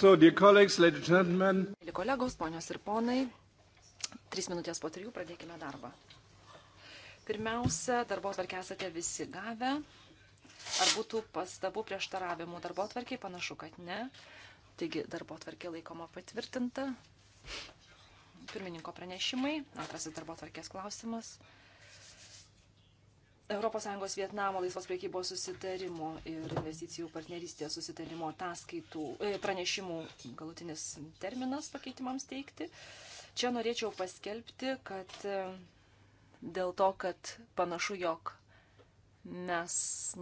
So, dear colleagues, ladies and gentlemen. Mėly kolegos, ponios ir ponai, trys minutės po trijų pradėkime darbą. Pirmiausia, darbo tvarkę esate visi gavę. Ar būtų pastabų prieštaravimų darbo tvarkiai? Panašu, kad ne. Taigi darbo tvarkė laikoma patvirtinta. Pirmininko pranešimai. Antrasis darbo tvarkės klausimas. ES Vietnamo laisvos priekybos susitarimo ir investicijų partnerystės susitarimo ataskaitų e, pranešimų galutinis terminas pakeitimams teikti. Čia norėčiau paskelbti, kad e, dėl to, kad panašu, jog mes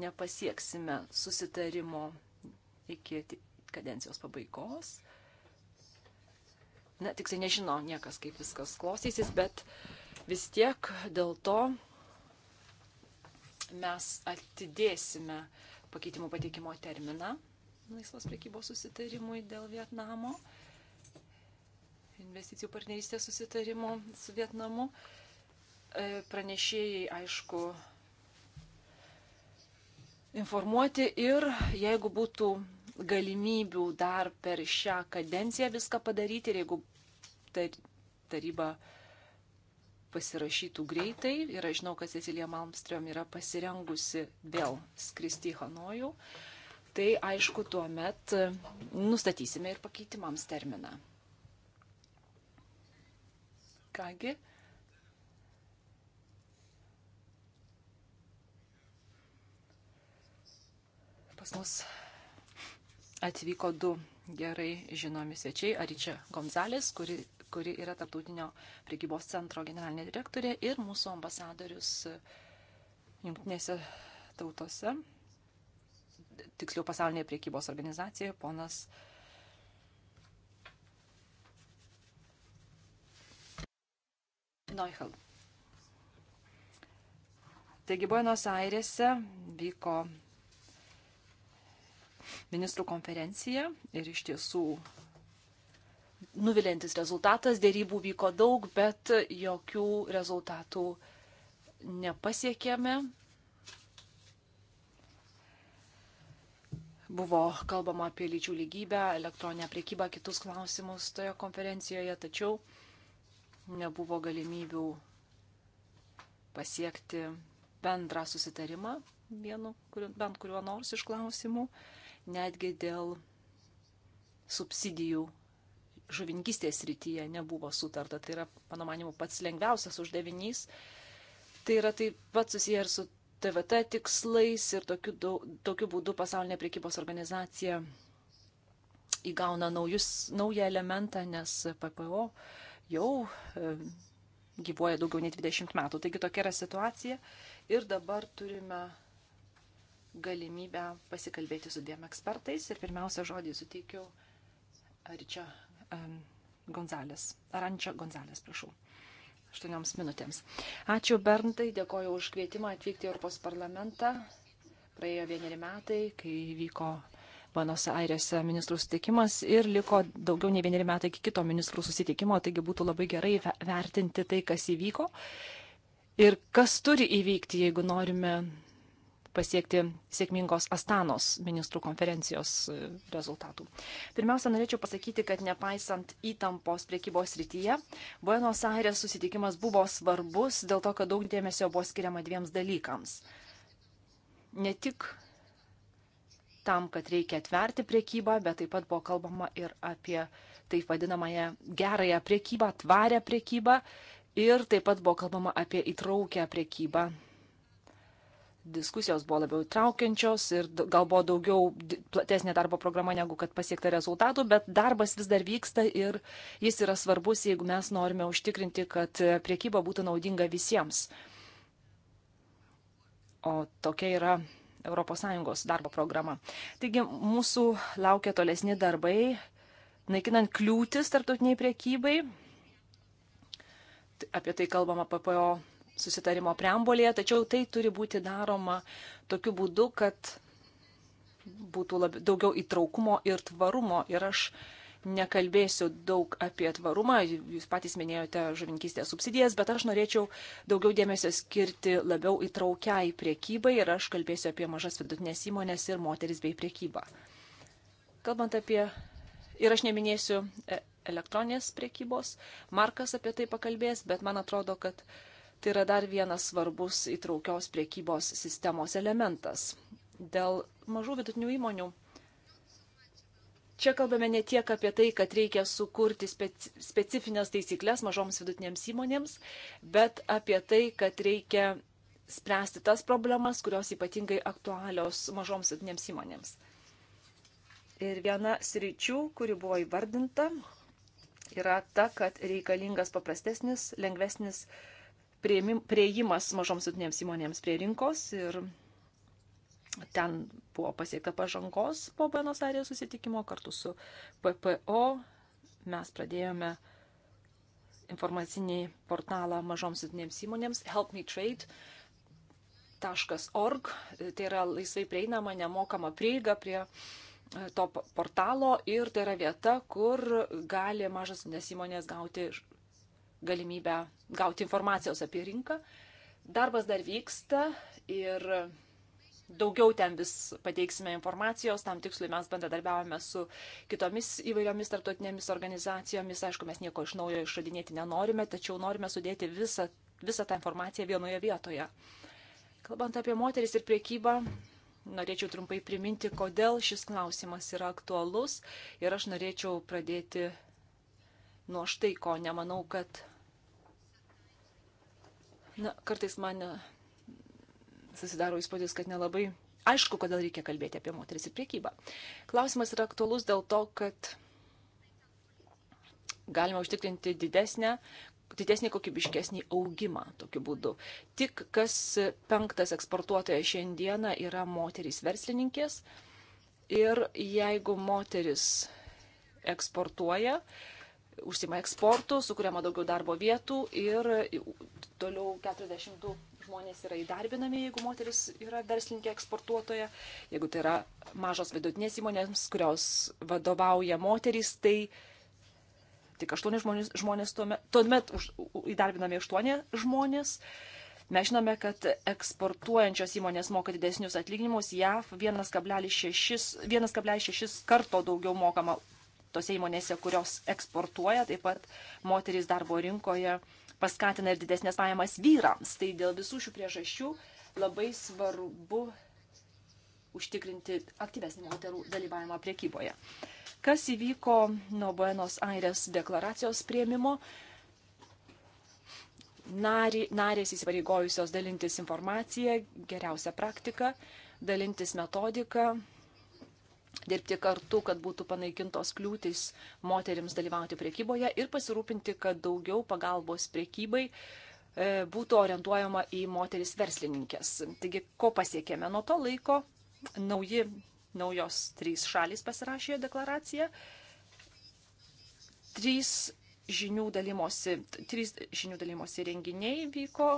nepasieksime susitarimo iki kadencijos pabaigos. Na, tiksliai nežino niekas, kaip viskas klostysis, bet vis tiek dėl to mes atidėsime pakeitimų pateikimo terminą laisvos prekybos susitarimui dėl Vietnamo, investicijų partnerystės susitarimo su Vietnamu. E, pranešėjai, aišku, informuoti ir jeigu būtų galimybių dar per šią kadenciją viską padaryti ir jeigu taryba pasirašytų greitai ir aš žinau, kad Cecilija Malmström yra pasirengusi vėl skristi į Hanojų, tai aišku, tuo met e, nustatysime ir pakeitimams terminą. Kągi. Pas mus atvyko du gerai žinomi svečiai, Aričia Gonzalės, kuri kuri yra Tartautinio priekybos centro generalinė direktorė ir mūsų ambasadorius e, jungtinėse tautose, tiksliau pasaulinėje priekybos organizacijoje, ponas Neuchel. Taigi Buenos Airėse vyko ministrų konferencija ir iš tiesų nuvilintis rezultatas, dėrybų vyko daug, bet jokių rezultatų nepasiekėme. Buvo kalbama apie lyčių lygybę, elektroninę priekybą, kitus klausimus toje konferencijoje, tačiau nebuvo galimybių pasiekti bendrą susitarimą vienu, bent kuriuo nors iš klausimų, netgi dėl subsidijų žuvininkystės rytyje nebuvo sutarta. Tai yra, mano manimu, pats lengviausias uždavinys. Tai yra taip pat susiję ir su TVT tikslais ir tokiu, tokiu būdu pasaulinė priekybos organizacija įgauna naujus, naują elementą, nes PPO jau e, gyvuoja daugiau nei 20 metų. Taigi tokia yra situacija ir dabar turime galimybę pasikalbėti su dviem ekspertais ir pirmiausia žodį suteikiu Ričia um, Gonzalės, Arančio Gonzalės, prašau. 8 minutėms. Ačiū Berntai, dėkoju už kvietimą atvykti į Europos parlamentą. Praėjo vieneri metai, kai vyko Buenos Airėse ministrų susitikimas ir liko daugiau nei vieneri metai iki kito ministrų susitikimo, taigi būtų labai gerai vertinti tai, kas įvyko ir kas turi įvykti, jeigu norime pasiekti sėkmingos Astanos ministrų konferencijos e, rezultatų. Pirmiausia, norėčiau pasakyti, kad nepaisant įtampos priekybos rytyje, Buenos Aires susitikimas buvo svarbus dėl to, kad daug dėmesio buvo skiriama dviems dalykams. Ne tik tam, kad reikia atverti priekybą, bet taip pat buvo kalbama ir apie taip vadinamąją gerąją priekybą, tvarę priekybą ir taip pat buvo kalbama apie įtraukę priekybą diskusijos buvo labiau traukiančios ir gal buvo daugiau platesnė darbo programa negu kad pasiekta rezultatų, bet darbas vis dar vyksta ir jis yra svarbus, jeigu mes norime užtikrinti, kad priekyba būtų naudinga visiems. O tokia yra ES darbo programa. Taigi mūsų laukia tolesni darbai, naikinant kliūtis tarptautiniai priekybai. Apie tai kalbama PPO susitarimo preambulėje, tačiau tai turi būti daroma tokiu būdu, kad būtų labi, daugiau įtraukumo ir tvarumo. Ir aš nekalbėsiu daug apie tvarumą, jūs patys minėjote žuvinkystės subsidijas, bet aš norėčiau daugiau dėmesio skirti labiau įtraukiai priekybai ir aš kalbėsiu apie mažas vidutinės įmonės ir moteris bei priekybą. Kalbant apie, ir aš neminėsiu e, elektroninės priekybos, Markas apie tai pakalbės, bet man atrodo, kad uh, Tai yra dar vienas svarbus įtraukios priekybos sistemos elementas. Dėl mažų vidutinių įmonių. Čia kalbame ne tiek apie tai, kad reikia sukurti specifines taisyklės mažoms vidutinėms įmonėms, bet apie tai, kad reikia spręsti tas problemas, kurios ypatingai aktualios mažoms vidutinėms įmonėms. Ir viena sričių, kuri buvo įvardinta, yra ta, kad reikalingas paprastesnis, lengvesnis prieimas mažoms vidinėms įmonėms prie rinkos ir ten buvo pasiekta pažangos po Buenos Aires susitikimo kartu su PPO. Mes pradėjome informacinį portalą mažoms vidinėms įmonėms Help Me Trade. .org, tai yra laisvai prieinama, nemokama prieiga prie e, to portalo ir tai yra vieta, kur gali mažas nes įmonės gauti galimybę gauti informacijos apie rinką. Darbas dar vyksta ir daugiau ten vis pateiksime informacijos, tam tikslui mes bendradarbiavame su kitomis įvairiomis tarptautinėmis organizacijomis, aišku, mes nieko iš naujo išradinėti nenorime, tačiau norime sudėti visą, visą tą informaciją vienoje vietoje. Kalbant apie moteris ir priekybą, norėčiau trumpai priminti, kodėl šis klausimas yra aktualus ir aš norėčiau pradėti nuo štai ko. Nemanau, kad. Na, kartais man e, susidaro įspūdis, kad nelabai aišku, kodėl reikia kalbėti apie moteris ir priekybą. Klausimas yra aktualus dėl to, kad galima užtikrinti didesnę didesnį kokybiškesnį augimą tokiu būdu. Tik kas penktas eksportuotojas šiandieną yra moterys verslininkės ir jeigu moteris eksportuoja, užsima eksportu, sukūriama daugiau darbo vietų ir toliau 42 žmonės yra įdarbinami, jeigu moteris yra verslininkė eksportuotoja. Jeigu tai yra mažos vidutinės įmonės, kurios vadovauja moterys, tai tik 8 žmonės, žmonės tuomet, tuomet už, įdarbinami 8 žmonės. Mes žinome, kad eksportuojančios įmonės moka didesnius atlyginimus. JAV 1,6 karto daugiau mokama tose įmonėse, kurios eksportuoja, taip pat moterys darbo rinkoje paskatina ir didesnės pajamas vyrams. Tai dėl visų šių priežasčių labai svarbu užtikrinti aktyvesnį moterų dalyvavimą priekyboje. Kas įvyko nuo Buenos Aires deklaracijos prieimimo? Nari, narės įsipareigojusios dalintis informaciją, geriausią praktiką, dalintis metodiką, dirbti kartu, kad būtų panaikintos kliūtis moteriams dalyvauti priekyboje ir pasirūpinti, kad daugiau pagalbos priekybai e, būtų orientuojama į moteris verslininkės. Taigi, ko pasiekėme nuo to laiko? Nauji, naujos trys šalys pasirašė deklaraciją. Trys žinių dalymosi, trys žinių dalymosi renginiai vyko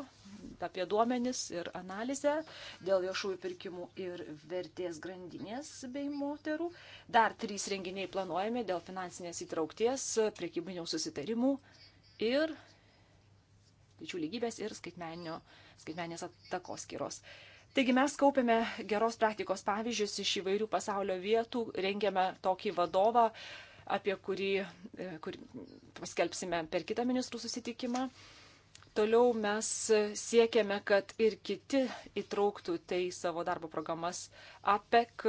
apie duomenis ir analizę dėl viešųjų pirkimų ir vertės grandinės bei moterų. Dar trys renginiai planuojami dėl finansinės įtraukties, priekybinių susitarimų ir lyčių lygybės ir skaitmeninės takoskyros. Taigi mes kaupiame geros praktikos pavyzdžius iš įvairių pasaulio vietų, rengiame tokį vadovą, apie kurį e, kur paskelbsime per kitą ministrų susitikimą. Toliau mes siekiame, kad ir kiti įtrauktų tai savo darbo programas. APEC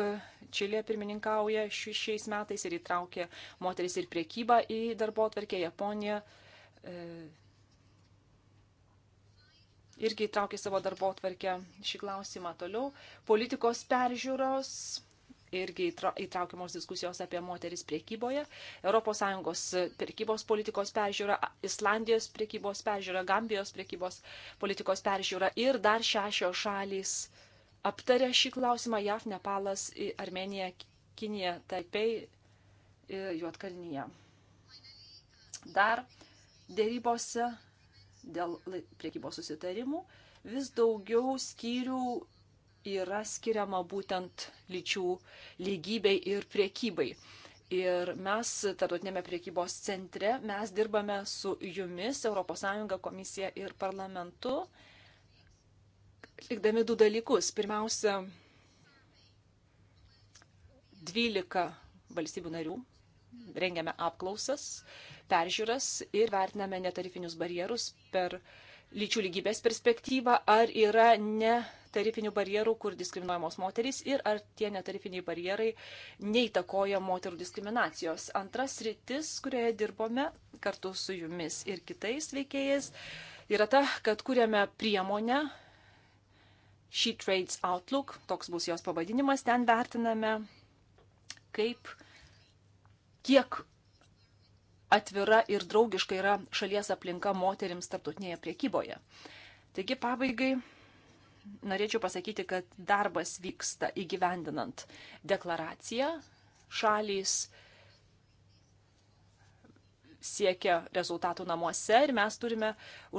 Čilė pirmininkauja šiais metais ir įtraukė moteris ir priekybą į darbo atverkę Japoniją. E, irgi įtraukė savo darbo atverkę šį klausimą toliau. Politikos peržiūros irgi įtraukiamos diskusijos apie moteris priekyboje, ES priekybos politikos peržiūra, Islandijos priekybos peržiūra, Gambijos priekybos politikos peržiūra ir dar šešios šalys aptarė šį klausimą JAV, Nepalas, Armenija, Kinija, Taipei, Juotkalnyje. Dar dėrybose dėl priekybos susitarimų vis daugiau skyrių yra skiriama būtent lyčių lygybei ir priekybai. Ir mes tarptautinėme priekybos centre, mes dirbame su jumis, ES komisija ir parlamentu, likdami du dalykus. Pirmiausia, 12 valstybių narių rengiame apklausas, peržiūras ir vertiname netarifinius barjerus per lyčių lygybės perspektyvą, ar yra ne tarifinių barjerų, kur diskriminuojamos moterys ir ar tie netarifiniai barjerai neįtakoja moterų diskriminacijos. Antras rytis, kurioje dirbome kartu su jumis ir kitais veikėjais, yra ta, kad kūrėme priemonę. She Trades Outlook, toks bus jos pavadinimas, ten vertiname, kaip, kiek atvira ir draugiška yra šalies aplinka moteriams tarptautinėje priekyboje. Taigi pabaigai norėčiau pasakyti, kad darbas vyksta įgyvendinant deklaraciją. Šalys siekia rezultatų namuose ir mes turime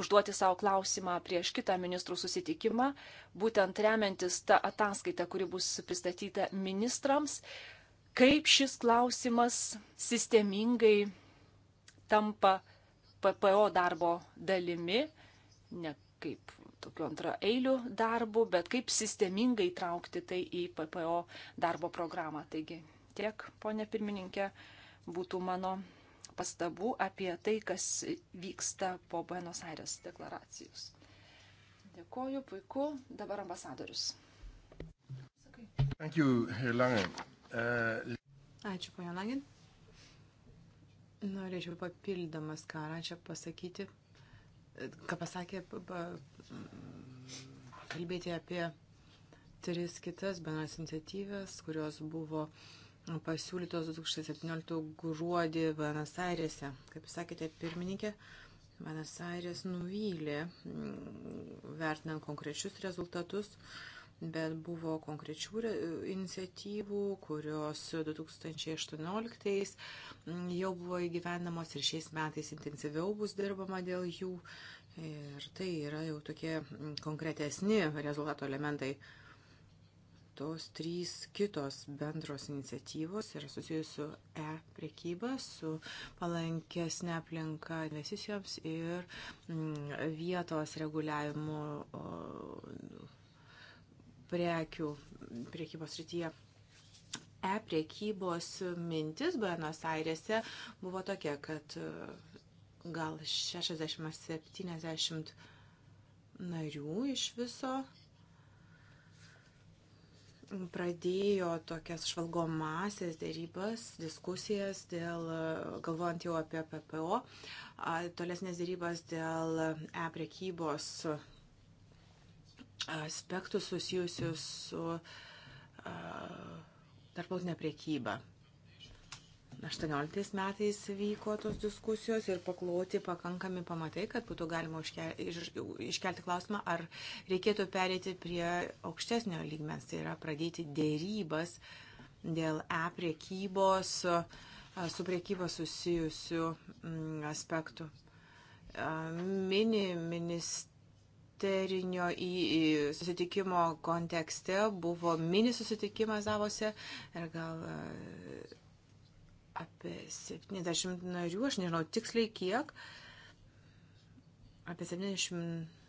užduoti savo klausimą prieš kitą ministrų susitikimą, būtent remiantis tą ataskaitą, kuri bus pristatyta ministrams, kaip šis klausimas sistemingai tampa PPO darbo dalimi, ne kaip tokiu antraeiliu darbu, bet kaip sistemingai traukti tai į PPO darbo programą. Taigi tiek, ponė pirmininkė, būtų mano pastabų apie tai, kas vyksta po Buenos Aires deklaracijos. Dėkoju, puiku. Dabar ambasadorius. Thank you, Langen. Uh... Ačiū, ponia Langen. Norėčiau papildamas karą čia pasakyti, ką pasakė kalbėti apie tris kitas bendras iniciatyvas, kurios buvo pasiūlytos 2017 gruodį Buenos Airėse. Kaip sakėte, pirmininkė, Buenos Airės nuvylė, mm, vertinant konkrečius rezultatus, bet buvo konkrečių iniciatyvų, kurios 2018 mm, jau buvo įgyvendamos ir šiais metais intensyviau bus dirbama dėl jų. Ir tai yra jau tokie konkretesni rezultato elementai. Tos trys kitos bendros iniciatyvos yra susijusi su e-prekyba, su palankesnė aplinka investicijoms ir mm, vietos reguliavimu prekių priekybos rytyje e-priekybos mintis Buenos Airėse buvo tokia, kad gal 60-70 narių iš viso pradėjo tokias švalgomasias dėrybas, diskusijas dėl, galvojant jau apie PPO, tolesnės dėrybas dėl e-prekybos aspektų susijusių su tarptautinė priekyba. 18 metais vyko tos diskusijos ir pakloti pakankami pamatai, kad būtų galima iškelti klausimą, ar reikėtų perėti prie aukštesnio lygmens, tai yra pradėti dėrybas dėl e-priekybos, e, su priekybos susijusių mm, aspektų. E, mini ministerija ministerinio į, į susitikimo kontekste buvo mini susitikimas Davose ir gal e, apie 70 narių, aš nežinau tiksliai kiek, apie 70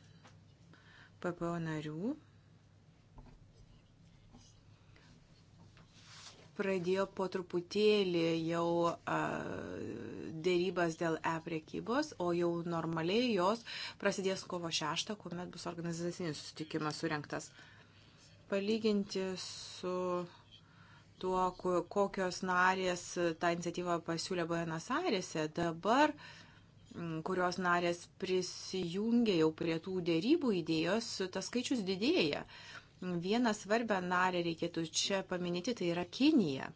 PPO narių pradėjo po truputėlį jau a, dėrybas dėl e-priekybos, o jau normaliai jos prasidės kovo 6, kuomet bus organizacinis susitikimas surinktas. Palyginti su tuo, kokios narės e, tą iniciatyvą pasiūlė Buenos Airėse. Dabar kurios narės prisijungia jau prie tų dėrybų idėjos, tas skaičius didėja. Vieną svarbę narę reikėtų čia paminėti, tai yra Kinija.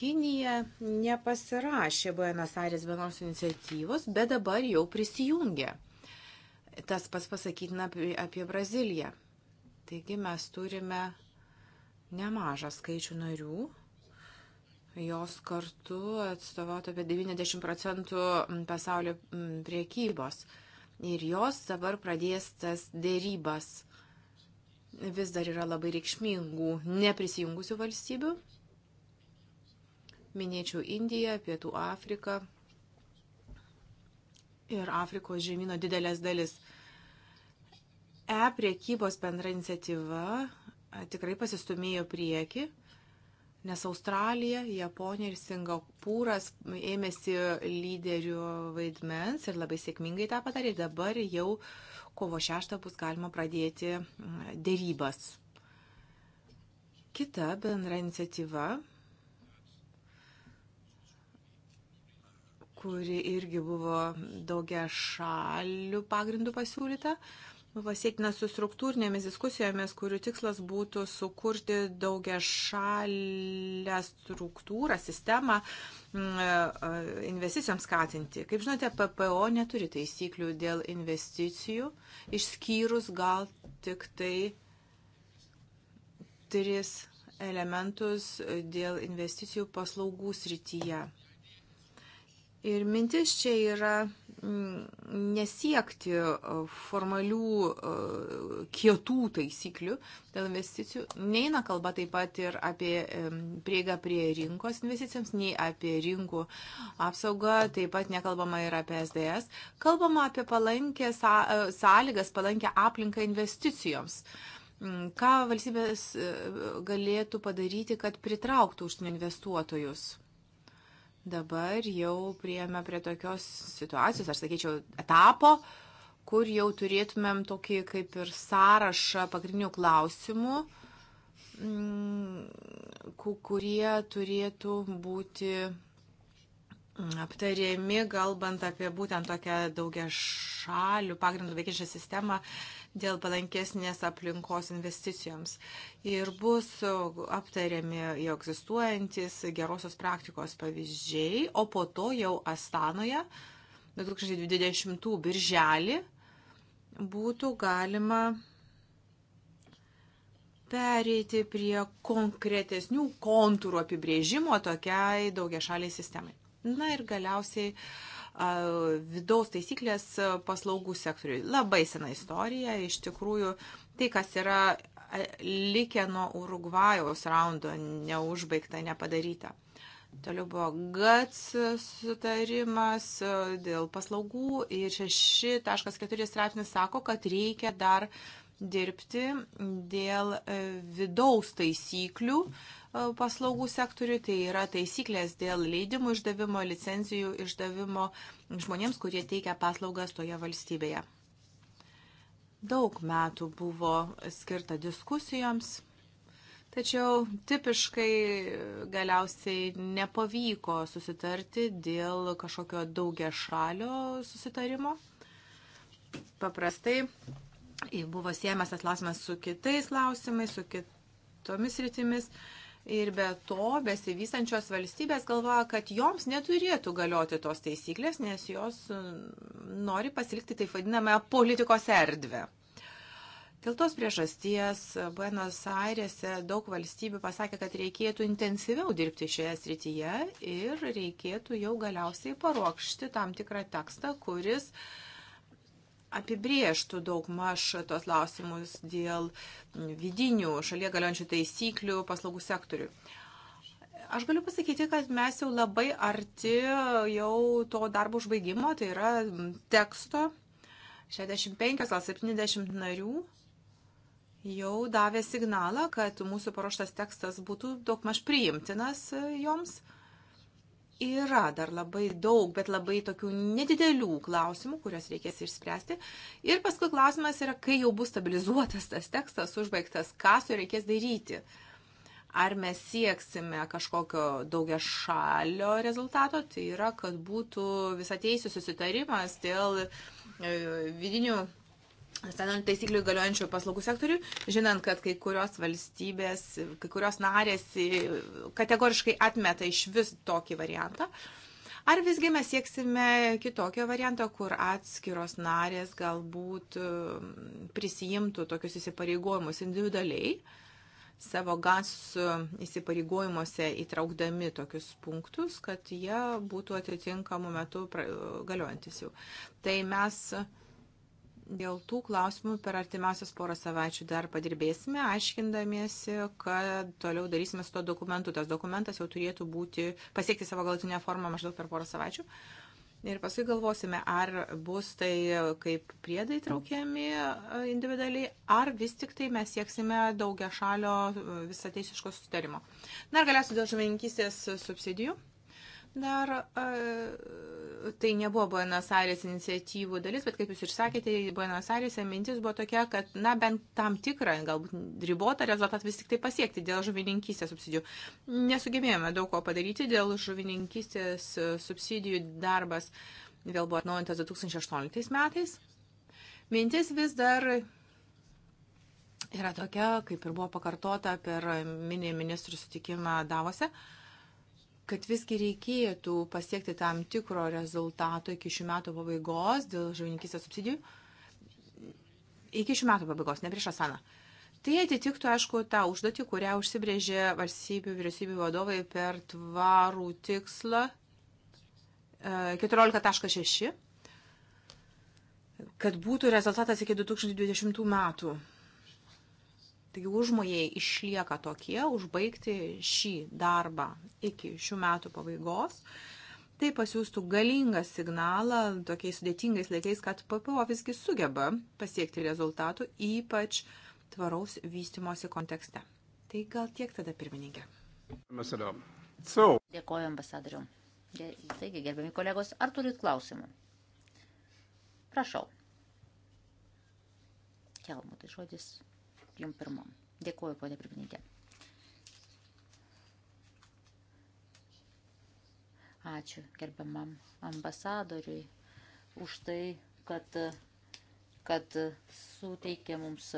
Kinija nepasirašė Buenos Aires vienos iniciatyvos, bet dabar jau prisijungia. Tas pats pasakytina apie Braziliją. Taigi mes turime nemažą skaičių narių. Jos kartu atstovauja apie 90 procentų pasaulio priekybos. Ir jos dabar pradės tas dėrybas. Vis dar yra labai reikšmingų neprisijungusių valstybių. Minėčiau Indiją, Pietų Afriką ir Afrikos žemynų didelės dalis. E priekybos bendra iniciatyva tikrai pasistumėjo prieki, nes Australija, Japonija ir Singapūras ėmėsi lyderių vaidmens ir labai sėkmingai tą padarė. Dabar jau kovo 6 bus galima pradėti dėrybas. Kita bendra iniciatyva kuri irgi buvo daugia šalių pagrindų pasiūlyta. Uh, pasietina nu, su struktūrinėmis diskusijomis, kurių tikslas būtų sukurti daugia šalę struktūrą, sistemą mm, e, e, investicijoms skatinti. Kaip žinote, PPO neturi taisyklių dėl investicijų, išskyrus gal tik tai tris elementus dėl investicijų paslaugų srityje. Ir mintis čia yra nesiekti e, formalių e, kietų taisyklių dėl investicijų. Neina kalba taip pat ir apie e, prieigą prie rinkos investicijams, nei apie rinkų apsaugą, taip pat nekalbama ir apie SDS. Kalbama apie palankę sąlygas, palankę aplinką investicijoms mm, ką valstybės galėtų padaryti, kad pritrauktų užsienio investuotojus? dabar jau prieėmė prie tokios situacijos, aš sakyčiau, etapo, kur jau turėtumėm tokį kaip ir sąrašą pagrindinių klausimų, mm, kurie turėtų būti mm, aptariami, galbant apie būtent tokią daugia šalių pagrindų veikiančią sistemą dėl palankesnės aplinkos investicijoms. Ir bus aptariami jau egzistuojantis gerosios praktikos pavyzdžiai, o po to jau Astanoje 2020 birželį būtų galima pereiti prie konkretesnių kontūrų apibrėžimo tokiai daugia šaliai sistemai. Na ir galiausiai uh, vidaus taisyklės paslaugų sektoriui. Labai sena istorija, iš tikrųjų tai, kas yra likę nuo Urugvajaus raundo neužbaigta, nepadaryta. Toliau buvo GATS sutarimas dėl paslaugų ir 6.4 straipsnis sako, kad reikia dar dirbti dėl e, vidaus taisyklių, uh, paslaugų sektoriui, tai yra taisyklės dėl leidimų išdavimo, licenzijų išdavimo žmonėms, kurie teikia paslaugas toje valstybėje. Daug metų buvo skirta diskusijoms, tačiau tipiškai galiausiai nepavyko susitarti dėl kažkokio daugia šalio susitarimo. Paprastai buvo siejamas tas klausimas su kitais klausimais, su kitais tomis rytimis. Ir be to, besivystančios valstybės galvoja, kad joms neturėtų galioti tos taisyklės, nes jos mm, nori pasilikti taip vadinamą politikos erdvę. Dėl tos priežasties Buenos Airėse daug valstybių pasakė, kad reikėtų intensyviau dirbti šioje srityje ir reikėtų jau galiausiai paruokšti tam tikrą tekstą, kuris uh, apibrieštų daug maž tos lausimus dėl vidinių šalia galiojančių taisyklių paslaugų sektoriui. Aš galiu pasakyti, kad mes jau labai arti jau to darbo užbaigimo, tai yra teksto 65 gal 70 narių jau davė signalą, kad mūsų paruoštas tekstas būtų daug maž priimtinas joms yra dar labai daug, bet labai tokių nedidelių klausimų, kuriuos reikės išspręsti. Ir paskui klausimas yra, kai jau bus stabilizuotas tas tekstas, užbaigtas, ką su juo reikės daryti. Ar mes sieksime kažkokio daugia šalio rezultato, tai yra, kad būtų visateisių susitarimas dėl e, vidinių Stenant taisyklių galiojančių paslaugų sektorių, žinant, kad kai kurios valstybės, kai kurios narės kategoriškai atmeta iš vis tokį variantą, Ar visgi mes sieksime kitokio varianto, kur atskiros narės galbūt um, prisijimtų tokius įsipareigojimus individualiai, savo gas um, įsipareigojimuose įtraukdami tokius punktus, kad jie būtų atitinkamų metų galiojantis jau. Tai mes Dėl tų klausimų per artimiausias porą savaičių dar padirbėsime, aiškindamiesi, kad toliau darysime su to dokumentu. Tas dokumentas jau turėtų būti, pasiekti savo galutinę formą maždaug per porą savaičių. Ir paskui galvosime, ar bus tai kaip priedai traukiami e, individualiai, ar vis tik tai mes sieksime daugia šalio e, visateisiško sustarimo. Dar galiausiai dėl žuvininkystės subsidijų. Dar tai nebuvo Buenos Aires iniciatyvų dalis, bet kaip jūs ir sakėte, Buenos Airese mintis buvo tokia, kad, na, bent tam tikrą, galbūt ribotą rezultatą vis tik tai pasiekti dėl žuvininkystės subsidijų. Nesugebėjome daug ko padaryti dėl žuvininkystės subsidijų darbas vėl buvo atnaujintas 2018 metais. Mintis vis dar yra tokia, kaip ir buvo pakartota per mini ministrų sutikimą Davose. Uh, kad visgi reikėtų pasiekti tam tikro rezultato iki šių metų pabaigos dėl žuvininkistės subsidijų. Iki šių metų pabaigos, ne prieš asaną. Tai atitiktų, aišku, tą užduotį, kurią užsibrėžė valstybių vyriausybių vadovai per tvarų tikslą 14.6, e, kad būtų rezultatas iki 2020 metų. Taigi užmojai išlieka tokie, užbaigti šį darbą iki šių metų pabaigos. Tai pasiūstų galingą signalą tokiais sudėtingais laikais, kad PPO visgi sugeba pasiekti rezultatų, ypač tvaraus vystimosi kontekste. Tai gal tiek tada, pirmininkė. Dėkoju ambasadoriu. Taigi, gerbiami kolegos, ar turit klausimų? Prašau. Helmutai žodis jum pirmom. Dėkuoju, ponė Pirmininkė. Ačiū gerbiamam ambasadoriui už tai, kad, kad suteikė mums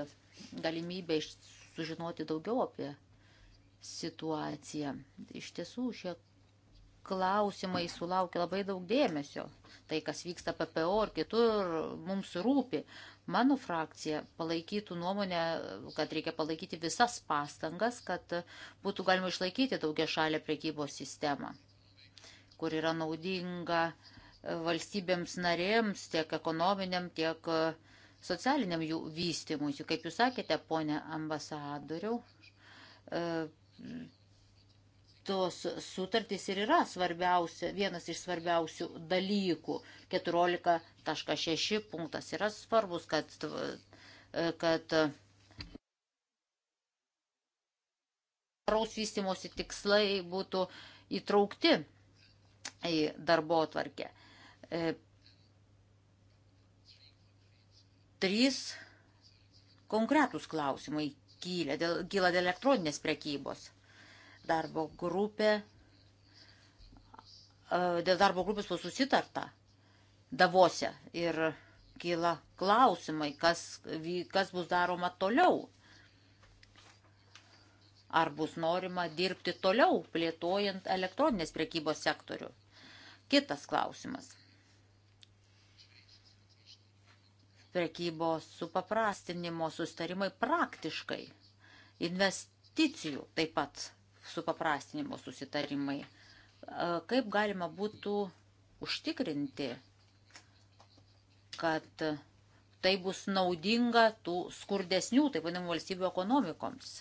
galimybę sužinoti daugiau apie situaciją. Iš tiesų, šie klausimai sulaukia labai daug dėmesio. Tai, kas vyksta PPO ir kitur, mums rūpi. Mano frakcija palaikytų nuomonę, kad reikia palaikyti visas pastangas, kad būtų galima išlaikyti daugia šalę priekybos sistemą, kur yra naudinga valstybėms narėms, tiek ekonominiam, tiek socialiniam jų vystimui. Kaip jūs sakėte, ponė ambasadoriau, tos sutartys ir yra svarbiausia, vienas iš svarbiausių dalykų. 14.6 punktas yra svarbus, kad, e, kad e, tvaraus vystimosi tikslai būtų įtraukti į darbo atvarkę. 3 e, konkretūs klausimai kyla dėl, kyla dėl elektroninės prekybos darbo grupė, e, dėl darbo grupės buvo susitarta Davose ir kyla klausimai, kas, kas bus daroma toliau. Ar bus norima dirbti toliau, plėtojant elektroninės prekybos sektorių. Kitas klausimas. Prekybos supaprastinimo sustarimai praktiškai. Investicijų taip pat supaprastinimo susitarimai. Kaip galima būtų užtikrinti, kad tai bus naudinga tų skurdesnių, taip vadinamų, valstybių ekonomikoms?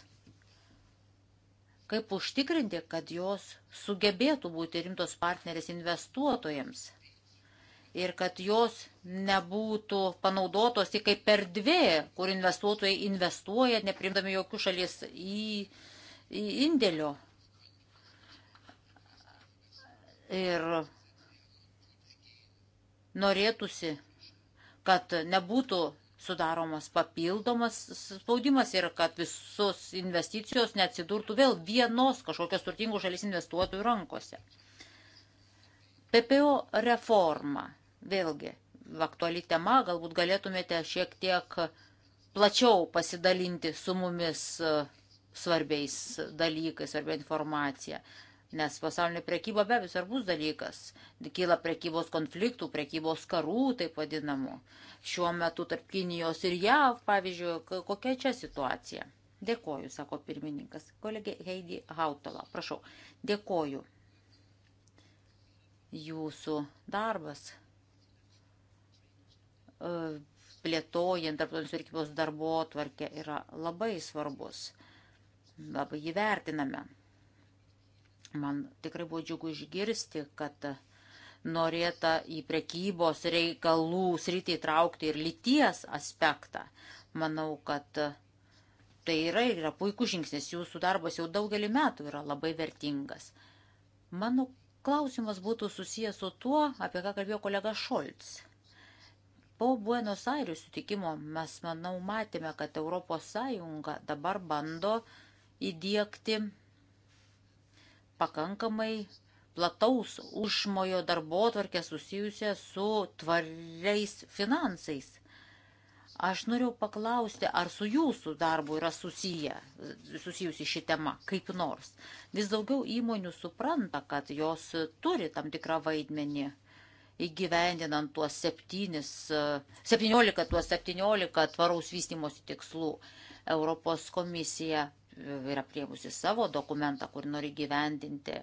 Kaip užtikrinti, kad jos sugebėtų būti rimtos partnerės investuotojams? ir kad jos nebūtų panaudotos tik kaip per dvi, kur investuotojai investuoja, neprimdami jokių šalies į indėlio. Ir norėtųsi, kad nebūtų sudaromas papildomas spaudimas ir kad visos investicijos neatsidurtų vėl vienos kažkokios turtingų šalis investuotojų rankose. PPO reforma, vėlgi, aktuali tema, galbūt galėtumėte šiek tiek plačiau pasidalinti su mumis uh, svarbiais dalykais, svarbia informacija. Nes pasaulinė prekyba be abejo svarbus dalykas. Kyla prekybos konfliktų, prekybos karų, taip vadinamų. Šiuo metu tarp Kinijos ir JAV, pavyzdžiui, kokia čia situacija. Dėkoju, sako pirmininkas. Kolegė Heidi Hautola, prašau. Dėkoju. Jūsų darbas e, plėtojant tarptautinės prekybos darbo tvarkę yra labai svarbus labai jį vertiname. Man tikrai buvo džiugu išgirsti, kad norėta į prekybos reikalų sritį įtraukti ir lyties aspektą. Manau, kad tai yra, yra puikus žingsnis, jūsų darbas jau daugelį metų yra labai vertingas. Mano klausimas būtų susijęs su tuo, apie ką kalbėjo kolega Šolts. Po Buenos Airių sutikimo mes, manau, matėme, kad ES dabar bando uh, įdėkti pakankamai plataus užmojo darbo tvarkę susijusią su tvariais finansais. Aš noriu paklausti, ar su jūsų darbu yra susiję, susijusi ši tema kaip nors. Vis daugiau įmonių supranta, kad jos turi tam tikrą vaidmenį įgyvendinant tuos 7, 17, tuos 17 tvaraus vystimosi tikslų. Europos komisija yra priemusi savo dokumentą, kur nori gyvendinti.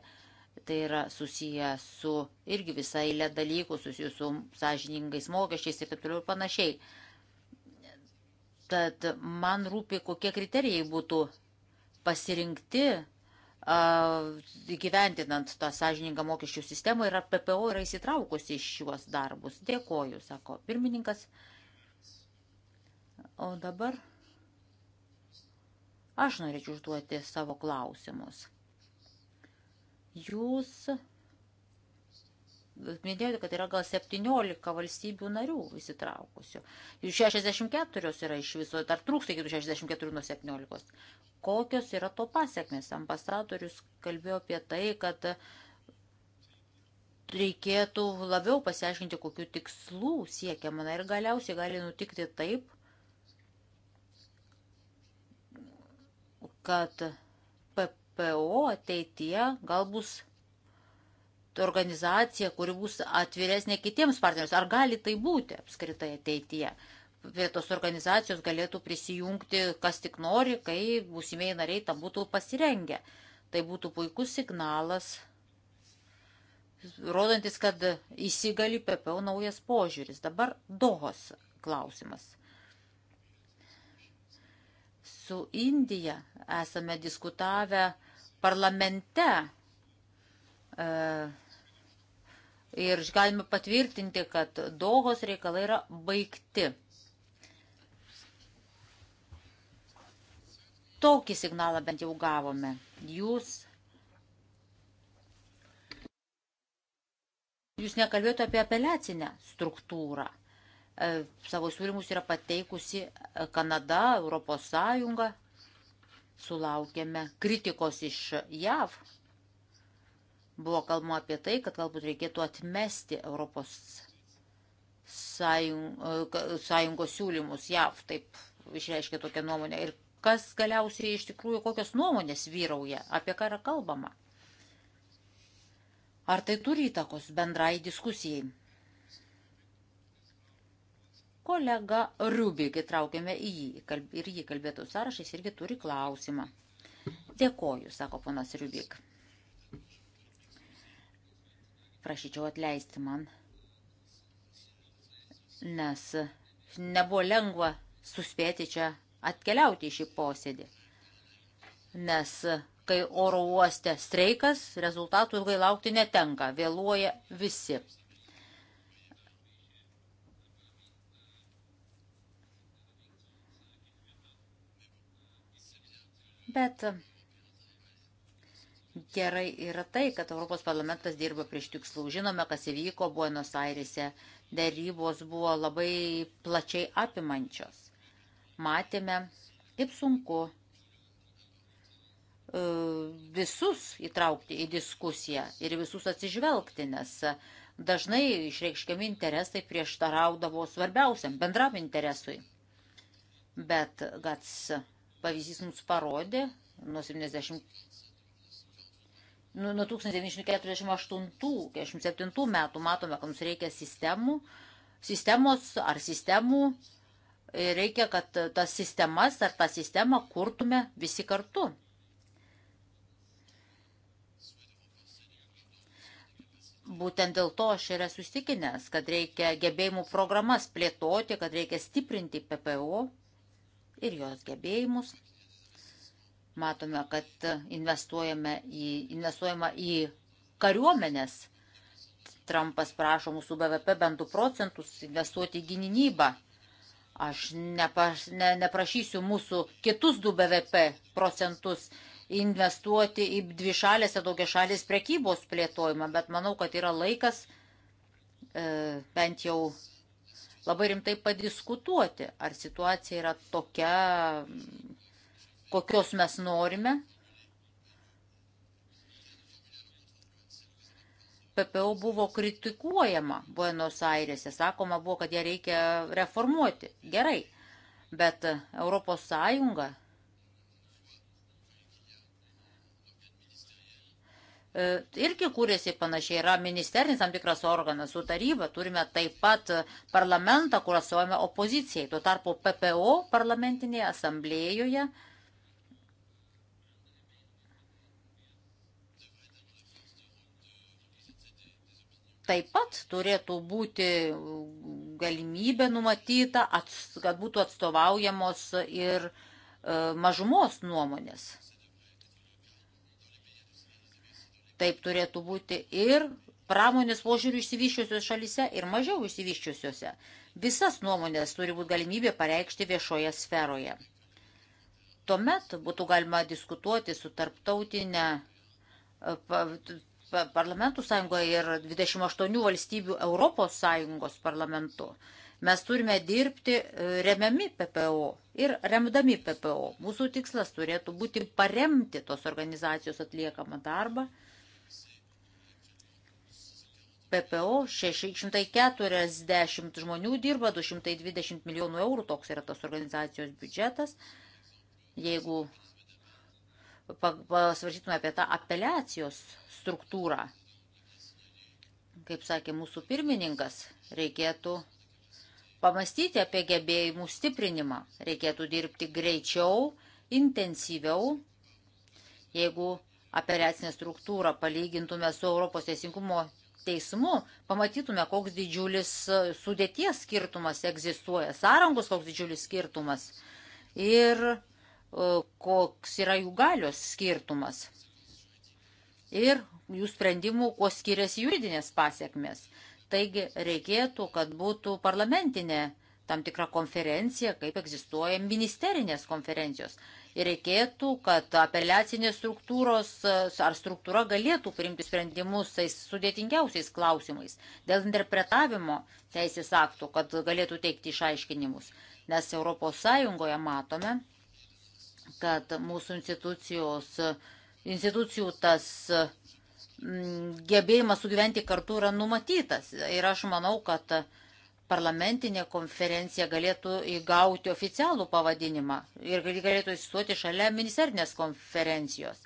Tai yra susiję su irgi visai eilė dalykų, susijusių su sąžiningais mokesčiais ir taip toliau ir panašiai. Tad man rūpi, kokie kriterijai būtų pasirinkti gyventinant tą sąžiningą mokesčių sistemą ir PPO yra įsitraukusi iš šiuos darbus. Dėkoju, sako pirmininkas. O dabar Aš norėčiau užduoti savo klausimus. Jūs minėjote, kad yra gal 17 valstybių narių įsitraukusių. Jų 64 yra iš viso, dar trūksta iki 64 nuo 17. Kokios yra to pasiekmes? Ambasadorius kalbėjo apie tai, kad reikėtų labiau pasiaiškinti, kokiu tikslu siekiama. Na ir galiausiai gali nutikti taip, kad PPO ateityje gal bus organizacija, kuri bus atviresnė kitiems partneriams. Ar gali tai būti apskritai ateityje? Prie tos organizacijos galėtų prisijungti, kas tik nori, kai būsimieji nariai tam būtų pasirengę. Tai būtų puikus signalas, rodantis, kad įsigali PPO naujas požiūris. Dabar Dohos klausimas su Indija esame diskutavę parlamente. E, ir galime patvirtinti, kad Dohos reikalai yra baigti. Tokį signalą bent jau gavome. Jūs Jūs nekalbėjote apie apeliacinę struktūrą. E, savo siūlymus yra pateikusi e, Kanada, Europos Sąjunga. Sulaukėme kritikos iš JAV. Buvo kalbama apie tai, kad galbūt reikėtų atmesti Europos e, sąjungos siūlymus JAV, taip išreiškia tokią nuomonę. Ir kas galiausiai iš tikrųjų kokios nuomonės vyrauja, apie ką yra kalbama. Ar tai turi įtakos bendrai diskusijai? Kolega Rubik įtraukėme į jį ir jį kalbėtų sąrašais irgi turi klausimą. Dėkoju, sako ponas Rubik. Prašyčiau atleisti man, nes nebuvo lengva suspėti čia atkeliauti į šį posėdį. Nes kai oro uoste streikas, rezultatų ilgai laukti netenka, vėluoja visi. Bet gerai yra tai, kad Europos parlamentas dirba prieš tikslų. Žinome, kas įvyko Buenos Airėse. Darybos buvo labai plačiai apimančios. Matėme, kaip sunku e, visus įtraukti į diskusiją ir visus atsižvelgti, nes dažnai išreikškiami interesai prieštaraudavo svarbiausiam bendram interesui. Bet GATS Pavyzdys mums parodė, nuo 70 nu, nuo 1948-1947 metų matome, kad mums reikia sistemų, sistemos ar sistemų, reikia, kad tas sistemas ar tą sistemą kurtume visi kartu. Būtent dėl to aš ir esu įsitikinęs, kad reikia gebėjimų programas plėtoti, kad reikia stiprinti PPO ir jos gebėjimus. Matome, kad investuojame į, investuojama į kariuomenės. Trumpas prašo mūsų BVP bent 2 procentus investuoti į gynybą. Aš nepaš, ne, neprašysiu mūsų kitus 2 BVP procentus investuoti į dvišalės ir daugia šalės prekybos plėtojimą, bet manau, kad yra laikas e, bent jau labai rimtai padiskutuoti, ar situacija yra tokia, kokios mes norime. PPO buvo kritikuojama Buenos Airėse, sakoma buvo, kad ją reikia reformuoti. Gerai, bet Europos Sąjunga E, irgi kūrėsi panašiai. Yra ministerinis tam tikras organas su taryba, turime taip pat parlamentą, kur atstovame opozicijai. Tuo tarpu PPO parlamentinėje asamblėjoje. Taip pat turėtų būti galimybė numatyta, kad būtų atstovaujamos ir e, mažumos nuomonės. Taip turėtų būti ir pramonės požiūrių išsivyščiusios šalise ir mažiau išsivyščiusiuose. Visas nuomonės turi būti galimybė pareikšti viešoje sferoje. Tuomet būtų galima diskutuoti su tarptautinė e, parlamentų sąjunga ir 28 valstybių Europos sąjungos parlamentu. Mes turime dirbti e, remiami PPO ir remdami PPO. Mūsų tikslas turėtų būti paremti tos organizacijos atliekamą darbą PPO 640 žmonių dirba, 220 milijonų eurų, toks yra tos organizacijos biudžetas. Jeigu pasvarstytume apie tą apeliacijos struktūrą, kaip sakė mūsų pirmininkas, reikėtų pamastyti apie gebėjimų stiprinimą. Reikėtų dirbti greičiau, intensyviau, jeigu apeliacinę struktūrą palygintume su Europos teisingumo teismu, pamatytume, koks didžiulis e, sudėties skirtumas egzistuoja, sąrangos koks didžiulis skirtumas ir e, koks yra jų galios skirtumas. Ir jų sprendimų, kuo skiriasi juridinės pasiekmes. Taigi reikėtų, kad būtų parlamentinė tam tikra konferencija, kaip egzistuoja ministerinės konferencijos ir reikėtų, kad apeliacinės struktūros e, ar struktūra galėtų priimti sprendimus tais sudėtingiausiais klausimais dėl interpretavimo teisės aktų, kad galėtų teikti išaiškinimus. Nes ES matome, kad mūsų institucijos, institucijų tas gebėjimas sugyventi kartu yra numatytas. Ir aš manau, kad parlamentinė konferencija galėtų įgauti oficialų pavadinimą ir galėtų įsisuoti šalia ministerinės konferencijos.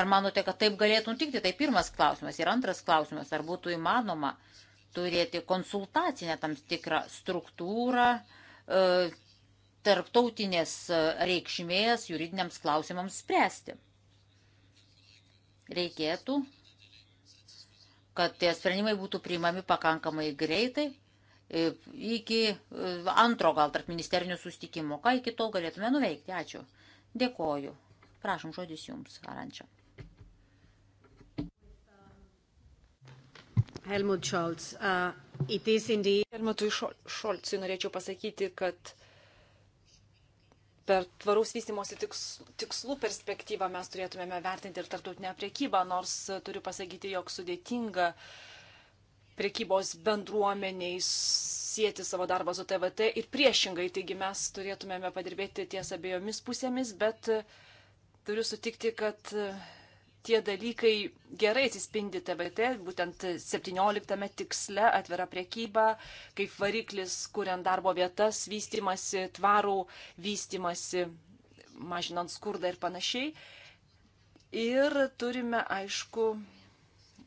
Ar manote, kad taip galėtų nutikti? Tai pirmas klausimas. Ir antras klausimas, ar būtų įmanoma turėti konsultacinę tam tikrą struktūrą e, tarptautinės e, reikšmės juridiniams klausimams spręsti. Reikėtų, kad tie sprendimai būtų priimami pakankamai greitai E, iki e, antro gal tarp ministerinių sustikimo. Ką iki tol galėtume nuveikti? Ačiū. Dėkoju. Prašom, žodis jums, Arančia. Helmut Scholz. Uh, it is indeed. Helmutui Šolcui norėčiau pasakyti, kad per tvaraus vystimosi tikslų perspektyvą mes turėtumėme vertinti ir tarptautinę priekybą, nors turiu pasakyti, jog sudėtinga uh, prekybos bendruomeniai sieti savo darbą su TVT ir priešingai, taigi mes turėtumėme padirbėti ties abiejomis pusėmis, bet e, turiu sutikti, kad e, tie dalykai gerai atsispindi TVT, būtent 17 tiksle atvira priekyba, kaip variklis, kuriant darbo vietas, vystimasi, tvarų vystimasi, mažinant skurdą ir panašiai. Ir turime, aišku,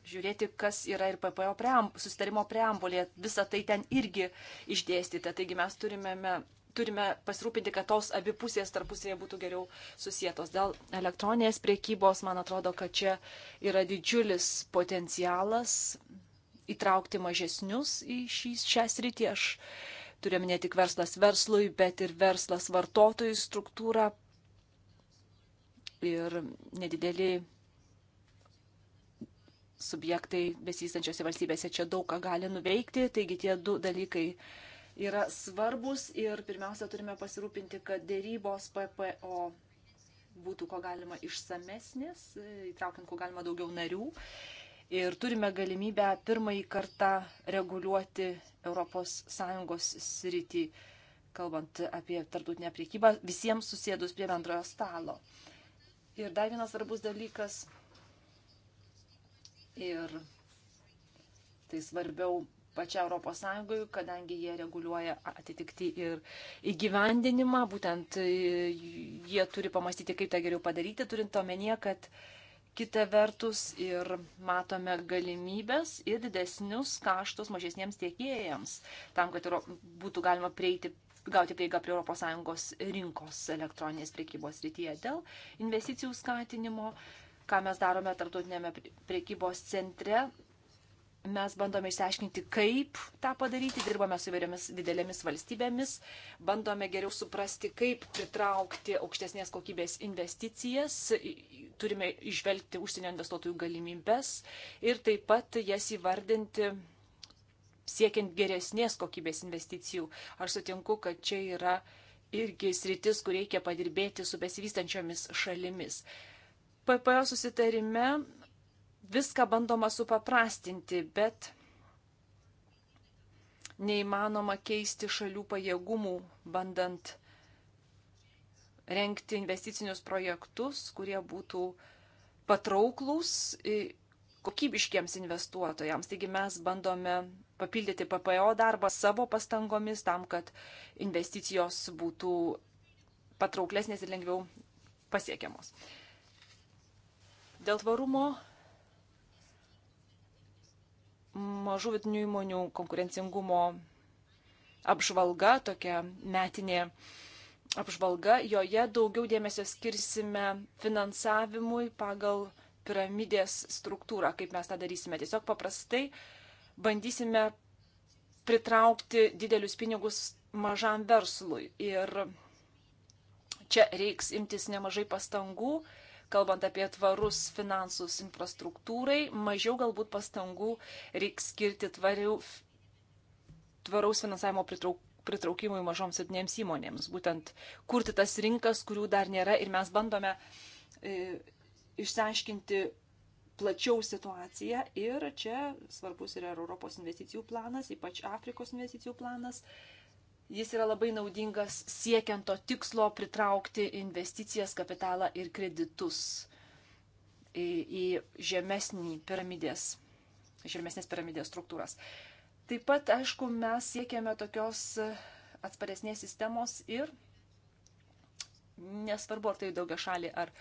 žiūrėti, kas yra ir PPO pream, susitarimo preambulė, visa tai ten irgi išdėstyta. Taigi mes turime, turime pasirūpinti, kad tos abi pusės tarpusėje būtų geriau susijėtos. Dėl elektroninės priekybos, man atrodo, kad čia yra didžiulis potencialas įtraukti mažesnius į šį, šią sritį. Aš turėjome ne tik verslas verslui, bet ir verslas vartotojų struktūrą ir nedideliai subjektai besistančiose valstybėse čia daug ką gali nuveikti, taigi tie du dalykai yra svarbus ir pirmiausia turime pasirūpinti, kad dėrybos PPO būtų ko galima išsamesnės, įtraukiant ko galima daugiau narių. Ir turime galimybę pirmąjį kartą reguliuoti ES sritį, kalbant apie tartutinę priekybą, visiems susėdus prie bendrojo stalo. Ir dar vienas svarbus dalykas ir tai svarbiau pačia ES, kadangi jie reguliuoja atitikti ir įgyvendinimą, būtent e, jie turi pamastyti, kaip tą geriau padaryti, turint omenyje, kad kita vertus ir matome galimybės ir didesnius kaštus mažesniems tiekėjams, tam, kad būtų galima prieiti gauti prieigą prie ES rinkos elektroninės priekybos rytyje dėl investicijų skatinimo. Uh, ką mes darome tarptautinėme priekybos centre. Mes bandome išsiaiškinti, kaip tą padaryti, dirbame su įvairiomis didelėmis valstybėmis, bandome geriau suprasti, kaip pritraukti aukštesnės kokybės investicijas, turime išvelgti užsienio investuotojų galimybės ir taip pat jas įvardinti siekiant geresnės kokybės investicijų. Aš sutinku, kad čia yra irgi sritis, kur reikia padirbėti su besivystančiomis šalimis. PPO susitarime viską bandoma supaprastinti, bet neįmanoma keisti šalių pajėgumų, bandant renkti investicinius projektus, kurie būtų patrauklus kokybiškiems investuotojams. Taigi mes bandome papildyti PPO darbą savo pastangomis tam, kad investicijos būtų patrauklesnės ir lengviau pasiekiamos. Dėl tvarumo mažų vidinių įmonių konkurencingumo apžvalga, tokia metinė apžvalga, joje daugiau dėmesio skirsime finansavimui pagal piramidės struktūrą, kaip mes tą darysime. Tiesiog paprastai bandysime pritraukti didelius pinigus mažam verslui. Ir čia reiks imtis nemažai pastangų, kalbant apie tvarus finansus infrastruktūrai, mažiau galbūt pastangų reiks skirti tvarių, tvaraus finansavimo pritrauk, pritraukimui mažoms ir dėms įmonėms. Būtent kurti tas rinkas, kurių dar nėra ir mes bandome e, išsiaiškinti plačiau situaciją ir čia svarbus yra Europos investicijų planas, ypač Afrikos investicijų planas. E, Jis yra labai naudingas siekiant to tikslo pritraukti investicijas, kapitalą ir kreditus į, į žemesnį piramidės, žemesnės piramidės struktūras. Taip pat, aišku, mes siekiame tokios e, atsparesnės sistemos ir nesvarbu, ar tai daugia šalį ar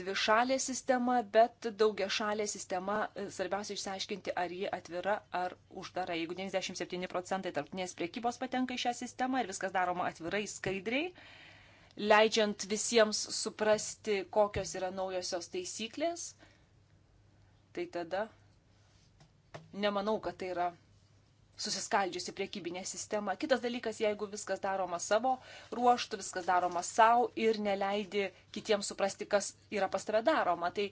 dvišalė sistema, bet daugia šalė sistema, e, svarbiausia išsiaiškinti, ar ji atvira ar uždara. Jeigu 97 procentai tarptinės priekybos patenka į šią sistemą ir viskas daroma atvirai, skaidriai, leidžiant visiems suprasti, kokios yra naujosios taisyklės, tai tada nemanau, kad tai yra susiskaldžiusi priekybinė sistema. Kitas dalykas, jeigu viskas daroma savo ruoštų, viskas daroma savo ir neleidi kitiems suprasti, kas yra pas tave daroma. Tai,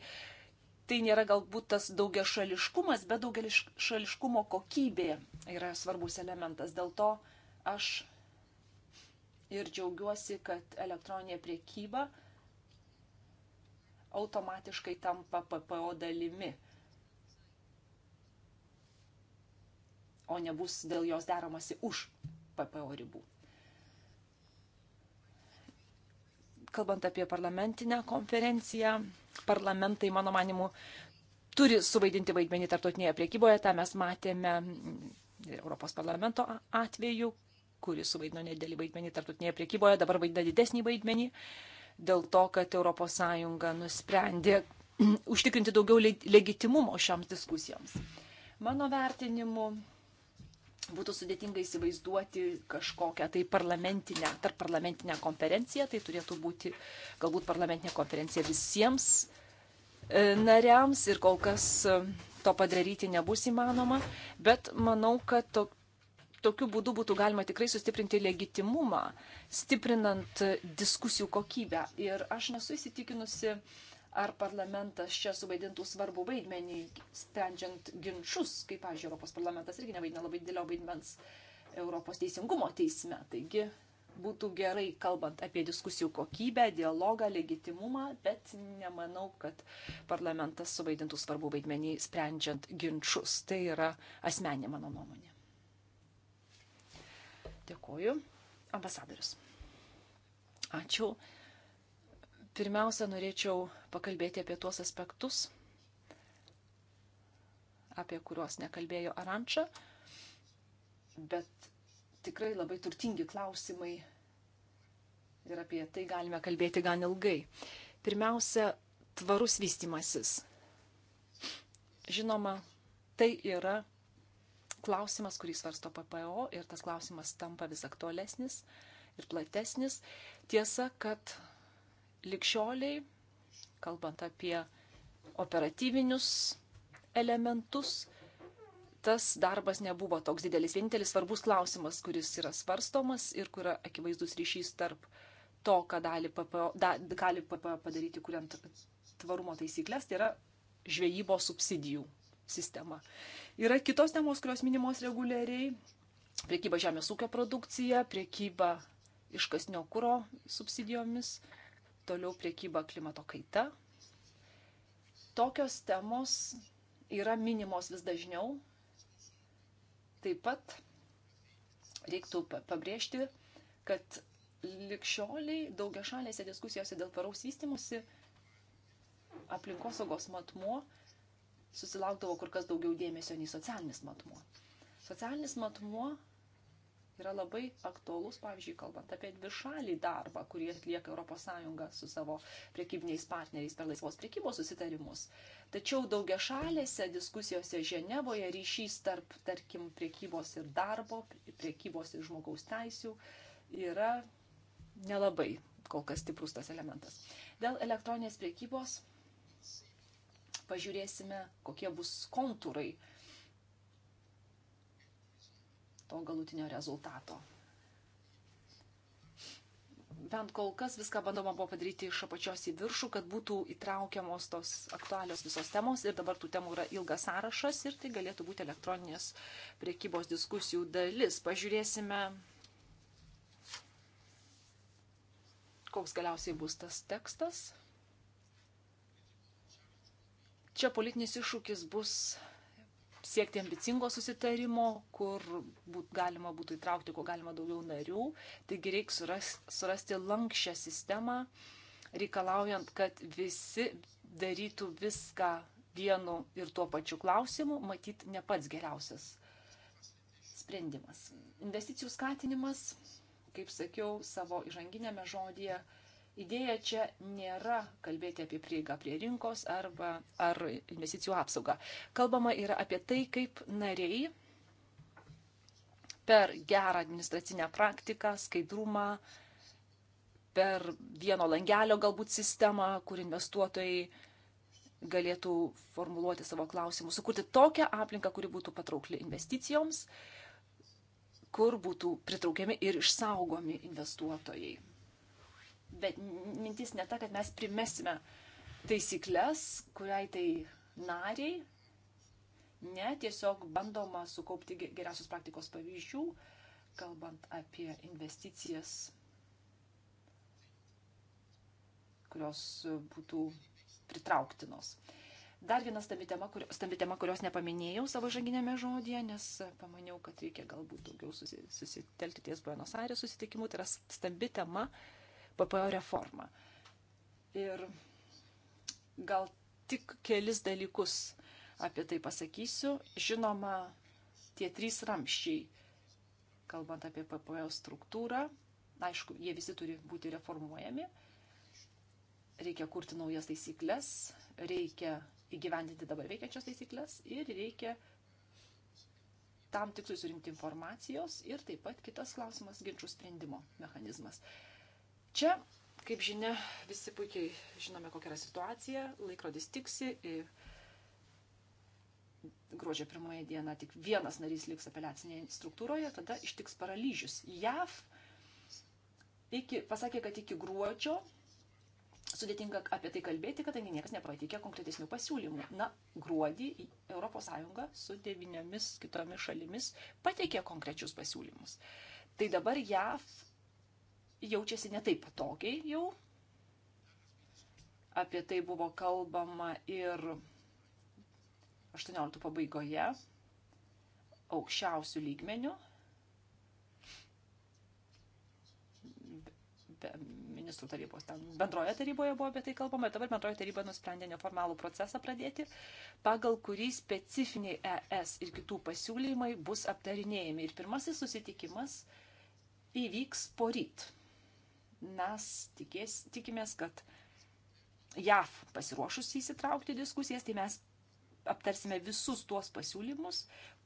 tai nėra galbūt tas daugia šališkumas, bet daugia šališkumo kokybė yra svarbus elementas. Dėl to aš ir džiaugiuosi, kad elektroninė priekyba automatiškai tampa PPO dalimi. o nebus dėl jos deramasi už PPO ribų. Kalbant apie parlamentinę konferenciją, parlamentai, mano manimu, turi suvaidinti vaidmenį tarptautinėje priekyboje, tą mes matėme Europos parlamento atveju, kuris suvaidino nedėlį vaidmenį tarptautinėje priekyboje, dabar vaidina didesnį vaidmenį dėl to, kad ES nusprendė užtikrinti daugiau legitimumo šioms diskusijoms. Mano vertinimu, būtų sudėtinga įsivaizduoti kažkokią tai parlamentinę, tarp parlamentinę konferenciją, tai turėtų būti galbūt parlamentinė konferencija visiems e, nariams ir kol kas e, to padaryti nebus įmanoma, bet manau, kad to, tokiu būdu būtų galima tikrai sustiprinti legitimumą, stiprinant e, diskusijų kokybę. Ir aš nesu įsitikinusi, uh, ar parlamentas čia suvaidintų svarbų vaidmenį, sprendžiant ginčius, kaip, pažiūrėjau, Europos parlamentas irgi nevaidina labai didelio vaidmens Europos teisingumo teisme. Taigi būtų gerai, kalbant apie diskusijų kokybę, dialogą, legitimumą, bet nemanau, kad parlamentas suvaidintų svarbų vaidmenį sprendžiant ginčius. Tai yra asmenė mano nuomonė. Dėkuoju. Ambasadorius. Ačiū. Pirmiausia, norėčiau pakalbėti apie tuos aspektus, apie kuriuos nekalbėjo Aranča, bet tikrai labai turtingi klausimai ir apie tai galime kalbėti gan ilgai. Pirmiausia, tvarus vystimasis. Žinoma, tai yra klausimas, kurį svarsto PPO ir tas klausimas tampa vis aktualesnis ir platesnis. Tiesa, kad likšioliai, kalbant apie operatyvinius elementus, tas darbas nebuvo toks didelis. Vienintelis svarbus klausimas, kuris yra svarstomas ir kur yra akivaizdus ryšys tarp to, ką gali PPO, da, gali PPO padaryti, kuriant tvarumo taisyklės, tai yra žvejybos subsidijų sistema. Yra kitos temos, kurios minimos reguliariai - priekyba žemės ūkio produkcija, priekyba iškasnio kūro subsidijomis toliau priekyba klimato kaita. Tokios temos yra minimos vis dažniau. Taip pat reiktų pabrėžti, kad likščioliai daugia šalėse diskusijose dėl paraus vystimusi aplinkosaugos matmuo susilaukdavo kur kas daugiau dėmesio nei socialinis matmuo. Socialinis matmuo yra labai aktuolus, pavyzdžiui, kalbant apie dvišalį darbą, kurį atlieka ES su savo priekybiniais partneriais per laisvos priekybos susitarimus. Tačiau daugia šalėse diskusijose Ženevoje ryšys tarp, tarkim, priekybos ir darbo, priekybos ir žmogaus teisių yra nelabai kol kas stiprus tas elementas. Dėl elektroninės priekybos pažiūrėsime, kokie bus kontūrai uh, to galutinio rezultato. Bent kol kas viską bandoma buvo padaryti iš apačios į viršų, kad būtų įtraukiamos tos aktualios visos temos ir dabar tų temų yra ilgas sąrašas ir tai galėtų būti elektroninės priekybos diskusijų dalis. Pažiūrėsime, koks galiausiai bus tas tekstas. Čia politinis iššūkis bus siekti ambicingo susitarimo, kur būt, galima būtų įtraukti, kuo galima daugiau narių. Taigi reikia surasti, surasti lankščią sistemą, reikalaujant, kad visi darytų viską vienu ir tuo pačiu klausimu, matyt, ne pats geriausias sprendimas. Investicijų skatinimas, kaip sakiau savo įžanginėme žodėje, idėja čia nėra kalbėti apie prieigą prie rinkos arba, ar investicijų apsaugą. Kalbama yra apie tai, kaip nariai per gerą administracinę praktiką, skaidrumą, per vieno langelio galbūt sistemą, kur investuotojai galėtų formuluoti savo klausimus, sukurti tokią aplinką, kuri būtų patraukli investicijoms, kur būtų pritraukiami ir išsaugomi investuotojai bet mintis ne ta, kad mes primesime taisyklės, kuriai tai nariai, ne, tiesiog bandoma sukaupti geriausios praktikos pavyzdžių, kalbant apie investicijas, kurios būtų pritrauktinos. Dar viena stambi tema, kurios, stambi tema, kurios nepaminėjau savo žanginėme žodėje, nes pamaniau, kad reikia galbūt daugiau susi, susitelkti ties Buenos Aires susitikimu. Tai yra stambi tema, uh, PPO reformą. Ir gal tik kelis dalykus apie tai pasakysiu. Žinoma, tie trys ramščiai, kalbant apie PPO struktūrą, aišku, jie visi turi būti reformuojami. Reikia kurti naujas taisyklės, reikia įgyvendinti dabar veikiančias taisyklės ir reikia tam tikslui surinkti informacijos ir taip pat kitas klausimas - ginčių sprendimo mechanizmas. Čia, kaip žinia, visi puikiai žinome, kokia yra situacija. Laikrodis tiksi. Gruodžio pirmąją dieną tik vienas narys liks apeliacinėje struktūroje, tada ištiks paralyžius. JAV iki, pasakė, kad iki gruodžio sudėtinga apie tai kalbėti, kadangi niekas nepateikė konkretesnių pasiūlymų. Na, gruodį ES su devyniomis kitomis šalimis pateikė konkrečius pasiūlymus. Tai dabar JAV jaučiasi netaip patogiai jau. Apie tai buvo kalbama ir 18 pabaigoje aukščiausių lygmenių. Be ministrų tarybos ten bendroje taryboje buvo apie tai kalbama ir dabar bendroje taryba nusprendė neformalų procesą pradėti, pagal kurį specifiniai ES ir kitų pasiūlymai bus aptarinėjami. Ir pirmasis susitikimas įvyks poryt mes tikės, tikimės, kad JAV pasiruošusi įsitraukti diskusijas, tai mes aptarsime visus tuos pasiūlymus,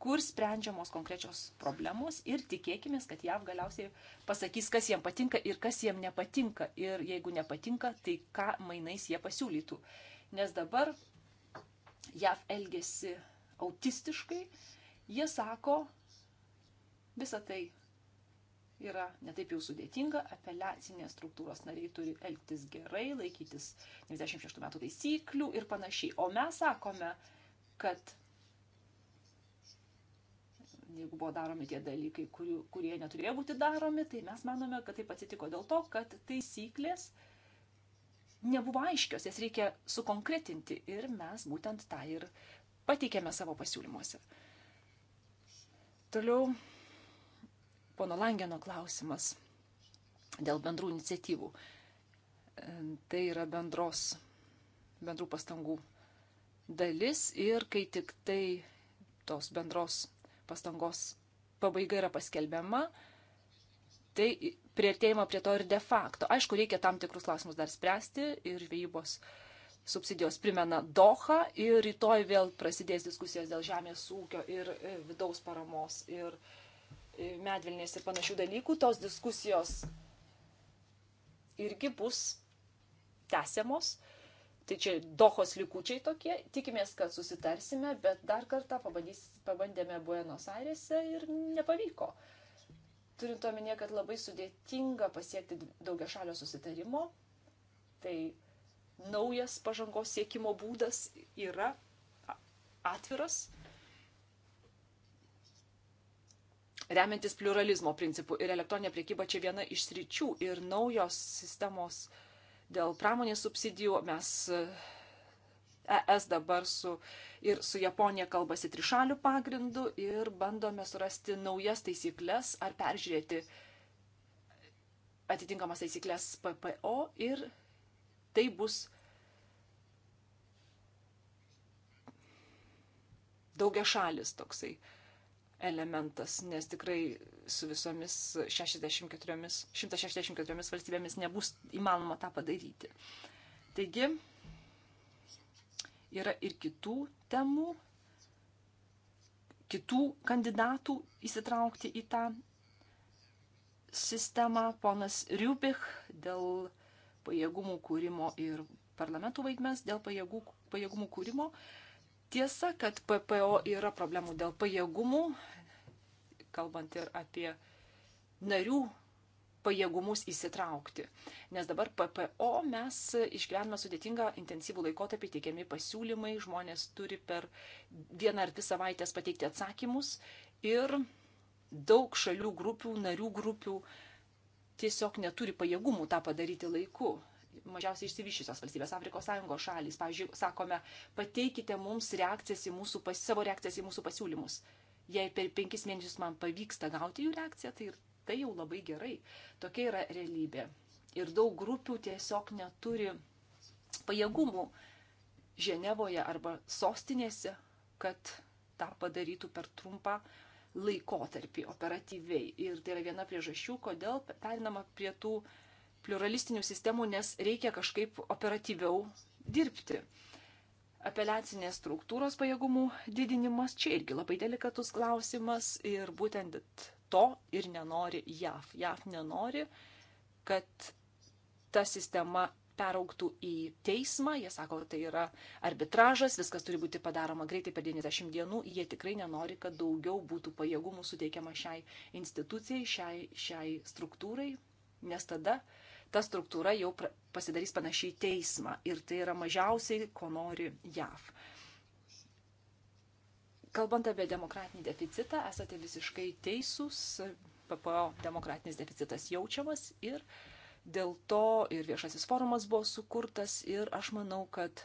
kur sprendžiamos konkrečios problemos ir tikėkime, kad JAV galiausiai pasakys, kas jiem patinka ir kas jiem nepatinka. Ir jeigu nepatinka, tai ką mainais jie pasiūlytų. Nes dabar JAV elgesi autistiškai, jie sako, visą tai yra netaip jau sudėtinga, apeliacinės struktūros nariai turi elgtis gerai, laikytis 96 metų taisyklių ir panašiai. O mes sakome, kad jeigu buvo daromi tie dalykai, kurių, kurie neturėjo būti daromi, tai mes manome, kad taip atsitiko dėl to, kad taisyklės nebuvo aiškios, jas reikia sukonkretinti ir mes būtent tą ir pateikėme savo pasiūlymuose. Toliau pono Langeno klausimas dėl bendrų iniciatyvų. E, tai yra bendros, bendrų pastangų dalis ir kai tik tai tos bendros pastangos pabaiga yra paskelbiama, tai prieartėjama prie to ir de facto. Aišku, reikia tam tikrus klausimus dar spręsti ir žvejybos subsidijos primena Doha ir rytoj vėl prasidės diskusijos dėl žemės ūkio ir e, vidaus paramos ir uh, medvilnės ir panašių dalykų, tos diskusijos irgi bus tęsiamos. Tai čia dohos likučiai tokie, tikimės, kad susitarsime, bet dar kartą pabandys, pabandėme Buenos Airėse ir nepavyko. Turint omenyje, kad labai sudėtinga pasiekti daugia šalio susitarimo, tai naujas pažangos siekimo būdas yra atviras remiantis pluralizmo principu. Ir elektroninė priekyba čia viena iš sričių ir naujos sistemos dėl pramonės subsidijų mes e, ES dabar su, ir su Japonija kalbasi trišalių pagrindų ir bandome surasti naujas taisyklės ar peržiūrėti atitinkamas taisyklės PPO ir tai bus daugia šalis toksai uh, elementas, nes tikrai su visomis 64, 164 valstybėmis nebus įmanoma tą padaryti. Taigi, yra ir kitų temų, kitų kandidatų įsitraukti į tą sistemą. Ponas Riubich dėl pajėgumų kūrimo ir parlamentų vaidmens, dėl pajėgų, pajėgumų kūrimo. Tiesa, kad PPO yra problemų dėl pajėgumų, kalbant ir apie narių pajėgumus įsitraukti. Nes dabar PPO mes išgyvename sudėtingą intensyvų laikotarpį, teikiami pasiūlymai, žmonės turi per vieną ar dvi savaitės pateikti atsakymus ir daug šalių grupių, narių grupių tiesiog neturi pajėgumų tą padaryti laiku. Mažiausiai išsivyščiusios valstybės Afrikos Sąjungos šalys, pavyzdžiui, sakome, pateikite mums reakcijas į mūsų, savo reakcijas į mūsų pasiūlymus. Jei per penkis mėnesius man pavyksta gauti jų reakciją, tai tai jau labai gerai. Tokia yra realybė. Ir daug grupių tiesiog neturi pajėgumų Ženevoje arba sostinėse, kad tą padarytų per trumpą laikotarpį operatyviai. Ir tai yra viena priežasčių, kodėl perinama prie tų pluralistinių sistemų, nes reikia kažkaip operatyviau dirbti apeliacinės struktūros pajėgumų didinimas čia irgi labai delikatus klausimas ir būtent to ir nenori JAF. JAF nenori, kad ta sistema peraugtų į teismą, jie sako, tai yra arbitražas, viskas turi būti padaroma greitai per 90 dienų, jie tikrai nenori, kad daugiau būtų pajėgumų suteikiama šiai institucijai, šiai, šiai struktūrai, nes tada uh, ta struktūra jau pasidarys panašiai į teismą ir tai yra mažiausiai, ko nori JAV. Kalbant apie demokratinį deficitą, esate visiškai teisūs, PPO demokratinis deficitas jaučiamas ir dėl to ir viešasis forumas buvo sukurtas ir aš manau, kad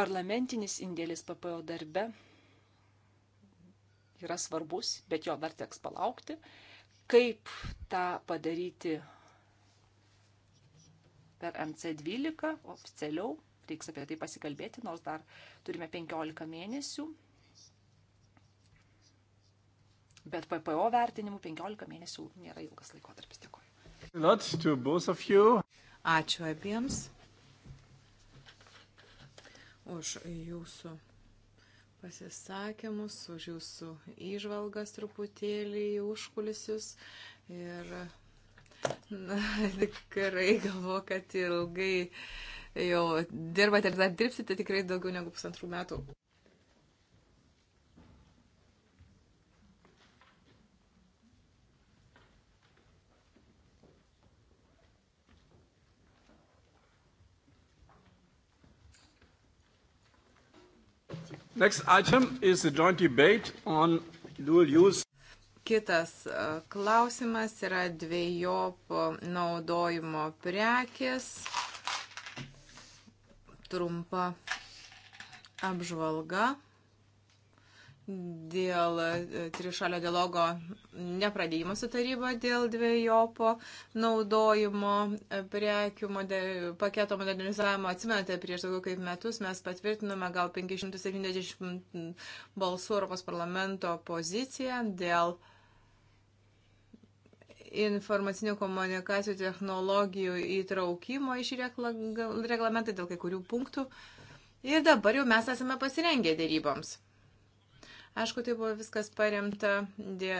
parlamentinis indėlis PPO darbe yra svarbus, bet jo dar teks palaukti. Uh, Kaip tą padaryti per MC12 oficialiau, reiks apie tai pasikalbėti, nors dar turime 15 mėnesių. Bet PPO vertinimų 15 mėnesių nėra ilgas laikotarpis. Dėkoju. Ačiū abiems už jūsų pasisakymus, už jūsų įžvalgas truputėlį, užkulisius. Ir na, tikrai galvo, kad ilgai jau dirbate ir dar dirbsite tikrai daugiau negu pusantrų metų. Next item is the joint debate on dual use. Kitas e, klausimas yra dviejopo naudojimo prekės. Trumpa apžvalga dėl e, trišalio dialogo nepradėjimo su taryba, dėl dviejopo naudojimo e, prekių moder... paketo modernizavimo. Atsimenate, prieš daugiau kaip metus mes patvirtinome gal 570 balsų Europos parlamento poziciją dėl informacinių komunikacijų technologijų įtraukimo iš reglamentą dėl kai kurių punktų. Ir dabar jau mes esame pasirengę dėryboms. Aišku, tai buvo viskas paremta dė...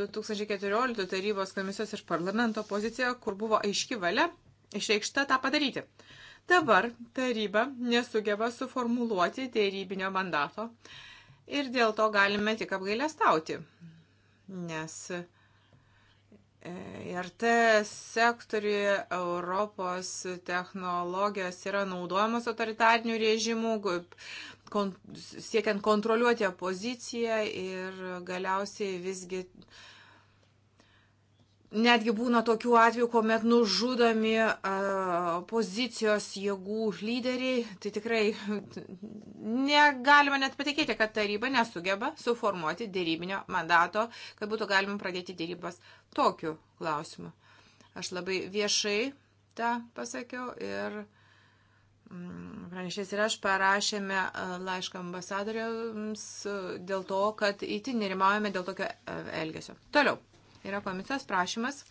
2014 tarybos komisijos ir parlamento pozicija, kur buvo aiški valia išreikšta tą padaryti. Dabar taryba nesugeba suformuluoti dėrybinio mandato ir dėl to galime tik apgailę stauti, nes ir e, e T sektoriuje Europos technologijos yra naudojamos autoritarnių režimų, kon, siekiant kontroliuoti opoziciją ir galiausiai visgi netgi būna tokių atvejų, kuomet nužudomi opozicijos jėgų lyderiai, tai tikrai negalima net patikėti, kad taryba nesugeba suformuoti dėrybinio mandato, kad būtų galima pradėti dėrybas tokiu klausimu. Aš labai viešai tą pasakiau ir Pranešės ir aš parašėme e, laišką ambasadoriams e, dėl to, kad įtin nerimaujame dėl tokio e, elgesio. Toliau yra komisijos prašymas.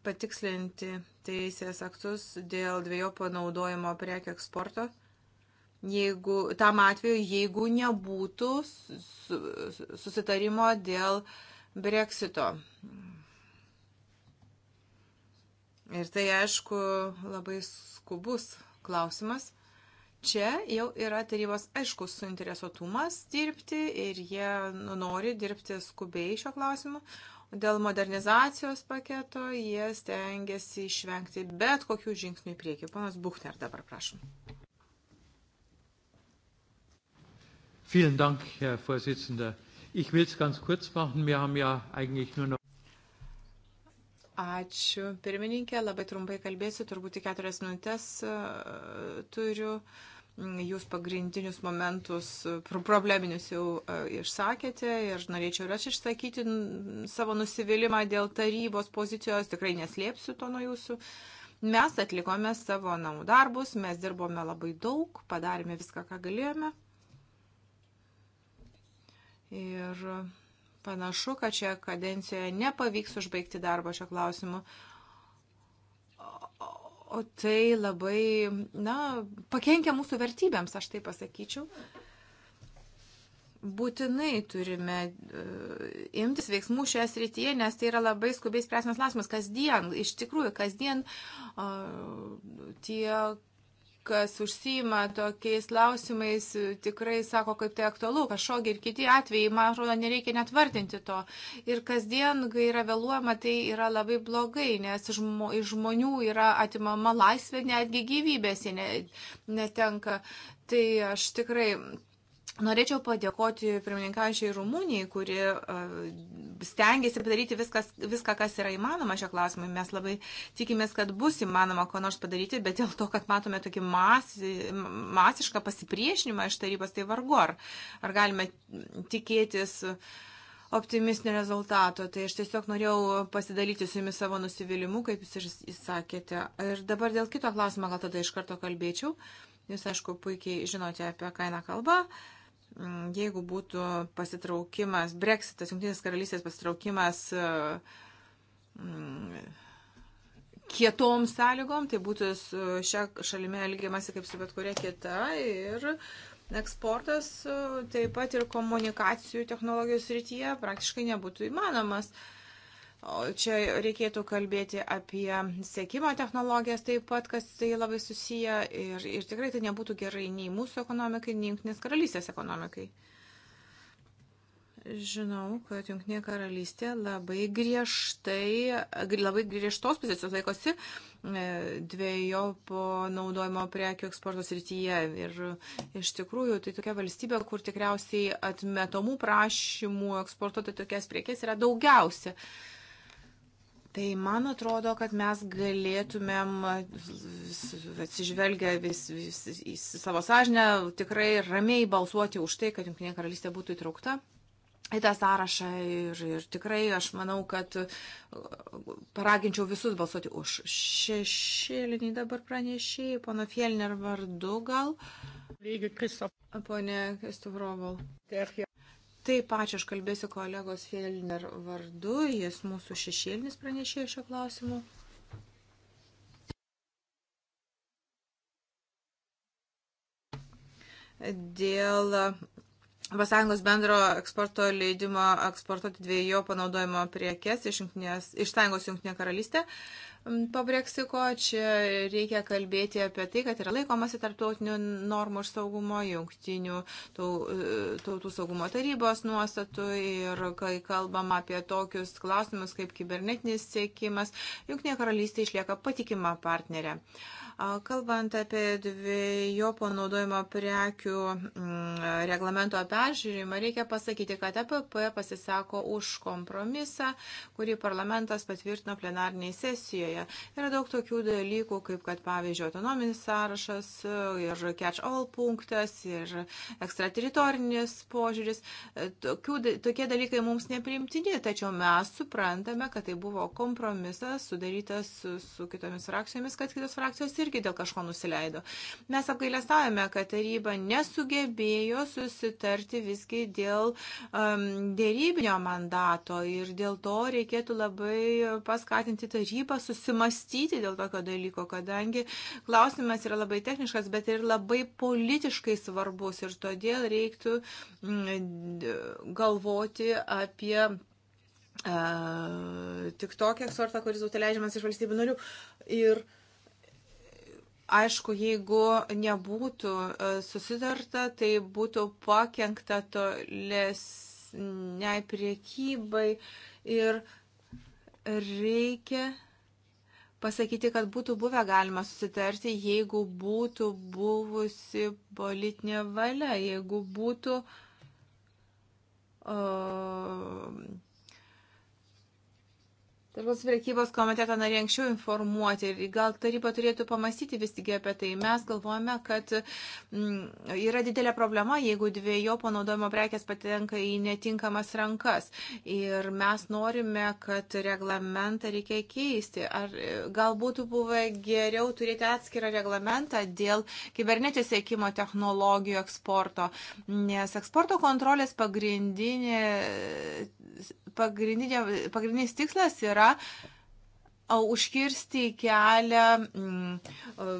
patikslinti teisės aktus dėl dviejų panaudojimo prekių eksporto, jeigu, tam atveju, jeigu nebūtų susitarimo dėl uh, breksito. Ir tai, aišku, labai skubus klausimas. Čia jau yra tarybos aiškus suinteresuotumas dirbti ir jie nu, nori dirbti skubiai šio klausimu. Dėl modernizacijos paketo jie stengiasi išvengti bet kokių žingsnių į priekį. Panas Buchner dabar prašom. Vielen Dank, Herr Vorsitzender. Ich will es ganz kurz machen, wir haben ja eigentlich nur noch. Ačiū, pirmininkė, labai trumpai kalbėsiu, turbūt tik keturias minutės e, turiu. Mm, jūs pagrindinius momentus, e, probleminius jau e, išsakėte ir norėčiau ir aš išsakyti savo nusivylimą dėl tarybos pozicijos, tikrai neslėpsiu to nuo jūsų. Mes atlikome savo namų darbus, mes dirbome labai daug, padarėme viską, ką galėjome. Ir panašu, kad čia kadencijoje nepavyks užbaigti darbo šio klausimu. O tai labai, na, pakenkia mūsų vertybėms, aš tai pasakyčiau. Būtinai turime uh, imtis veiksmų šioje srityje, nes tai yra labai skubiai spręsmas klausimas. Kasdien, iš tikrųjų, kasdien uh, tiek kas užsima tokiais klausimais, tikrai sako, kaip tai aktualu, kažkokie ir kiti atvejai, man atrodo, nereikia net vardinti to. Ir kasdien, kai yra vėluojama, tai yra labai blogai, nes žmo, iš žmonių yra atimama laisvė, netgi gyvybės jie netenka. Tai aš tikrai Norėčiau padėkoti pirmininkaujančiai Rumunijai, kuri stengiasi padaryti viskas, viską, kas yra įmanoma šio klausimui. Mes labai tikimės, kad bus įmanoma ko nors padaryti, bet dėl to, kad matome tokį mas, masišką pasipriešinimą iš tarybos, tai vargu ar, ar galime tikėtis optimistinio rezultato. Tai aš tiesiog norėjau pasidalyti su jumis savo nusivylimu, kaip jūs ir įsakėte. Ir dabar dėl kito klausimo gal tada iš karto kalbėčiau. Jūs, aišku, puikiai žinote, apie kainą kalbą. Uh, Mm, jeigu būtų pasitraukimas, Brexitas, Junktinės karalystės pasitraukimas e, mm, kietom sąlygom, tai būtų su šia šalimi elgiamasi kaip su bet kuria kita ir eksportas e, taip pat ir komunikacijų technologijos rytyje praktiškai nebūtų įmanomas. Uh, Čia reikėtų kalbėti apie sėkimo technologijas taip pat, kas tai labai susiję ir, ir tikrai tai nebūtų gerai nei mūsų ekonomikai, nei Junktinės karalystės ekonomikai. Žinau, kad Junktinė karalystė labai griežtai, labai griežtos pozicijos laikosi e, dviejopo naudojimo prekių eksporto srityje. Ir iš tikrųjų, tai tokia valstybė, kur tikriausiai atmetomų prašymų eksportuoti tokias priekės yra daugiausia. Uh, Tai man atrodo, kad mes galėtumėm atsižvelgę vis, vis, į savo sąžinę tikrai ramiai balsuoti už tai, kad Junktinė karalystė būtų įtraukta į tą sąrašą ir, ir tikrai aš manau, kad paraginčiau visus balsuoti už šešėlinį dabar pranešėjį, pono Fielner vardu gal. Pone Kristofrovol. Taip, ačiū, aš kalbėsiu kolegos Fielner vardu, jis mūsų šešėlinis pranešėjo šio klausimu. Dėl Vasangos bendro eksporto leidimo eksportuoti dviejų panaudojimo priekes iš, jungtinės, iš Sąjungos Junktinė karalystė. Mm, po breksiko. Čia reikia kalbėti apie tai, kad yra laikomasi tarptautinių normų ir saugumo, jungtinių e, tautų saugumo tarybos nuostatų ir kai kalbam apie tokius klausimus kaip kibernetinis siekimas, jungtinė karalystė išlieka patikima partnerė. Kalbant apie dviejo panaudojimo prekių mm, reglamento peržiūrimą, reikia pasakyti, kad APP e pasisako už kompromisą, kurį parlamentas patvirtino plenarniai sesijoje pusėje. Yra daug tokių dalykų, kaip kad, pavyzdžiui, autonominis sąrašas ir catch-all punktas ir ekstrateritorinis požiūris. Tokių, tokie dalykai mums neprimtini, tačiau mes suprantame, kad tai buvo kompromisas sudarytas su, su kitomis frakcijomis, kad kitos frakcijos irgi dėl kažko nusileido. Mes apgailestavome, kad taryba nesugebėjo susitarti visgi dėl um, dėrybinio mandato ir dėl to reikėtų labai paskatinti tarybą susitarti susimastyti dėl tokio dalyko, kadangi klausimas yra labai techniškas, bet ir labai politiškai svarbus ir todėl reiktų mm, galvoti apie uh, tik tokį eksportą, kuris būtų leidžiamas iš valstybių narių. Ir aišku, jeigu nebūtų susidarta, tai būtų pakengta tolesniai priekybai ir reikia pasakyti, kad būtų buvę galima susitarti, jeigu būtų buvusi politinė valia, jeigu būtų uh, Tarptautinės prekybos komiteto nariai anksčiau informuoti ir gal taryba turėtų pamastyti vis tik apie tai. Mes galvojame, kad m, mm, yra didelė problema, jeigu dviejo panaudojimo prekės patenka į netinkamas rankas. Ir mes norime, kad reglamentą reikia keisti. Ar gal būtų buvę geriau turėti atskirą reglamentą dėl kibernetės sėkimo technologijų eksporto, nes eksporto kontrolės pagrindinė pagrindinis tikslas yra užkirsti kelią mm,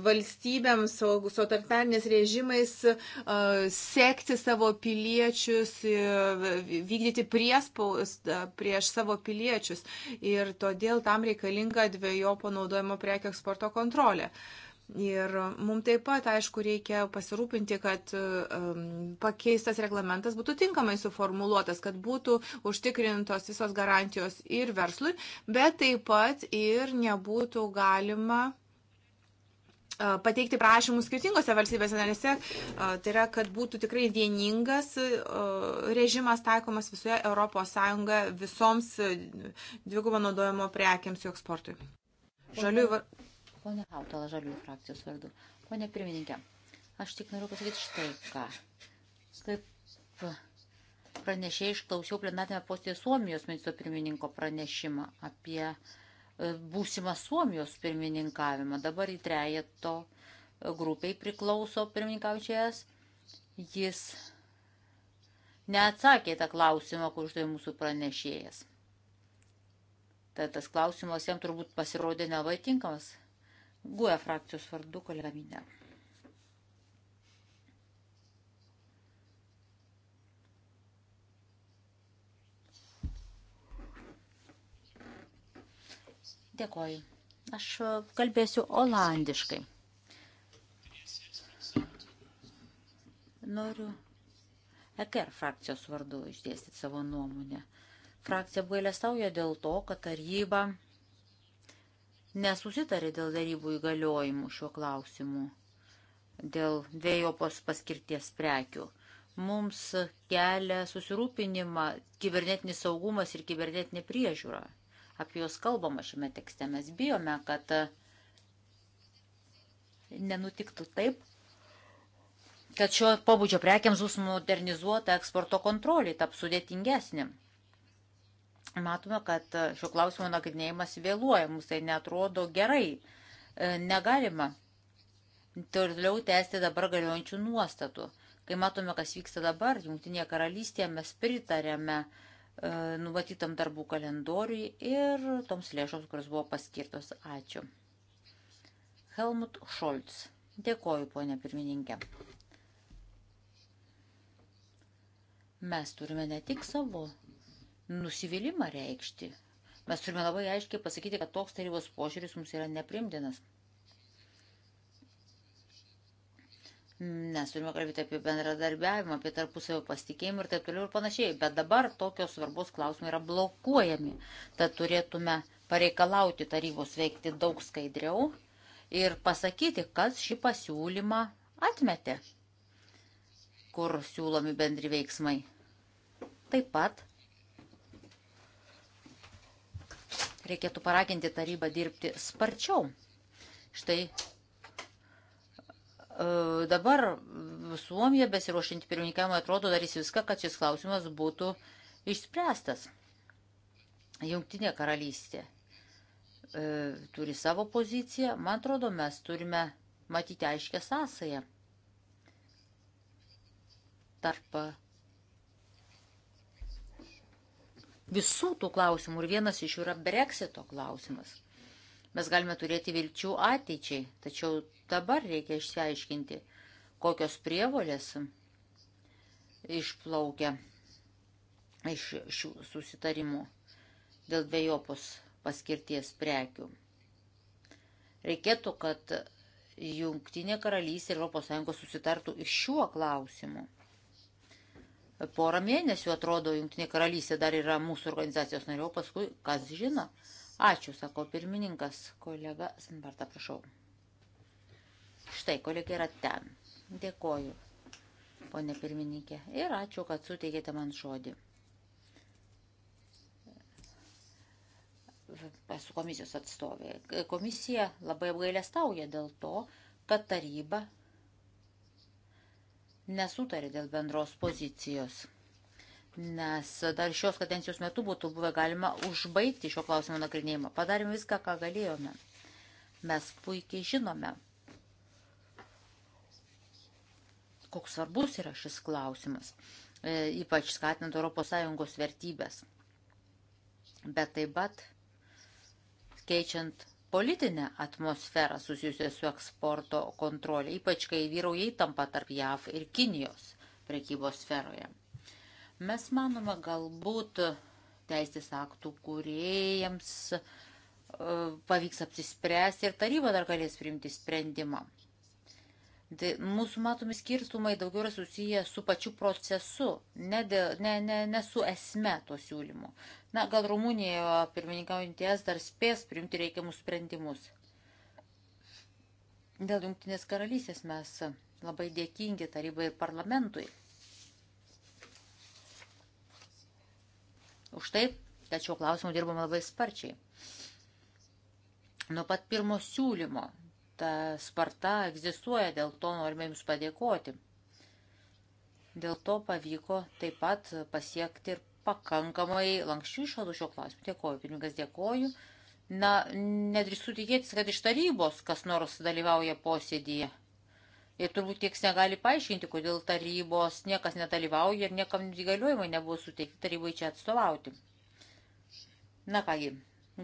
valstybėms, su autoritarnės režimais sekti savo piliečius, vykdyti priespaudą prieš savo piliečius. Ir todėl tam reikalinga dviejo panaudojimo prekio eksporto kontrolė. Uh, Ir e, mums taip pat, aišku, reikia pasirūpinti, kad e, pakeistas reglamentas būtų tinkamai suformuoluotas, kad būtų užtikrintos visos garantijos ir verslui, bet taip pat ir nebūtų galima e, pateikti prašymus skirtingose valstybėse narėse, tai yra, kad būtų tikrai vieningas režimas taikomas visoje ES visoms dvigubo naudojimo prekiams jų eksportui. Žaliųjų Pone Hautala, žaliųjų frakcijos vardu. Pone pirmininkė, aš tik noriu pasakyti štai ką. Kaip pranešėjai išklausiau plenatėme postėje Suomijos ministro pirmininko pranešimą apie e, būsimą Suomijos pirmininkavimą. Dabar į trejeto e, grupiai priklauso pirmininkaučiajas. Jis neatsakė tą klausimą, kur uždavė mūsų pranešėjas. Tad tas klausimas jam turbūt pasirodė nevaitinkamas. GUE frakcijos vardu kolega Minė. Dėkoju. Aš e, kalbėsiu olandiškai. Noriu EKR frakcijos vardu išdėstyti savo nuomonę. Frakcija gailestauja dėl to, kad taryba nesusitarė dėl darybų įgaliojimų šiuo klausimu, dėl dviejopos paskirties prekių. Mums kelia susirūpinimą kibernetinis saugumas ir kibernetinė priežiūra. Apie juos kalbama šiame tekste. Mes bijome, kad nenutiktų taip, kad šio pobūdžio prekiams bus modernizuota eksporto kontrolė, taps sudėtingesnė matome, kad e, šio klausimo nagrinėjimas vėluoja, mums tai netrodo gerai. E, negalima toliau tęsti dabar galiojančių nuostatų. Kai matome, kas vyksta dabar, Junktinėje karalystėje mes pritarėme e, numatytam darbų kalendoriui ir toms lėšoms, kurios buvo paskirtos. Ačiū. Helmut Scholz. Dėkoju, ponė pirmininkė. Mes turime ne tik savo nusivylimą reikšti. Mes turime labai aiškiai pasakyti, kad toks tarybos požiūris mums yra neprimdinas. Nes turime kalbėti apie bendradarbiavimą, apie tarpusavio pasitikėjimą ir taip toliau ir panašiai. Bet dabar tokios svarbos klausimai yra blokuojami. Tad turėtume pareikalauti tarybos veikti daug skaidriau ir pasakyti, kas šį pasiūlymą atmetė, kur siūlomi bendri veiksmai. Taip pat reikėtų paraginti tarybą dirbti sparčiau. Štai e, dabar Suomija besiruošinti pirmininkavimui atrodo darys viską, kad šis klausimas būtų išspręstas. Jungtinė karalystė e, turi savo poziciją. Man atrodo, mes turime matyti aiškę sąsają tarp visų tų klausimų ir vienas iš jų yra breksito klausimas. Mes galime turėti vilčių ateičiai, tačiau dabar reikia išsiaiškinti, kokios prievolės išplaukia iš šių susitarimų dėl dviejopos paskirties prekių. Reikėtų, kad Jungtinė karalystė ir ES susitartų ir šiuo klausimu porą mėnesių, atrodo, Junktinė karalystė dar yra mūsų organizacijos narių, paskui kas žino. Ačiū, sako pirmininkas, kolega Sanbarta, prašau. Štai, kolegė yra ten. Dėkoju, ponė pirmininkė. Ir ačiū, kad suteikėte man žodį. Esu komisijos atstovė. Komisija labai apgailestauja dėl to, kad taryba nesutarė dėl bendros pozicijos. Nes dar šios kadencijos metu būtų buvę galima užbaigti šio klausimo nagrinėjimą. Padarėme viską, ką galėjome. Mes puikiai žinome, koks svarbus yra šis klausimas, e, ypač skatinant ES vertybės. Bet taip pat keičiant politinę atmosferą susijusią su eksporto kontrolė, ypač kai vyrauja įtampa tarp JAV ir Kinijos prekybos sferoje. Mes manome, galbūt teisės aktų kuriejams e, pavyks apsispręsti ir taryba dar galės priimti sprendimą. Mūsų matomi skirtumai daugiau yra susiję su pačiu procesu, ne, dėl, ne, ne, ne su esme to siūlymu. Na, gal Rumunijoje pirmininkaujanties dar spės priimti reikiamus sprendimus. Dėl Junktinės karalystės mes labai dėkingi tarybai ir parlamentui. Už tai, tačiau klausimų dirbame labai sparčiai. Nuo pat pirmo siūlymo ta sparta egzistuoja, dėl to norime Jums padėkoti. Dėl to pavyko taip pat pasiekti ir pakankamai lankščių išvadų šio klausimu. Dėkoju, pirmininkas, dėkoju. Na, nedrįstu tikėtis, kad iš tarybos kas nors dalyvauja posėdėje. Ir turbūt tieks negali paaiškinti, kodėl tarybos niekas nedalyvauja ir niekam įgaliojimai nebuvo suteikti tarybai čia atstovauti. Na kągi,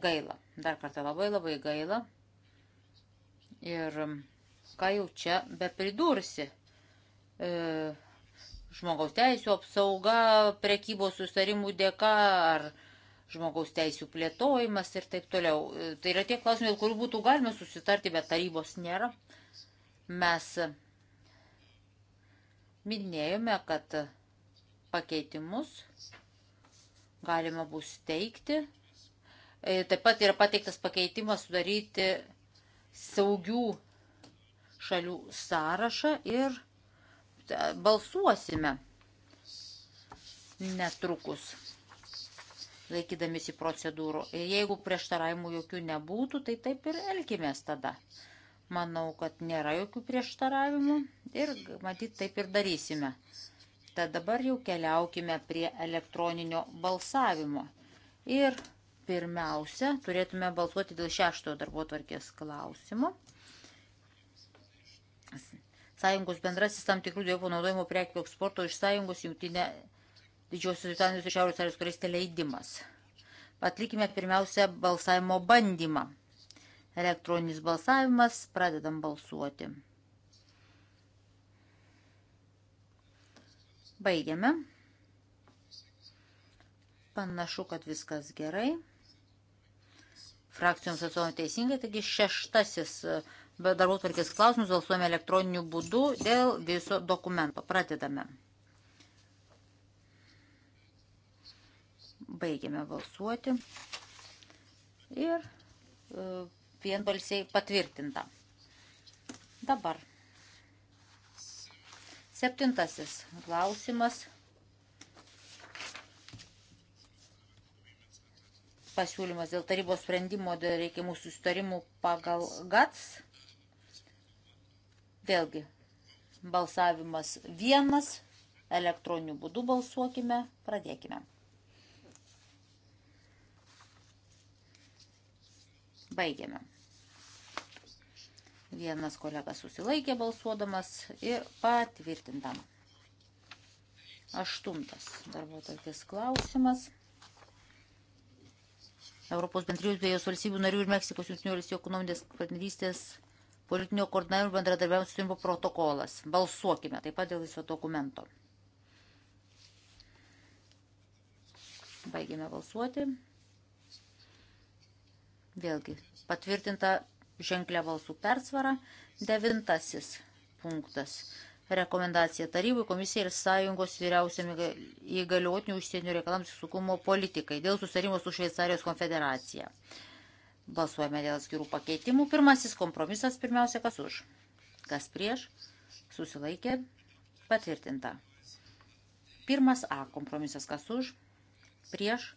gaila. Dar kartą labai labai gaila. Ir um, ką jau čia be pridursi. E, žmogaus teisų apsauga prekybos sustarimų dėka ar žmogaus teisų plėtojimas ir taip toliau. E, tai yra tie klausimai, dėl kurių būtų galima susitarti, bet tarybos nėra. Mes minėjome, kad pakeitimus galima bus teikti. E, taip pat yra pateiktas pakeitimas sudaryti saugių šalių sąrašą ir e, balsuosime netrukus, laikydamėsi procedūrų. Ir jeigu prieštaravimų jokių nebūtų, tai taip ir elkimės tada. Manau, kad nėra jokių prieštaravimų ir matyt taip ir darysime. Tad dabar jau keliaukime prie elektroninio balsavimo. Ir pirmiausia, turėtume balsuoti dėl šeštojo darbo tvarkės klausimo. Sąjungos bendrasis tam tikrų dviejų panaudojimo prekių eksporto iš sąjungos jungtinė Didžiosios Britanijos ir Šiaurės Airijos karalystė leidimas. Atlikime pirmiausia balsavimo bandymą. Elektroninis balsavimas, pradedam balsuoti. Baigiame. Panašu, kad viskas gerai frakcijoms atstovai teisingai, taigi šeštasis e, darbo tvarkės klausimus balsuojame elektroniniu būdu dėl viso dokumento. Pradedame. Baigiame balsuoti. Ir e, vienbalsiai patvirtinta. Dabar. Septintasis klausimas. pasiūlymas dėl tarybos sprendimo dėl reikiamų sustarimų pagal GATS. Vėlgi, balsavimas vienas, elektroniniu būdu balsuokime, pradėkime. Baigiame. Vienas kolega susilaikė balsuodamas ir patvirtintam. Aštuntas darbo tokias klausimas. Europos bendrijos bei jos valstybių narių ir Meksikos jungtinių valstybių ekonominės partnerystės politinio koordinavimo bendradarbiavimo sutarimo protokolas. Balsuokime taip pat dėl viso dokumento. Baigėme balsuoti. Vėlgi patvirtinta ženklę balsų persvarą. Devintasis punktas rekomendacija tarybai, komisijai ir sąjungos vyriausiam įgaliotinių užsienio reikalams sukumo politikai dėl sustarimo su Šveicarijos konfederacija. Balsuojame dėl atskirų pakeitimų. Pirmasis kompromisas pirmiausia, kas už. Kas prieš? Susilaikė. Patvirtinta. Pirmas A kompromisas, kas už. Prieš.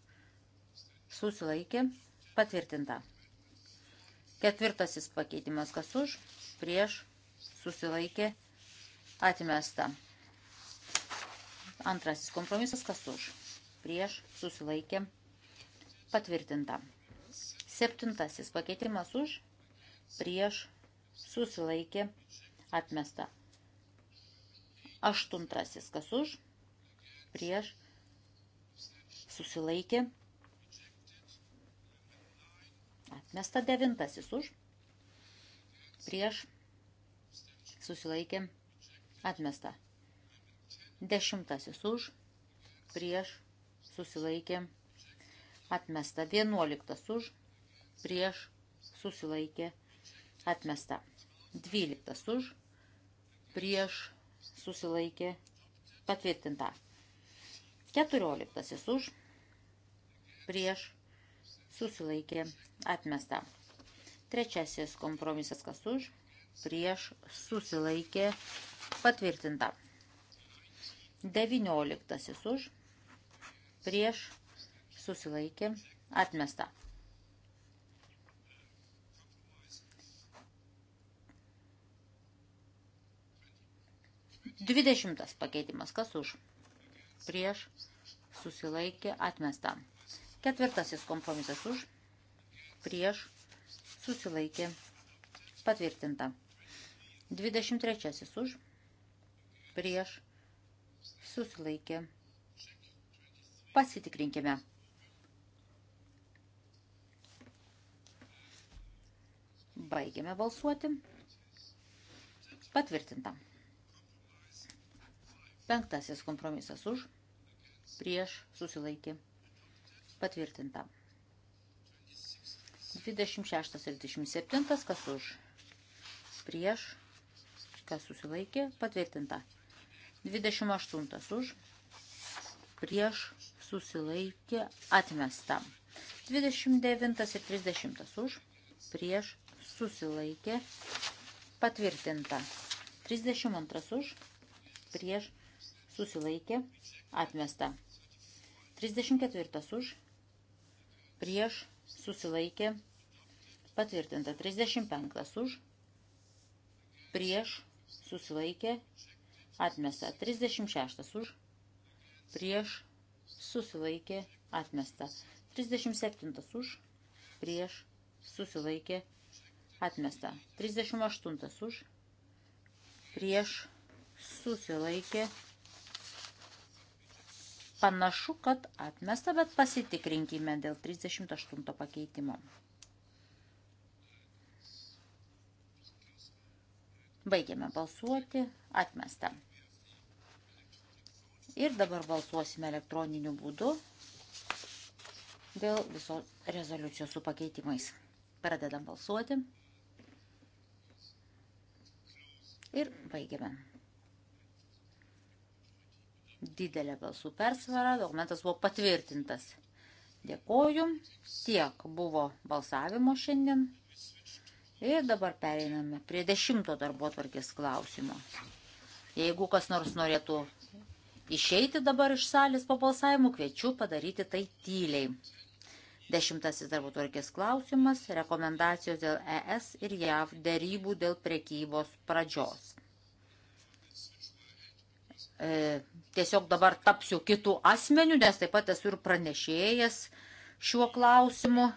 Susilaikė. Patvirtinta. Ketvirtasis pakeitimas, kas už. Prieš. Susilaikė. Patvirtinta Atmesta. Antrasis kompromisas, kas už. Prieš susilaikė. Patvirtinta. Septintasis pakeitimas už. Prieš susilaikė. Atmesta. Aštuntasis kas už. Prieš susilaikė. Atmesta devintasis už. Prieš susilaikė. Atmesta. Dešimtasis už, prieš, susilaikė. Atmesta. Vienuoliktas už, prieš, susilaikė. Atmesta. Dvyliktas už, prieš, susilaikė. Patvirtinta. Keturioliktasis už, prieš, susilaikė. Atmesta. Trečiasis kompromisas kas už, prieš, susilaikė. Atmesta Patvirtinta. 19 už, prieš, susilaikė, atmesta. Dvidešimtas pakeitimas, kas už, prieš, susilaikė, atmesta. Ketvirtasis kompromisas už, prieš, susilaikė, patvirtinta. 23 už, prieš, susilaikė. Pasitikrinkime. Baigiame balsuoti. Patvirtinta. Penktasis kompromisas už, prieš, susilaikė. Patvirtinta. 26 ir 27, kas už, prieš, kas susilaikė, patvirtinta. 28 už, prieš susilaikė atmesta. 29 ir 30 už, prieš susilaikė patvirtinta. 32 už, prieš susilaikė atmesta. 34 už, prieš susilaikė patvirtinta. 35 už, prieš susilaikė atmesta. 36 už, prieš, susilaikė, atmesta. 37 už, prieš, susilaikė, atmesta. 38 už, prieš, susilaikė, panašu, kad atmesta, bet pasitikrinkime dėl 38 pakeitimo. Baigiame balsuoti, atmesta. Ir dabar balsuosime elektroniniu būdu dėl viso rezoliucijos su pakeitimais. Pradedam balsuoti. Ir baigiame. Didelė balsų persvara, dokumentas buvo patvirtintas. Dėkoju, tiek buvo balsavimo šiandien. Ir dabar pereiname prie dešimto darbo tvarkės klausimo. Jeigu kas nors norėtų išeiti dabar iš salės po balsavimų, kviečiu padaryti tai tyliai. Dešimtasis darbo tvarkės klausimas - rekomendacijos dėl ES ir JAV dėrybų dėl prekybos pradžios. E, tiesiog dabar tapsiu kitų asmenių, nes taip pat esu ir pranešėjęs šiuo klausimu.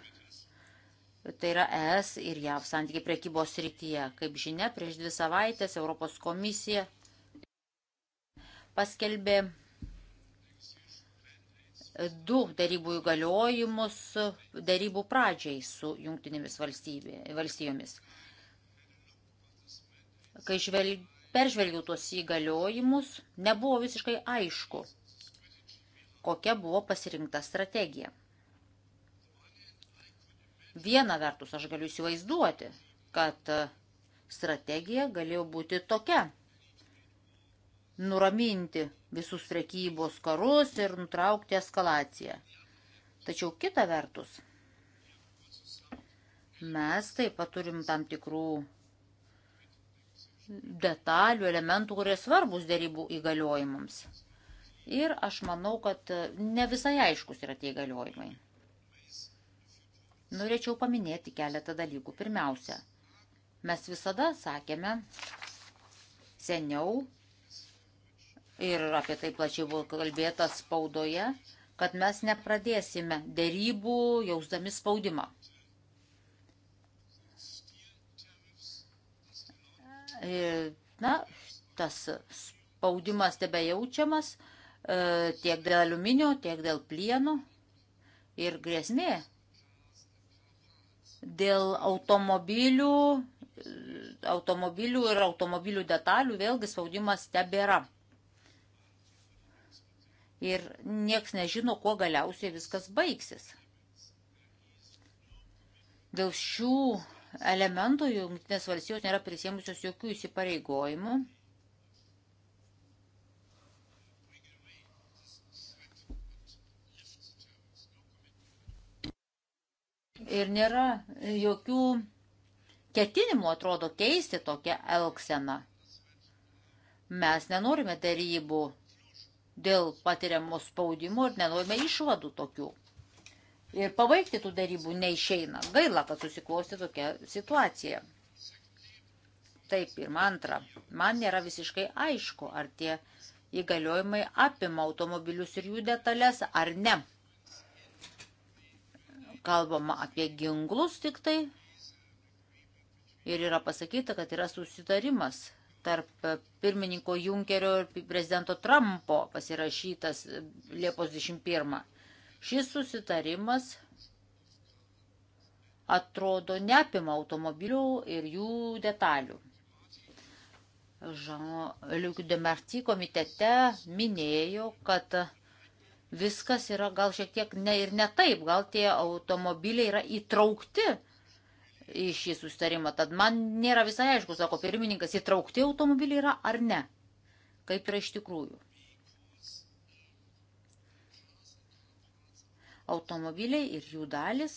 Tai yra ES ir JAV santykiai prekybos srityje. Kaip žinia, prieš dvi savaitės Europos komisija paskelbė du darybų įgaliojimus darybų pradžiai su jungtinėmis valstijomis. Kai žvelg, peržvelgiau tuos įgaliojimus, nebuvo visiškai aišku, kokia buvo pasirinkta strategija. Viena vertus aš galiu įsivaizduoti, kad strategija galėjo būti tokia – nuraminti visus prekybos karus ir nutraukti eskalaciją. Tačiau kita vertus, mes taip pat turim tam tikrų detalių, elementų, kurie svarbus dėrybų įgaliojimams. Ir aš manau, kad ne visai aiškus yra tie įgaliojimai. Norėčiau paminėti keletą dalykų. Pirmiausia, mes visada sakėme seniau, ir apie tai plačiai buvo kalbėta spaudoje, kad mes nepradėsime dėrybų jausdami spaudimą. Ir, e, na, tas spaudimas tebe jaučiamas e, tiek dėl aliuminio, tiek dėl plieno ir grėsmė dėl automobilių, e, automobilių ir automobilių detalių vėlgi spaudimas tebėra ir nieks nežino, kuo galiausiai viskas baigsis. Dėl šių elementų jungtinės valstijos nėra prisėmusios jokių įsipareigojimų. Ir nėra jokių ketinimų, atrodo, keisti tokią elkseną. Mes nenorime darybų dėl patiriamo spaudimo ir nenorime išvadų tokių. Ir pabaigti tų darybų neišeina. Gaila, kad susiklosti tokia situacija. Taip, ir antra, man nėra visiškai aišku, ar tie įgaliojimai apima automobilius ir jų detalės, ar ne. Kalbama apie ginklus tik tai. Ir yra pasakyta, kad yra susitarimas tarp pirmininko Junkerio ir prezidento Trumpo pasirašytas Liepos 21. Šis susitarimas atrodo neapima automobilių ir jų detalių. Jean-Luc Demarty komitete minėjo, kad viskas yra gal šiek tiek ne ir ne taip, gal tie automobiliai yra įtraukti į šį sustarimą. Tad man nėra visai aišku, sako pirmininkas, įtraukti automobiliai yra ar ne. Kaip yra iš tikrųjų. Automobiliai ir jų dalis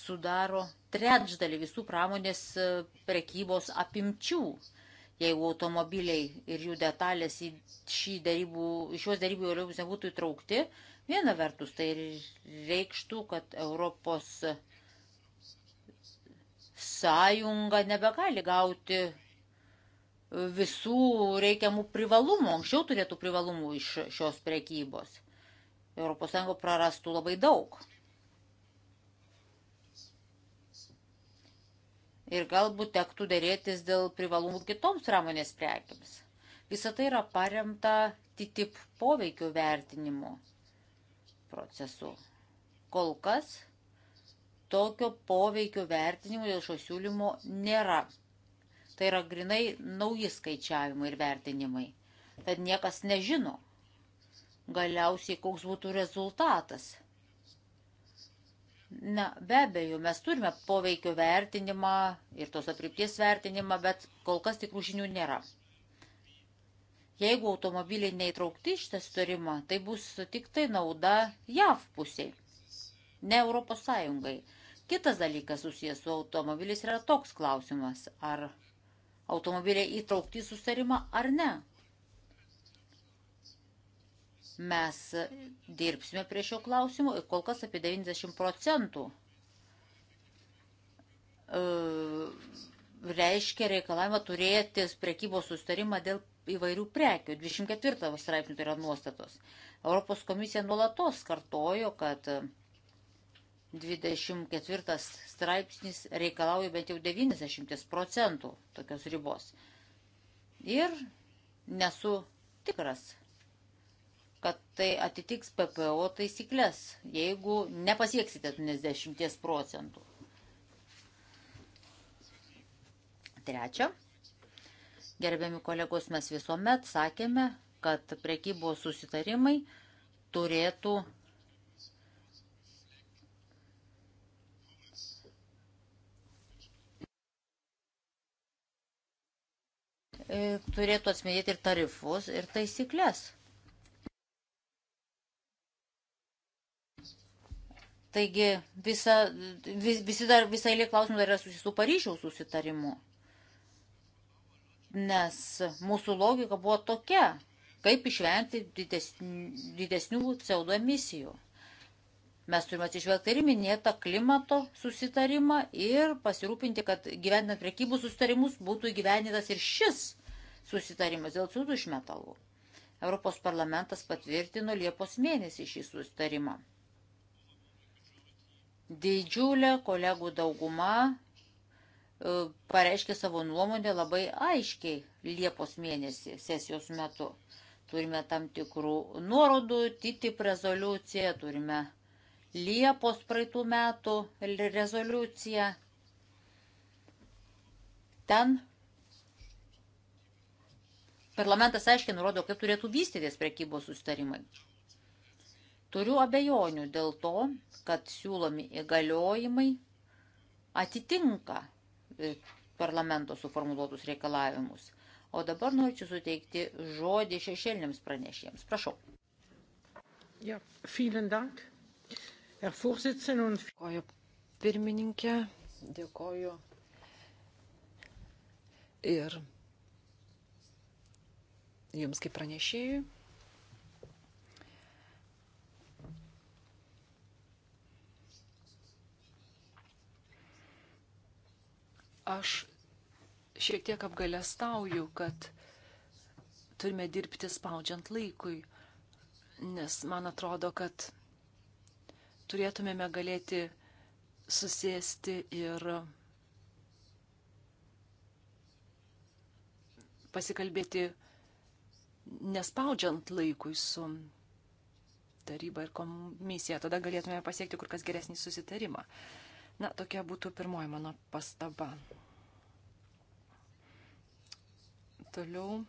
sudaro trečdalį visų pramonės e, prekybos apimčių. Jeigu automobiliai ir jų detalės į darybų, šios darybų jau nebūtų įtraukti, viena vertus tai reikštų, kad Europos uh, sąjunga nebegali gauti visų reikiamų privalumų, anksčiau turėtų privalumų iš šios prekybos. ES prarastų labai daug. Ir galbūt tektų dėrėtis dėl privalumų kitoms pramonės prekiams. Visą tai yra paremta TTIP poveikio vertinimu procesu. Kol kas tokio poveikio vertinimo dėl šio siūlymo nėra. Tai yra grinai nauji skaičiavimai ir vertinimai. Tad niekas nežino galiausiai, koks būtų rezultatas. Na, be abejo, mes turime poveikio vertinimą ir tos aprypties vertinimą, bet kol kas tikrų žinių nėra. Jeigu automobiliai neįtraukti šitą sutarimą, tai bus tik tai nauda JAV pusiai, ne Europos Sąjungai. Kitas dalykas susijęs su automobiliais yra toks klausimas, ar automobiliai įtraukti į sustarimą ar ne. Mes dirbsime prie šio klausimo ir kol kas apie 90 procentų e, reiškia reikalavimą turėti prekybos sustarimą dėl įvairių prekių. 24 straipsnių tai yra nuostatos. Europos komisija nuolatos kartojo, kad 24 straipsnis reikalauja bent jau 90 procentų tokios ribos. Ir nesu tikras, kad tai atitiks PPO taisyklės, jeigu nepasieksite 90 procentų. Trečia, gerbiami kolegos, mes visuomet sakėme, kad prekybos susitarimai turėtų E, turėtų atspindėti ir tarifus, ir taisyklės. Taigi visa, vis, visi dar, visa eilė klausimų dar yra susijęs su Paryžiaus susitarimu. Nes mūsų logika buvo tokia, kaip išvengti didesnių, didesnių CO2 emisijų. Mes turime atsižvelgti ir minėtą klimato susitarimą ir pasirūpinti, kad gyvendant prekybų susitarimus būtų įgyvendintas ir šis susitarimas dėl sūdų išmetalų. Europos parlamentas patvirtino Liepos mėnesį šį susitarimą. Didžiulė kolegų dauguma e, pareiškė savo nuomonę labai aiškiai Liepos mėnesį sesijos metu. Turime tam tikrų nuorodų, TTIP rezoliuciją, turime Liepos praeitų metų rezoliuciją. Ten Parlamentas aiškiai nurodo, kaip turėtų vystytis prekybos sustarimai. Turiu abejonių dėl to, kad siūlomi įgaliojimai atitinka e, parlamento suformuluotus reikalavimus. O dabar norėčiau suteikti žodį šešėliniams pranešėjams. Prašau. Ja, vielen dank. Herr Vorsitzender und... Dėkoju pirmininkė, dėkoju ir jums kaip pranešėjui. Aš šiek tiek apgalėstauju, kad turime dirbti spaudžiant laikui, nes man atrodo, kad turėtumėme galėti susėsti ir pasikalbėti nespaudžiant laikui su taryba ir komisija, tada galėtume pasiekti kur kas geresnį susitarimą. Na, tokia būtų pirmoji mano pastaba. Toliau.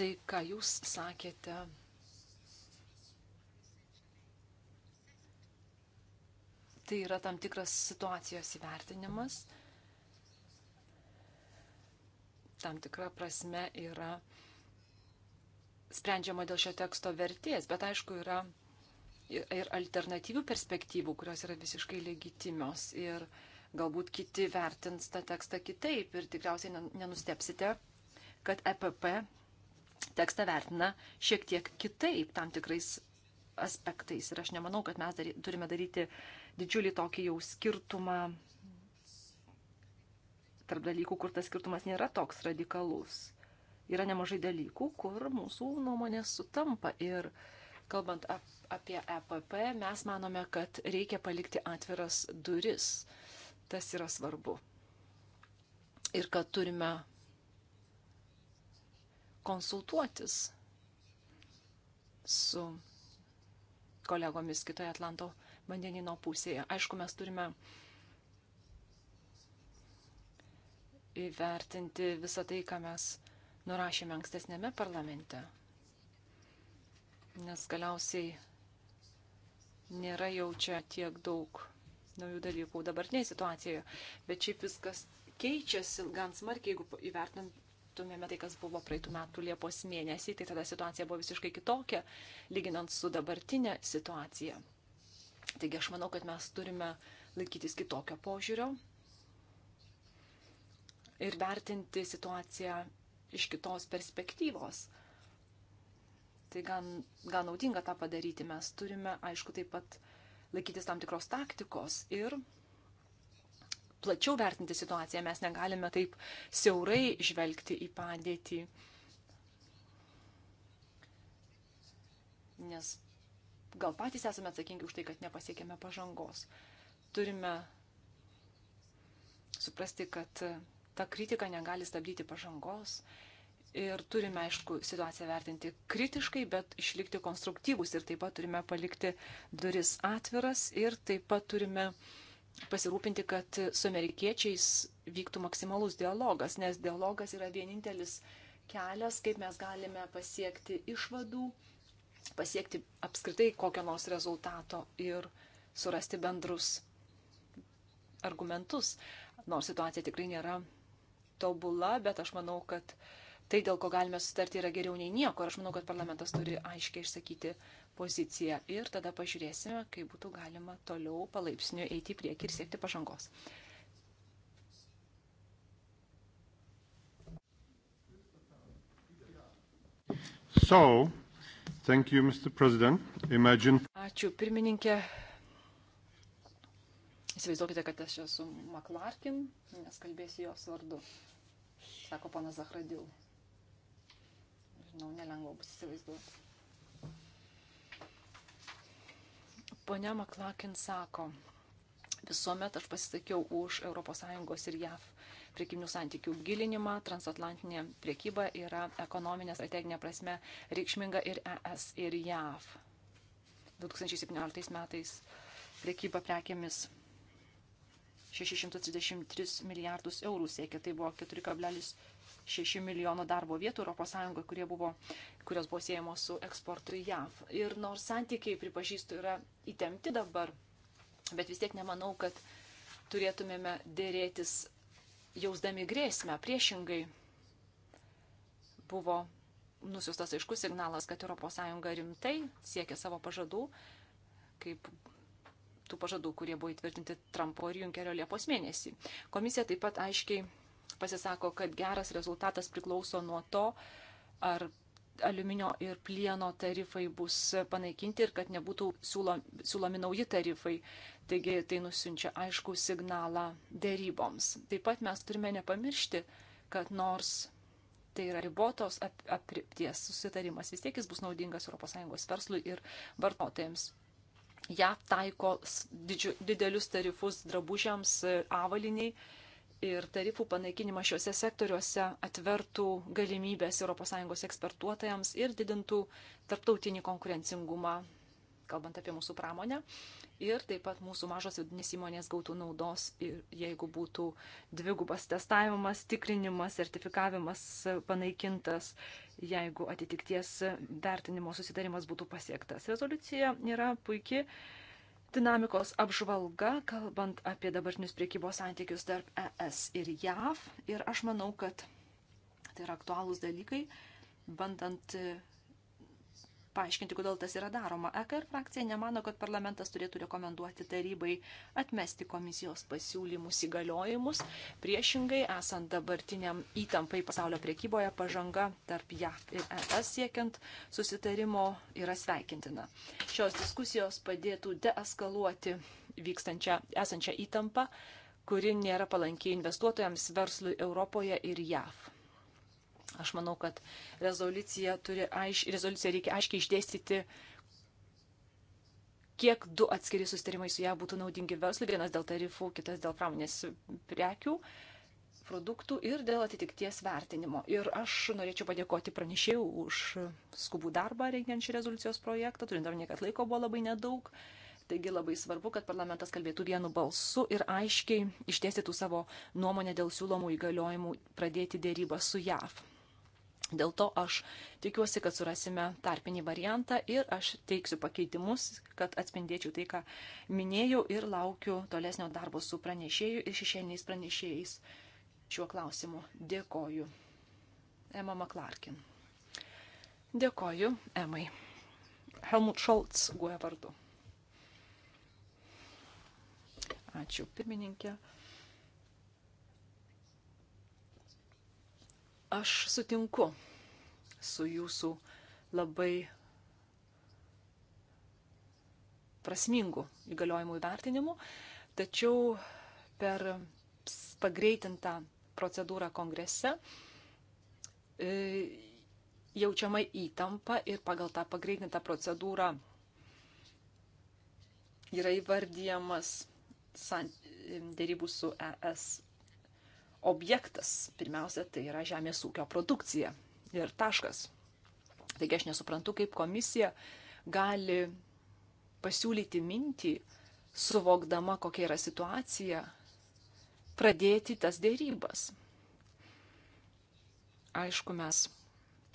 Tai, ką jūs sakėte tai yra tam tikras situacijos įvertinimas. Tam tikra prasme yra sprendžiama dėl šio teksto vertės, bet aišku yra ir alternatyvių perspektyvų, kurios yra visiškai legitimios ir galbūt kiti vertins tą tekstą kitaip ir tikriausiai nenustepsite, kad EPP tekstą vertina šiek tiek kitaip tam tikrais aspektais. Ir aš nemanau, kad mes dary, turime daryti didžiulį tokį jau skirtumą tarp dalykų, kur tas skirtumas nėra toks radikalus. Yra nemažai dalykų, kur mūsų nuomonės sutampa ir kalbant apie EPP, mes manome, kad reikia palikti atviras duris. Tas yra svarbu. Ir kad turime konsultuotis su kolegomis kitoje Atlanto vandenino pusėje. Aišku, mes turime įvertinti visą tai, ką mes nurašėme ankstesnėme parlamente. Nes galiausiai nėra jau čia tiek daug naujų dalykų dabartinėje situacijoje. Bet šiaip viskas keičiasi gan smarkiai, jeigu įvertintumėme tai, kas buvo praeitų metų Liepos mėnesį, tai tada situacija buvo visiškai kitokia, lyginant su dabartinė situacija. Taigi aš manau, kad mes turime laikytis kitokio požiūrio ir vertinti situaciją iš kitos perspektyvos. Tai gan, gan naudinga tą padaryti. Mes turime, aišku, taip pat laikytis tam tikros taktikos ir plačiau vertinti situaciją. Mes negalime taip siaurai žvelgti į padėtį. Nes gal patys esame atsakingi už tai, kad nepasiekėme pažangos. Turime suprasti, kad ta kritika negali stabdyti pažangos. Ir turime, aišku, situaciją vertinti kritiškai, bet išlikti konstruktyvus ir taip pat turime palikti duris atviras ir taip pat turime pasirūpinti, kad su amerikiečiais vyktų maksimalus dialogas, nes dialogas yra vienintelis kelias, kaip mes galime pasiekti išvadų pasiekti apskritai kokio nors rezultato ir surasti bendrus argumentus. Nors situacija tikrai nėra tobula, bet aš manau, kad tai, dėl ko galime sutarti, yra geriau nei nieko. Ir aš manau, kad parlamentas turi aiškiai išsakyti poziciją. Ir tada pažiūrėsime, kaip būtų galima toliau palaipsniui eiti į priekį ir siekti pažangos. So, Thank you, Mr. President. Imagine. Ačiū, pirmininkė. Įsivaizduokite, kad aš esu Maklarkin, nes kalbėsiu jos vardu, sako pana Zahradil. Žinau, nelengva bus įsivaizduoti. Pone Maklakin sako, Visuomet aš pasisakiau už ES ir JAV priekybinių santykių gilinimą. Transatlantinė priekyba yra ekonominė strateginė prasme reikšminga ir ES, ir JAV. 2017 metais priekyba prekėmis 633 milijardus eurų siekia. Tai buvo 4,6 milijono darbo vietų ES, kurie buvo, kurios buvo siejamos su eksportu į JAV. Ir nors santykiai, pripažįstu, yra įtemti dabar Bet vis tiek nemanau, kad turėtumėme dėrėtis jausdami grėsmę. Priešingai buvo nusiustas aiškus signalas, kad ES rimtai siekia savo pažadų, kaip tų pažadų, kurie buvo įtvirtinti Trumpo ir Junkerio Liepos mėnesį. Komisija taip pat aiškiai pasisako, kad geras rezultatas priklauso nuo to, ar aliuminio ir plieno tarifai bus panaikinti ir kad nebūtų siūlomi nauji tarifai. Taigi tai nusinčia aišku signalą dėryboms. Taip pat mes turime nepamiršti, kad nors tai yra ribotos ap apripties susitarimas, vis tiek jis bus naudingas ES verslui ir vartotojams. JAV taiko didelius tarifus drabužiams, e, avaliniai ir tarifų panaikinimas šiuose sektoriuose atvertų galimybės ES ekspertuotojams ir didintų tarptautinį konkurencingumą, kalbant apie mūsų pramonę. Ir taip pat mūsų mažos vidinės įmonės gautų naudos, jeigu būtų dvigubas testavimas, tikrinimas, sertifikavimas panaikintas, jeigu atitikties vertinimo susidarimas būtų pasiektas. Rezoliucija yra puikiai dinamikos apžvalga, kalbant apie dabartinius priekybos santykius tarp ES ir JAV. Ir aš manau, kad tai yra aktualūs dalykai, bandant paaiškinti, kodėl tas yra daroma. EKR frakcija nemano, kad parlamentas turėtų rekomenduoti tarybai atmesti komisijos pasiūlymus įgaliojimus. Priešingai, esant dabartiniam įtampai pasaulio priekyboje, pažanga tarp JAV ir ES siekiant susitarimo yra sveikintina. Šios diskusijos padėtų deeskaluoti vykstančią esančią įtampą kuri nėra palankiai investuotojams, verslui Europoje ir JAV. Aš manau, kad rezoliuciją, turi aiš, rezoliuciją reikia aiškiai išdėstyti, kiek du atskiri sustarimai su ją būtų naudingi verslui, vienas dėl tarifų, kitas dėl pramonės prekių produktų ir dėl atitikties vertinimo. Ir aš norėčiau padėkoti pranešėjų už skubų darbą rengiant šį rezoliucijos projektą, turint omeny, kad laiko buvo labai nedaug. Taigi labai svarbu, kad parlamentas kalbėtų vienu balsu ir aiškiai išdėstytų savo nuomonę dėl siūlomų įgaliojimų pradėti dėrybą su JAV. Dėl to aš tikiuosi, kad surasime tarpinį variantą ir aš teiksiu pakeitimus, kad atspindėčiau tai, ką minėjau ir laukiu tolesnio darbo su pranešėju ir šešėliniais pranešėjais šiuo klausimu. Dėkoju. Emma McClarkin. Dėkoju, Emai. Helmut Scholz guoja e vardu. Ačiū, pirmininkė. Aš sutinku su jūsų labai prasmingų įgaliojimų įvertinimu, tačiau per pagreitintą procedūrą kongrese e, jaučiama įtampa ir pagal tą pagreitintą procedūrą yra įvardyjamas e, dėrybų su ES objektas. Pirmiausia, tai yra žemės ūkio produkcija. Ir taškas. Taigi aš nesuprantu, kaip komisija gali pasiūlyti mintį, suvokdama, kokia yra situacija, pradėti tas dėrybas. Aišku, mes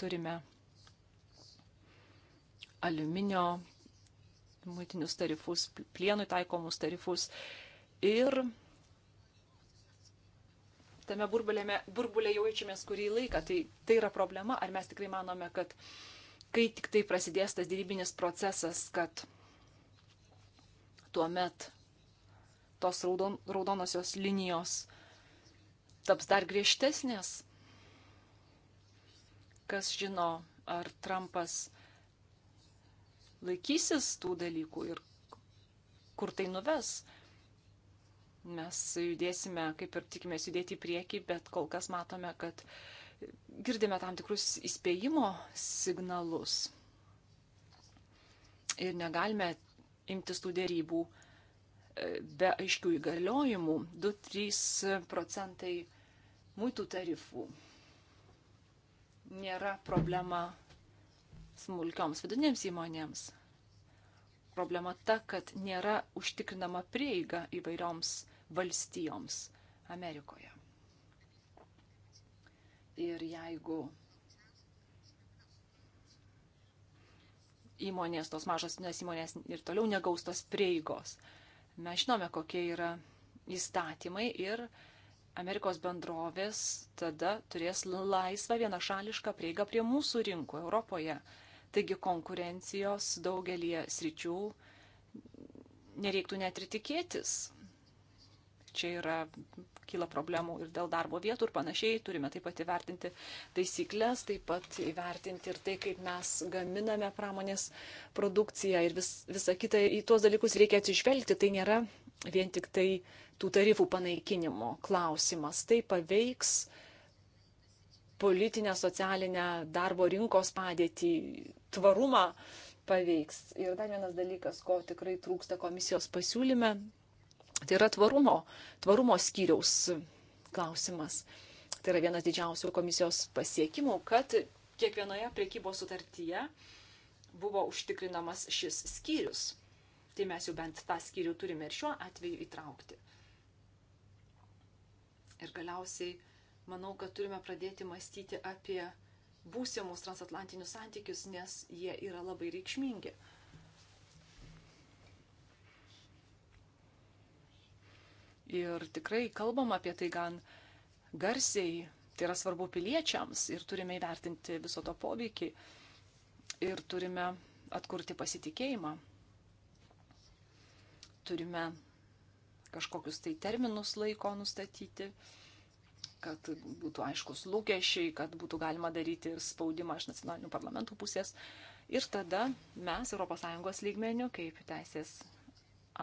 turime aliuminio muitinius tarifus, plienui taikomus tarifus ir tame burbulė jau jaučiamės kurį laiką. Tai, tai yra problema. Ar mes tikrai manome, kad kai tik tai prasidės tas dėrybinis procesas, kad tuo met tos raudon, raudonosios linijos taps dar griežtesnės. Kas žino, ar Trumpas laikysis tų dalykų ir kur tai nuves. Mes judėsime, kaip ir tikimės judėti į priekį, bet kol kas matome, kad girdime tam tikrus įspėjimo signalus. Ir negalime imtis tų dėrybų e, be aiškių įgaliojimų 2-3 procentai muitų tarifų nėra problema smulkioms vidinėms įmonėms. Problema ta, kad nėra užtikrinama prieiga įvairioms valstijoms Amerikoje. Ir jeigu įmonės, tos mažos nes įmonės ir toliau negaus tos prieigos, mes žinome, kokie yra įstatymai ir Amerikos bendrovės tada turės laisvą vienašališką prieigą prie mūsų rinkų Europoje. Taigi konkurencijos daugelį sričių nereiktų net ir tikėtis čia yra, kyla problemų ir dėl darbo vietų ir panašiai. Turime taip pat įvertinti taisyklės, taip pat įvertinti ir tai, kaip mes gaminame pramonės produkciją ir vis, visą kitą. Į tuos dalykus reikia atsižvelgti. Tai nėra vien tik tai tų tarifų panaikinimo klausimas. Tai paveiks politinę, socialinę darbo rinkos padėtį, tvarumą paveiks. Ir dar vienas dalykas, ko tikrai trūksta komisijos pasiūlyme, Tai yra tvarumo, tvarumo skyriaus klausimas. Tai yra vienas didžiausių komisijos pasiekimų, kad kiekvienoje priekybos sutartyje buvo užtikrinamas šis skyrius. Tai mes jau bent tą skyrių turime ir šiuo atveju įtraukti. Ir galiausiai manau, kad turime pradėti mąstyti apie būsimus transatlantinius santykius, nes jie yra labai reikšmingi. ir tikrai kalbam apie tai gan garsiai, tai yra svarbu piliečiams ir turime įvertinti viso to poveikį ir turime atkurti pasitikėjimą. Turime kažkokius tai terminus laiko nustatyti, kad būtų aiškus lūkesčiai, kad būtų galima daryti ir spaudimą iš nacionalinių parlamentų pusės. Ir tada mes ES lygmenių, kaip teisės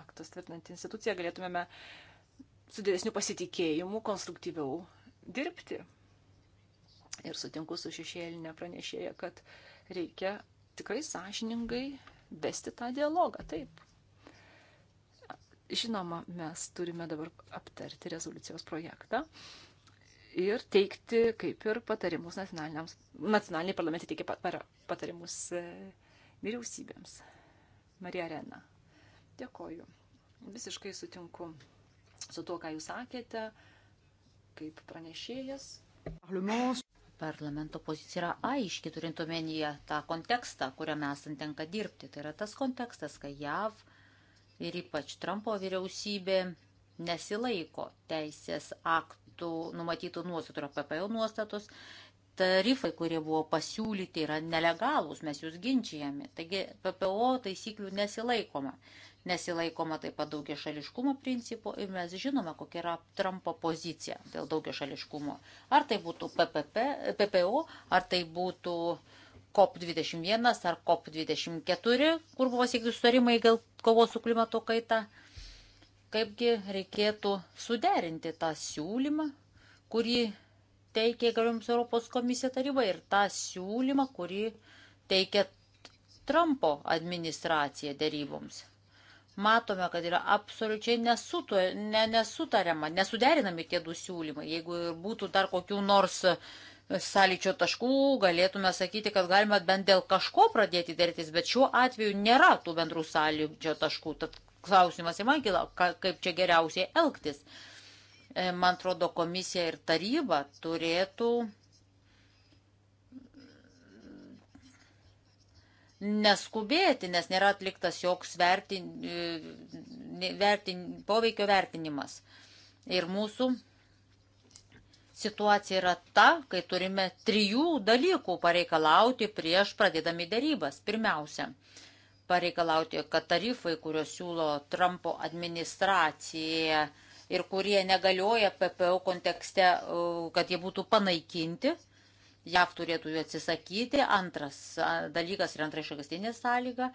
aktas tvirtinanti institucija, galėtumėme su didesniu pasitikėjimu konstruktyviau dirbti. Ir sutinku su šešėlinė pranešėja, kad reikia tikrai sąžiningai vesti tą dialogą. Taip. Žinoma, mes turime dabar aptarti rezoliucijos projektą ir teikti kaip ir patarimus nacionaliniai parlamentai teikia patarimus e, vyriausybėms. Marija Arena. Dėkoju. Visiškai sutinku su tuo, ką jūs sakėte, kaip pranešėjas. Parlamento pozicija yra aiški, turint omenyje tą kontekstą, kuriame esant tenka dirbti. Tai yra tas kontekstas, kai JAV ir ypač Trumpo vyriausybė nesilaiko teisės aktų numatytų nuostatų, yra PPO nuostatos tarifai, kurie buvo pasiūlyti, yra nelegalūs, mes jūs ginčijame. Taigi PPO taisyklių nesilaikoma. Nesilaikoma taip pat daugia šališkumo principo ir mes žinome, kokia yra Trumpo pozicija dėl daugia šališkumo. Ar tai būtų PPP, PPO, ar tai būtų COP21 ar COP24, kur buvo siekti sutarimai dėl kovos su klimato kaita. Kaipgi reikėtų suderinti tą siūlymą, kurį teikia įgaliojimus Europos komisija taryba ir tą siūlymą, kurį teikia Trumpo administracija dėryboms. Matome, kad yra absoliučiai nesutu, ne, nesutariama, nesuderinami tie du siūlymai. Jeigu būtų dar kokių nors sąlyčio taškų, galėtume sakyti, kad galima bent dėl kažko pradėti dėrtis, bet šiuo atveju nėra tų bendrų sąlyčio taškų. Tad klausimas į man kila, kaip čia geriausiai elgtis. Uh, E, man atrodo, komisija ir taryba turėtų neskubėti, nes nėra atliktas joks vertin, e, vertin, poveikio vertinimas. Ir mūsų situacija yra ta, kai turime trijų dalykų pareikalauti prieš pradėdami darybas. Pirmiausia, pareikalauti, kad tarifai, kuriuos siūlo Trumpo administracija, ir kurie negalioja PPO kontekste, e, kad jie būtų panaikinti. JAV turėtų jų atsisakyti. Antras dalykas ir antra išakastinė sąlyga,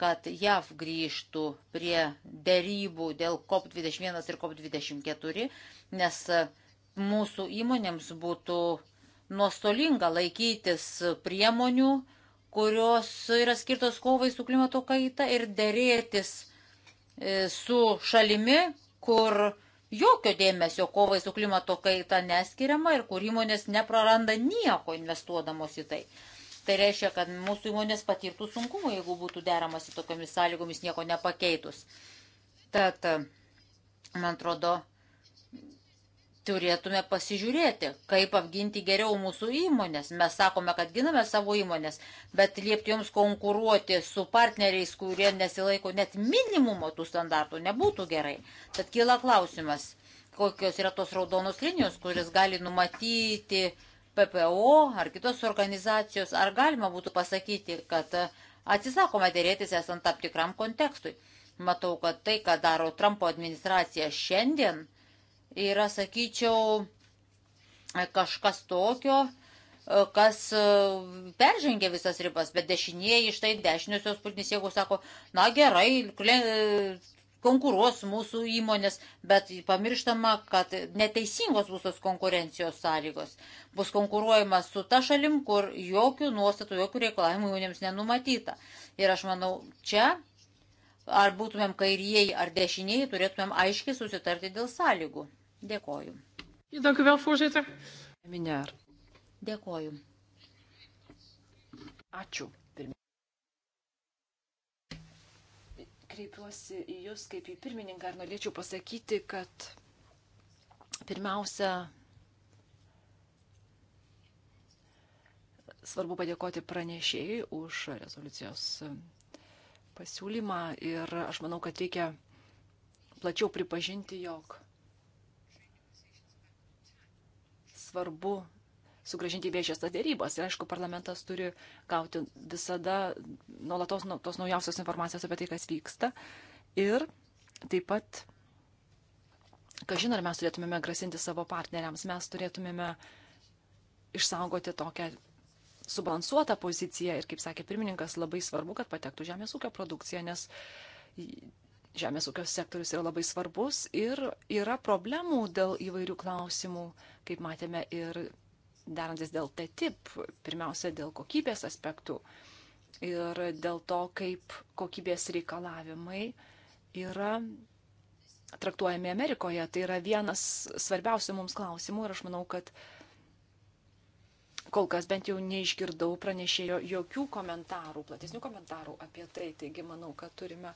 kad JAV grįžtų prie dėrybų dėl COP21 ir COP24, nes e, mūsų įmonėms būtų nuostolinga laikytis priemonių, kurios yra skirtos kovai su klimato kaita ir dėrėtis e, su šalimi, kur jokio dėmesio kovai su klimato kaita neskiriama ir kur įmonės nepraranda nieko investuodamos į tai. Tai reiškia, kad mūsų įmonės patirtų sunkumų, jeigu būtų deramasi tokiamis sąlygomis nieko nepakeitus. Tad, man atrodo, turėtume pasižiūrėti, kaip apginti geriau mūsų įmonės. Mes sakome, kad giname savo įmonės, bet liepti joms konkuruoti su partneriais, kurie nesilaiko net minimumo tų standartų, nebūtų gerai. Tad kyla klausimas, kokios yra tos raudonos linijos, kuris gali numatyti PPO ar kitos organizacijos, ar galima būtų pasakyti, kad atsisakoma dėrėtis esant tam tikram kontekstui. Matau, kad tai, ką daro Trumpo administracija šiandien, yra, sakyčiau, kažkas tokio, kas e, peržengia visas ribas, bet dešinieji, štai dešiniosios politinės jėgos sako, na gerai, konkuruos mūsų įmonės, bet pamirštama, kad neteisingos bus tos konkurencijos sąlygos. Bus konkuruojama su ta šalim, kur jokių nuostatų, jokių reikalavimų įmonėms nenumatyta. Ir aš manau, čia ar būtumėm kairieji ar dešinieji, turėtumėm aiškiai susitarti dėl sąlygų. Dėkoju. Dank u wel, voorzitter. Minjaar. Dėkoju. Ačiū. Pirmin... Kreipiuosi į Jūs kaip į pirmininką ir norėčiau pasakyti, kad pirmiausia, svarbu padėkoti pranešėjai už rezoliucijos pasiūlymą ir aš manau, kad reikia plačiau pripažinti, jog svarbu sugražinti viešės tas dėrybas. Ir aišku, parlamentas turi gauti visada nuolatos nu, tos naujausios informacijos apie tai, kas vyksta. Ir taip pat, kažin ar mes turėtumėme grasinti savo partneriams, mes turėtumėme išsaugoti tokią subalansuotą poziciją. Ir kaip sakė pirmininkas, labai svarbu, kad patektų žemės ūkio produkcija, nes žemės ūkio sektorius yra labai svarbus ir yra problemų dėl įvairių klausimų, kaip matėme ir derantis dėl TTIP, pirmiausia dėl kokybės aspektų ir dėl to, kaip kokybės reikalavimai yra traktuojami Amerikoje. Tai yra vienas svarbiausių mums klausimų ir aš manau, kad kol kas bent jau neišgirdau pranešėjo jokių komentarų, platesnių komentarų apie tai. Taigi manau, kad turime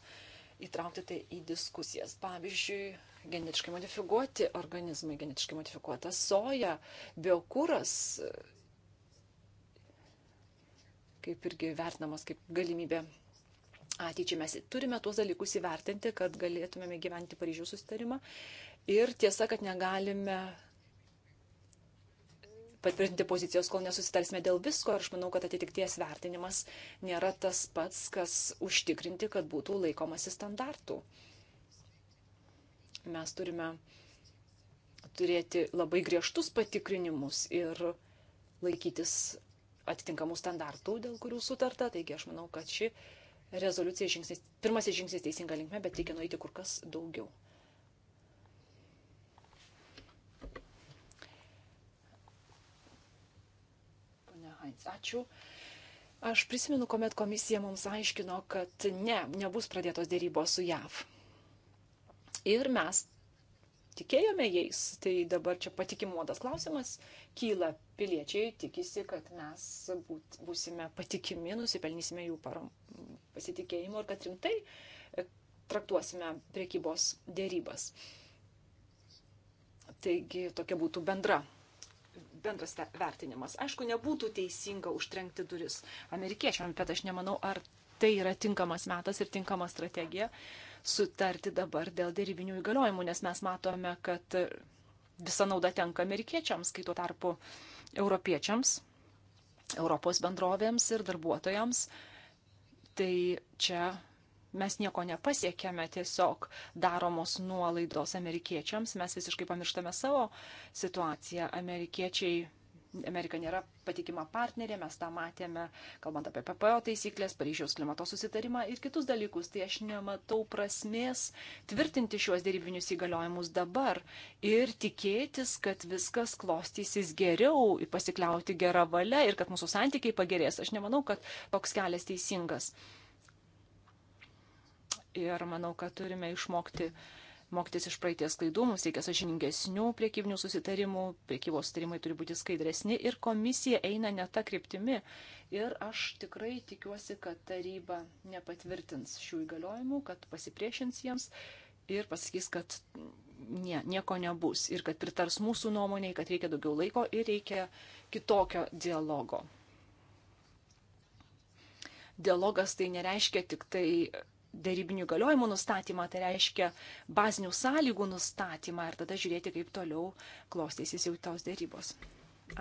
įtraukti tai į diskusijas. Pavyzdžiui, genetiškai modifikuoti organizmai, genetiškai modifikuota soja, biokūras, kaip irgi vertinamas kaip galimybė ateičiai. Mes turime tuos dalykus įvertinti, kad galėtumėme gyventi Paryžiaus susitarimą. Ir tiesa, kad negalime patvirtinti pozicijos, kol nesusitarsime dėl visko. Ir aš manau, kad atitikties vertinimas nėra tas pats, kas užtikrinti, kad būtų laikomasi standartų. Mes turime turėti labai griežtus patikrinimus ir laikytis atitinkamų standartų, dėl kurių sutarta. Taigi aš manau, kad ši rezoliucija žingsnis, pirmasis žingsnis teisinga linkme, bet reikia nueiti kur kas daugiau. Heinz, ačiū. Aš prisimenu, kuomet komisija mums aiškino, kad ne, nebus pradėtos dėrybos su JAV. Ir mes tikėjome jais. Tai dabar čia patikimuotas klausimas kyla. Piliečiai tikisi, kad mes būt, būsime patikimi, nusipelnysime jų parom, pasitikėjimo ir kad rimtai e, traktuosime priekybos dėrybas. Taigi tokia būtų bendra bendras vertinimas. Aišku, nebūtų teisinga užtrenkti duris amerikiečiam, bet aš nemanau, ar tai yra tinkamas metas ir tinkama strategija sutarti dabar dėl dėrybinių įgaliojimų, nes mes matome, kad visa nauda tenka amerikiečiams, kai tuo tarpu europiečiams, Europos bendrovėms ir darbuotojams. Tai čia mes nieko nepasiekėme, tiesiog daromos nuolaidos amerikiečiams, mes visiškai pamirštame savo situaciją. Amerikiečiai, Amerika nėra patikima partnerė, mes tą matėme, kalbant apie PPO taisyklės, Paryžiaus klimato susitarimą ir kitus dalykus. Tai aš nematau prasmės tvirtinti šiuos dėrybinius įgaliojimus dabar ir tikėtis, kad viskas klostysis geriau, pasikliauti gerą valią ir kad mūsų santykiai pagerės. Aš nemanau, kad toks kelias teisingas. Ir manau, kad turime išmokti mokytis iš praeities klaidų, mums reikia sažiningesnių priekybinių susitarimų, priekybos sutarimai turi būti skaidresni ir komisija eina ne tą kryptimi. Ir aš tikrai tikiuosi, kad taryba nepatvirtins šių įgaliojimų, kad pasipriešins jiems ir pasakys, kad nie, nieko nebus ir kad pritars mūsų nuomoniai, kad reikia daugiau laiko ir reikia kitokio dialogo. Dialogas tai nereiškia tik tai dėrybinių galiojimų nustatymą, tai reiškia bazinių sąlygų nustatymą ir tada žiūrėti, kaip toliau klostysis jau tos dėrybos.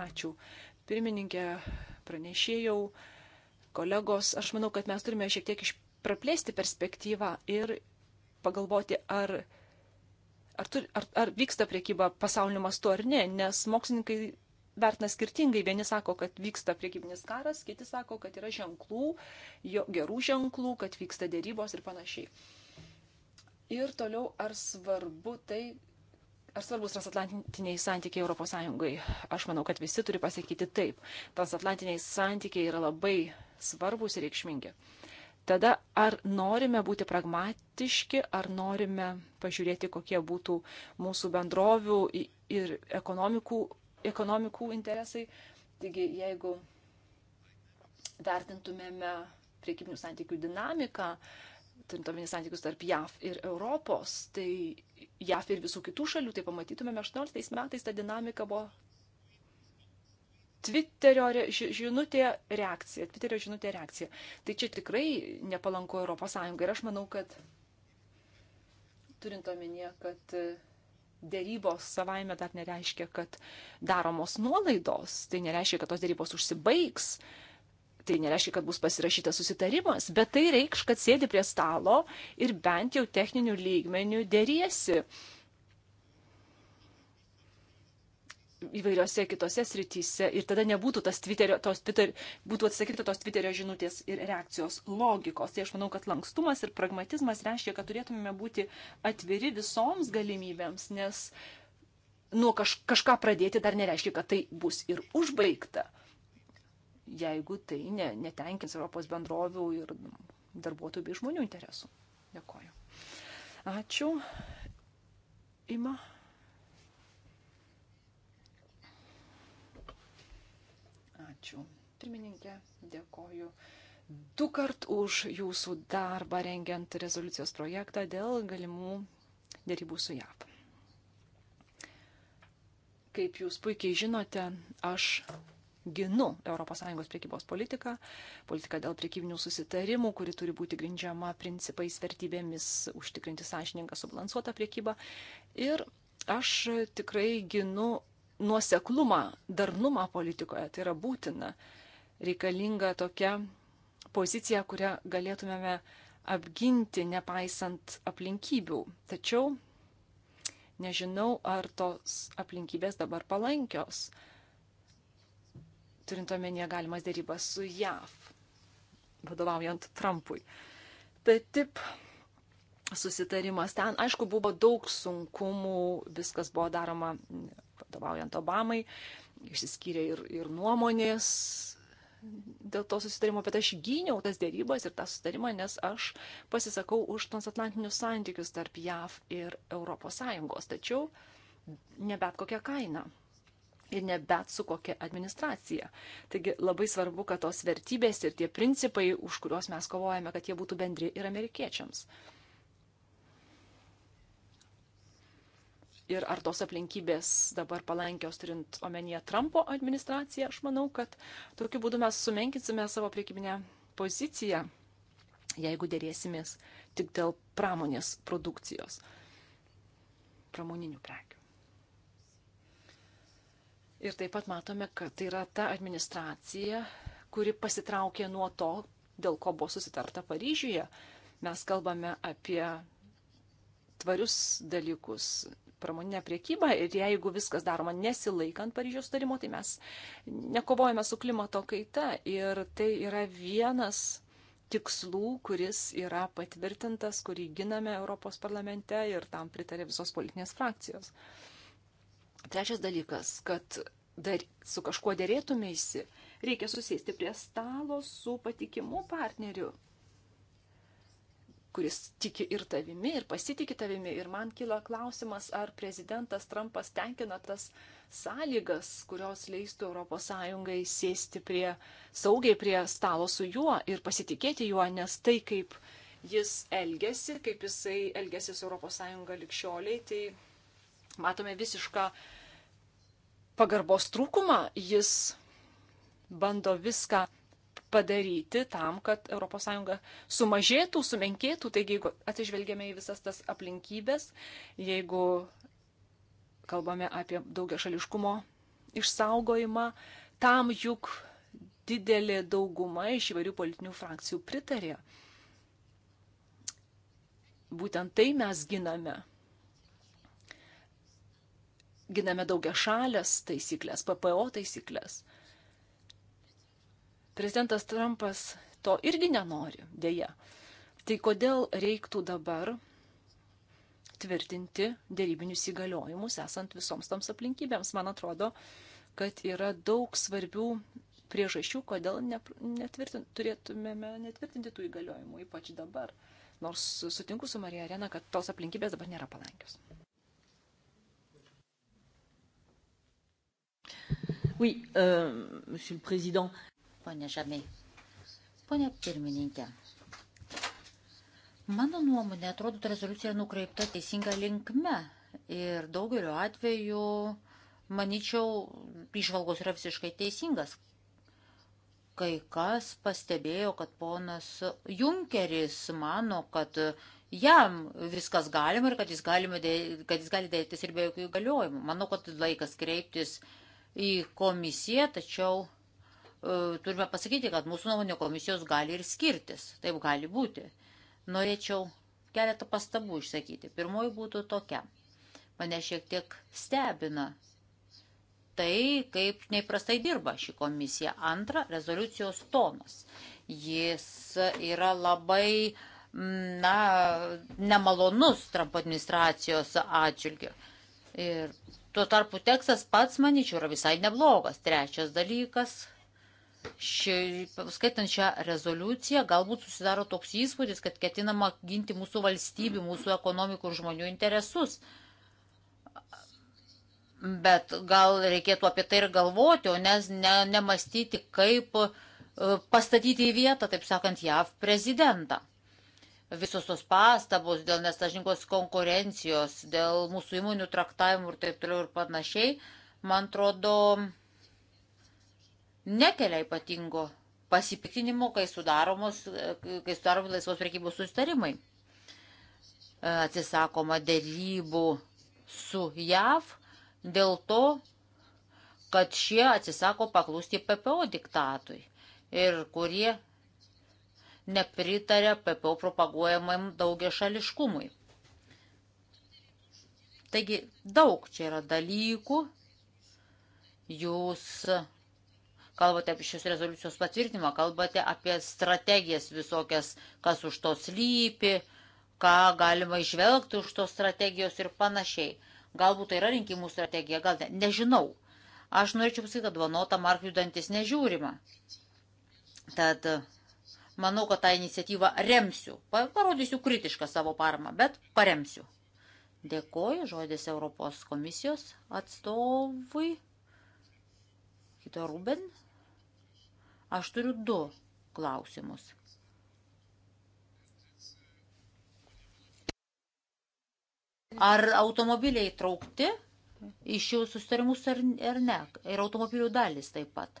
Ačiū. Pirmininkė, pranešėjau, kolegos, aš manau, kad mes turime šiek tiek išpraplėsti perspektyvą ir pagalvoti, ar, ar, tur, ar, ar vyksta priekyba pasaulio mastu ar ne, nes mokslininkai vertina skirtingai. Vieni sako, kad vyksta priekybinis karas, kiti sako, kad yra ženklų, jo, gerų ženklų, kad vyksta dėrybos ir panašiai. Ir toliau, ar svarbu tai, ar svarbus transatlantiniai santykiai Europos Sąjungai? Aš manau, kad visi turi pasakyti taip. Transatlantiniai santykiai yra labai svarbus ir reikšmingi. Tada ar norime būti pragmatiški, ar norime pažiūrėti, kokie būtų mūsų bendrovių ir ekonomikų ekonomikų interesai. Taigi, jeigu vertintumėme priekybinių santykių dinamiką, turint omeny santykius tarp JAV ir Europos, tai JAV ir visų kitų šalių, tai pamatytumėme 18 metais ta dinamika buvo Twitterio žinutė reakcija, Twitterio žinutė reakcija. Tai čia tikrai nepalanku Europos Sąjungai ir aš manau, kad turint omenyje, kad dėrybos savaime dar nereiškia, kad daromos nuolaidos, tai nereiškia, kad tos dėrybos užsibaigs, tai nereiškia, kad bus pasirašytas susitarimas, bet tai reikš, kad sėdi prie stalo ir bent jau techninių lygmenių dėriesi įvairiose kitose srityse ir tada nebūtų tas Twitterio, tos Twitter, būtų atsakyta tos Twitterio žinutės ir reakcijos logikos. Tai aš manau, kad lankstumas ir pragmatizmas reiškia, kad turėtumėme būti atviri visoms galimybėms, nes nuo kaž, kažką pradėti dar nereiškia, kad tai bus ir užbaigta, jeigu tai ne, netenkins Europos bendrovių ir darbuotojų bei žmonių interesų. Dėkoju. Ačiū. Ima. Ačiū. Pirmininkė, dėkoju du kart už jūsų darbą rengiant rezoliucijos projektą dėl galimų dėrybų su JAV. Kaip jūs puikiai žinote, aš ginu ES priekybos politiką, politiką dėl priekybinių susitarimų, kuri turi būti grindžiama principais, vertybėmis, užtikrinti sąžininką, subalansuotą priekybą. Ir aš tikrai ginu nuoseklumą, darnumą politikoje. Tai yra būtina. Reikalinga tokia pozicija, kurią galėtumėme apginti, nepaisant aplinkybių. Tačiau nežinau, ar tos aplinkybės dabar palankios, turint omenyje galimas dėrybas su JAV, vadovaujant Trumpui. Tai taip susitarimas ten, aišku, buvo daug sunkumų, viskas buvo daroma vadovaujant Obamai, išsiskyrė ir, ir nuomonės dėl to susitarimo, bet aš gyniau tas dėrybas ir tą susitarimą, nes aš pasisakau už transatlantinius santykius tarp JAV ir ES, tačiau ne bet kokią kainą. Ir ne bet su kokia administracija. Taigi labai svarbu, kad tos vertybės ir tie principai, už kuriuos mes kovojame, kad jie būtų bendri ir amerikiečiams. ir ar tos aplinkybės dabar palankios turint omenyje Trumpo administraciją, aš manau, kad tokiu būdu mes sumenkinsime savo priekybinę poziciją, jeigu dėrėsimės tik dėl pramonės produkcijos, pramoninių prekių. Ir taip pat matome, kad tai yra ta administracija, kuri pasitraukė nuo to, dėl ko buvo susitarta Paryžiuje. Mes kalbame apie tvarius dalykus, pramoninę priekybą ir jeigu viskas daroma nesilaikant Paryžiaus sutarimo, tai mes nekovojame su klimato kaita ir tai yra vienas tikslų, kuris yra patvirtintas, kurį giname Europos parlamente ir tam pritarė visos politinės frakcijos. Trečias dalykas, kad dar, su kažkuo dėrėtumėsi, reikia susėsti prie stalo su patikimu partneriu kuris tiki ir tavimi, ir pasitikė tavimi. Ir man kyla klausimas, ar prezidentas Trumpas tenkina tas sąlygas, kurios leistų ES sėsti prie, saugiai prie stalo su juo ir pasitikėti juo, nes tai, kaip jis elgesi, kaip jisai elgesi su ES likščioliai, tai matome visišką pagarbos trūkumą. Jis bando viską padaryti tam, kad ES sumažėtų, sumenkėtų. Taigi, jeigu atsižvelgiame į visas tas aplinkybės, jeigu kalbame apie daugia šališkumo išsaugojimą, tam juk didelė dauguma iš įvairių politinių frakcijų pritarė. Būtent tai mes giname giname daugia šalės taisyklės, PPO taisyklės. Prezidentas Trumpas to irgi nenori, dėja. Tai kodėl reiktų dabar tvirtinti dėrybinius įgaliojimus, esant visoms toms aplinkybėms? Man atrodo, kad yra daug svarbių priežasčių, kodėl netvirtin, turėtumėme netvirtinti tų įgaliojimų, ypač dabar. Nors sutinku su Marija Arena, kad tos aplinkybės dabar nėra palankios. Oui, euh, Monsieur le Président ponė Žemė. Pone pirmininkė, mano nuomonė, atrodo, rezoliucija nukreipta teisinga linkme ir daugeliu atveju, manyčiau, išvalgos yra visiškai teisingas. Kai kas pastebėjo, kad ponas Junkeris mano, kad jam viskas galima ir kad jis, galima, kad jis gali dėtis ir be jokių įgaliojimų. Manau, kad laikas kreiptis į komisiją, tačiau E, turime pasakyti, kad mūsų nuomonė komisijos gali ir skirtis. Taip gali būti. Norėčiau keletą pastabų išsakyti. Pirmoji būtų tokia. Mane šiek tiek stebina tai, kaip neįprastai dirba ši komisija. Antra, rezoliucijos tonas. Jis yra labai, na, nemalonus Trump administracijos atžvilgiu. Ir tuo tarpu tekstas pats, manyčiau, yra visai neblogas. Trečias dalykas ši, skaitant šią rezoliuciją, galbūt susidaro toks įspūdis, kad ketinama ginti mūsų valstybių, mūsų ekonomikų ir žmonių interesus. Bet gal reikėtų apie tai ir galvoti, o nes ne, nemastyti, kaip e, pastatyti į vietą, taip sakant, JAV prezidentą. Visos tos pastabos dėl nestažingos konkurencijos, dėl mūsų įmonių traktavimų ir taip toliau ir panašiai, man atrodo, nekelia ypatingo pasipiktinimo, kai, sudaromos, e, kai sudaromi laisvos prekybos sustarimai. E, atsisakoma dėrybų su JAV dėl to, kad šie atsisako paklusti PPO diktatui ir kurie nepritarė PPO propaguojamam daugia šališkumui. Taigi daug čia yra dalykų. Jūs kalbate apie šios rezoliucijos patvirtinimą, kalbate apie strategijas visokias, kas už to slypi, ką galima išvelgti už tos strategijos ir panašiai. Galbūt tai yra rinkimų strategija, gal ne, nežinau. Aš norėčiau pasakyti, kad vanota markių dantis nežiūrima. Tad manau, kad tą iniciatyvą remsiu. Parodysiu kritišką savo paramą, bet paremsiu. Dėkoju, žodis Europos komisijos atstovui. Kito Ruben. Aš turiu du klausimus. Ar automobiliai traukti iš jų sustarimus ar, ar ne? Ir automobilių dalis taip pat.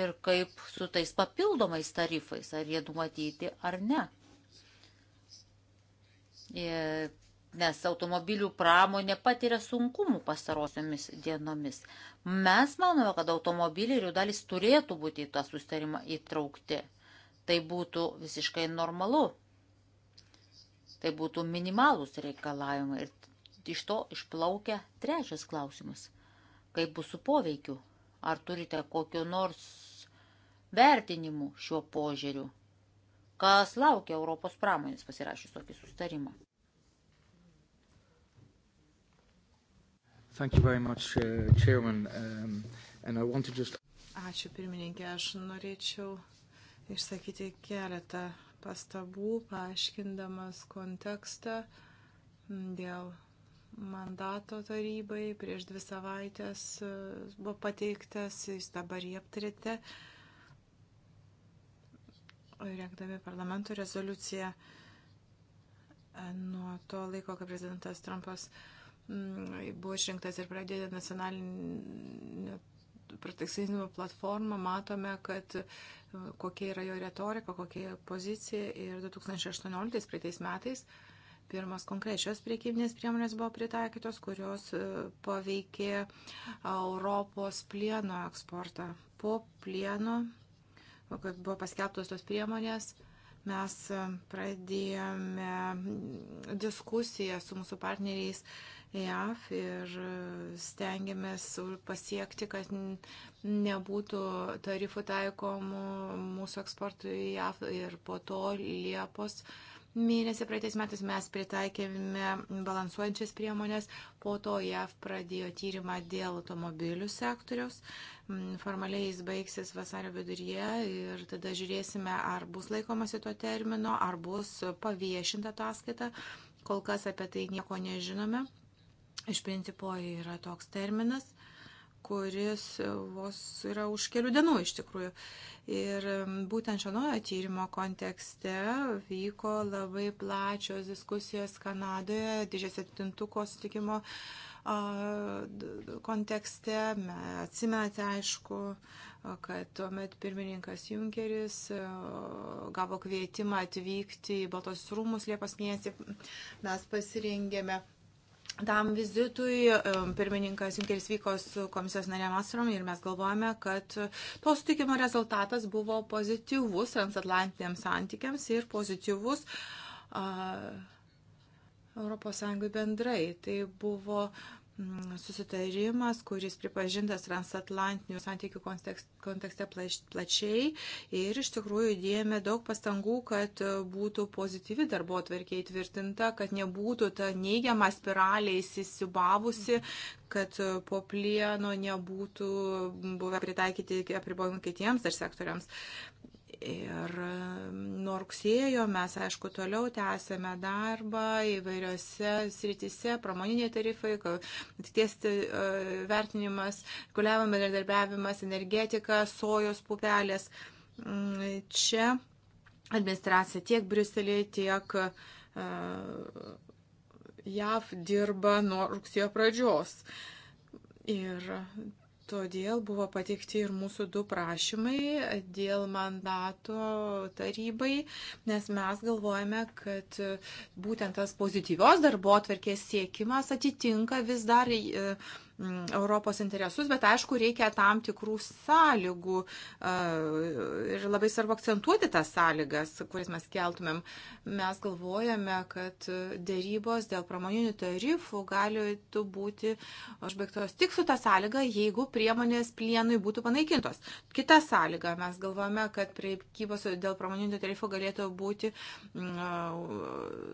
Ir kaip su tais papildomais tarifais, ar jie numatyti ar ne. Ir nes automobilių pramonė patiria sunkumų pastarosiomis dienomis. Mes manome, kad automobiliai ir jų dalis turėtų būti į tą sustarimą įtraukti. Tai būtų visiškai normalu. Tai būtų minimalūs reikalavimai. Ir iš to išplaukia trečias klausimas. Kaip bus su poveikiu? Ar turite kokiu nors vertinimu šiuo požiūriu? Kas laukia Europos pramonės pasirašys tokį sustarimą? Thank you very much, uh, Chairman. Um, and I want to just... Ačiū pirmininkė, aš norėčiau išsakyti keletą pastabų, paaiškindamas kontekstą dėl mandato tarybai. Prieš dvi savaitės uh, buvo pateiktas, jūs dabar jį aptarėte, rengdami parlamento rezoliuciją nuo to laiko, kai prezidentas Trumpas uh, Mm, buvo išrinktas ir pradėdė nacionalinę protekcionizmo platformą, matome, kad e, kokia yra jo retorika, kokia pozicija ir 2018 metais pirmas konkrečios priekybinės priemonės buvo pritaikytos, kurios e, paveikė Europos plieno eksportą. Po plieno, kad buvo paskelbtos tos priemonės, mes e, pradėjome diskusiją su mūsų partneriais JAV ir e, stengiamės pasiekti, kad nebūtų tarifų taikomų mūsų eksportui į JAV ir po to Liepos. Mėnesį praeitais metais mes pritaikėme balansuojančias priemonės, po to JAV pradėjo tyrimą dėl automobilių sektoriaus. Formaliai jis baigsis vasario viduryje ir tada žiūrėsime, ar bus laikomasi to termino, ar bus paviešinta ataskaita. Kol kas apie tai nieko nežinome iš principo yra toks terminas, kuris vos yra už kelių dienų iš tikrųjų. Ir būtent šio naujo tyrimo kontekste vyko labai plačios diskusijos Kanadoje, didžiai septintuko sutikimo kontekste. Atsimenate, aišku, kad tuomet pirmininkas Junkeris gavo kvietimą atvykti į Baltos rūmus Liepos mėnesį. Mes pasirengėme tam vizitui. Pirmininkas Junkeris vyko su komisijos narė Masrom ir mes galvojame, kad to sutikimo rezultatas buvo pozityvus transatlantiniams santykiams ir pozityvus uh, ES bendrai. Tai buvo uh, Mm, susitarimas, kuris pripažintas transatlantinių santykių kontekste plačiai ir iš tikrųjų dėjome daug pastangų, kad būtų pozityvi darbo atverkė įtvirtinta, kad nebūtų ta neigiama spiralė įsisiubavusi, kad po plieno nebūtų buvę pritaikyti apribojimų kitiems dar sektoriams. Ir nuo rugsėjo mes, aišku, toliau tęsėme darbą įvairiose sritise, pramoniniai tarifai, tiesti e, vertinimas, kuliavimo bendradarbiavimas, energetika, sojos pupelės. Mm, čia administracija tiek Briuselėje, tiek e, JAV dirba nuo rugsėjo pradžios. Ir Todėl buvo pateikti ir mūsų du prašymai dėl mandato tarybai, nes mes galvojame, kad būtent tas pozityvios darbo atverkės siekimas atitinka vis dar e, Mm, Europos interesus, bet aišku, reikia tam tikrų sąlygų e, ir labai svarbu akcentuoti tas sąlygas, kuris mes keltumėm. Mes galvojame, kad dėrybos dėl pramoninių tarifų galėtų būti užbaigtos tik su ta sąlyga, jeigu priemonės plienui būtų panaikintos. Kita sąlyga, mes galvojame, kad priekybos dėl pramoninių tarifų galėtų būti mm,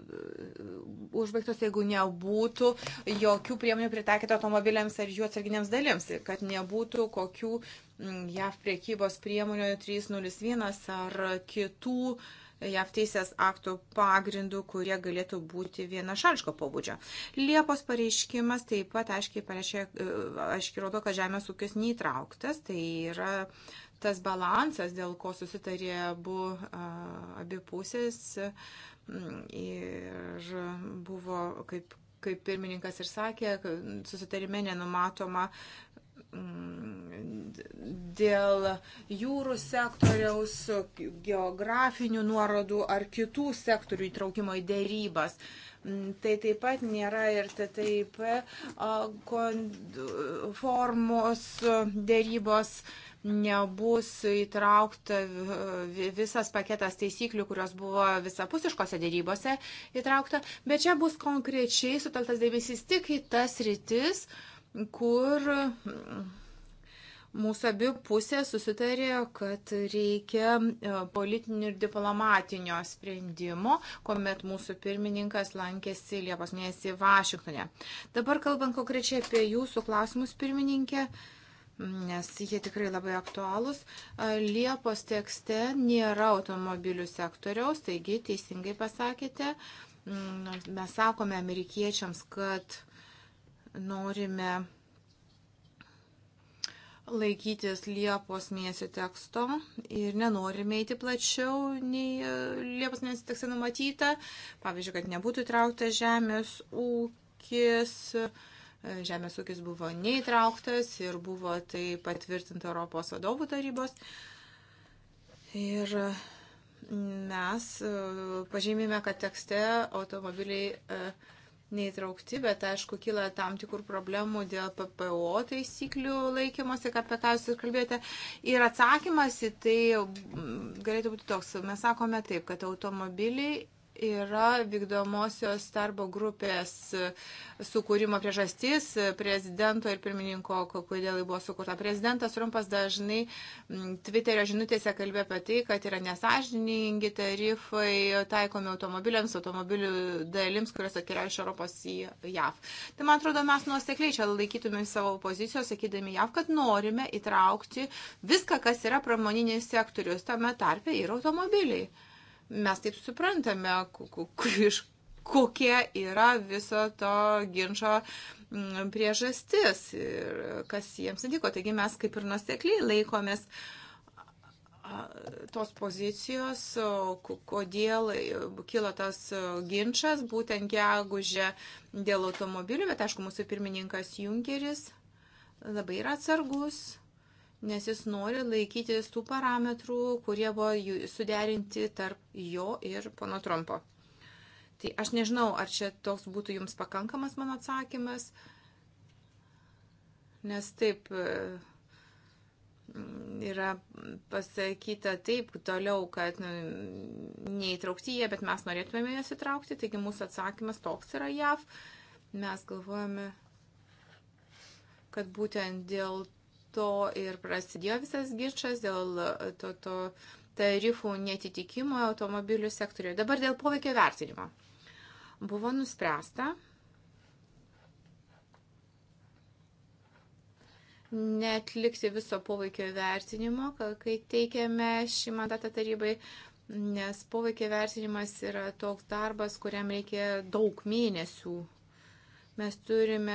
e, užbaigtos, jeigu nebūtų jokių priemonių pritaikyta automobiliams dalims ar jų atsarginėms dalims, kad nebūtų kokių mm, JAV priekybos priemonių 301 ar kitų JAV teisės aktų pagrindų, kurie galėtų būti vienašališko pobūdžio. Liepos pareiškimas taip pat aiškiai, pareiškia, e, aiškiai rodo, kad žemės ūkis neįtrauktas. Tai yra tas balansas, dėl ko susitarė abu, abi pusės mm, ir buvo kaip kaip pirmininkas ir sakė, susitarime nenumatoma mm, dėl jūrų sektoriaus, geografinių nuorodų ar kitų sektorių įtraukimo į dėrybas. Mm, tai taip pat nėra ir TTIP formos dėrybos nebus įtraukta visas paketas taisyklių, kurios buvo visapusiškose dėrybose įtraukta, bet čia bus konkrečiai sutelktas dėmesys tik į tas rytis, kur mūsų abi pusės susitarė, kad reikia e, politinių ir diplomatinio sprendimo, kuomet mūsų pirmininkas lankėsi Liepos mėnesį Vašingtonė. Dabar kalbant konkrečiai apie jūsų klausimus, pirmininkė, nes jie tikrai labai aktualūs, e, Liepos tekste nėra automobilių sektoriaus, taigi teisingai pasakėte, mes sakome amerikiečiams, kad norime laikytis Liepos mėnesio teksto ir nenorime eiti plačiau nei e, Liepos mėnesio tekste numatyta. Pavyzdžiui, kad nebūtų įtraukta žemės ūkis. E, žemės ūkis buvo neįtrauktas ir buvo tai patvirtinta Europos vadovų tarybos. Ir e, mes pažymime, kad tekste automobiliai neįtraukti, bet aišku, kyla tam tikrų problemų dėl PPO taisyklių laikymosi, apie ką jūs ir kalbėjote. Ir atsakymas į tai mm, galėtų būti toks. Mes sakome taip, kad automobiliai yra vykdomosios darbo grupės e, sukūrimo priežastis e, prezidento ir pirmininko, kodėl ji buvo sukurta. Prezidentas Trumpas dažnai Twitterio žinutėse kalbė apie tai, kad yra nesažiningi tarifai taikomi automobiliams, automobilių dalims, kurios atkeliauja iš Europos į JAV. Tai man atrodo, mes nuosekliai čia laikytumėm savo pozicijos, sakydami JAV, kad norime įtraukti viską, kas yra pramoninis sektorius, tame tarpe ir automobiliai. Mes taip suprantame, iš kokia yra viso to ginčio mm, priežastis ir kas jiems nutiko. Taigi mes kaip ir nusekliai laikomės tos pozicijos, kodėl kilo tas ginčas būtent gegužė dėl automobilių, bet aišku, mūsų pirmininkas Junkeris labai yra atsargus nes jis nori laikytis tų parametrų, kurie buvo suderinti tarp jo ir pono Trumpo. Tai aš nežinau, ar čia toks būtų jums pakankamas mano atsakymas, nes taip e, yra pasakyta taip toliau, kad nu, neįtraukti jie, bet mes norėtumėme jas įtraukti, taigi mūsų atsakymas toks yra JAV. Mes galvojame, kad būtent dėl to ir prasidėjo visas ginčas dėl e, to, to tarifų netitikimo automobilių sektoriuje. Dabar dėl poveikio vertinimo. Buvo nuspręsta netlikti viso poveikio vertinimo, kai teikėme šį mandatą tarybai, nes poveikio vertinimas yra toks darbas, kuriam reikia daug mėnesių Mes turime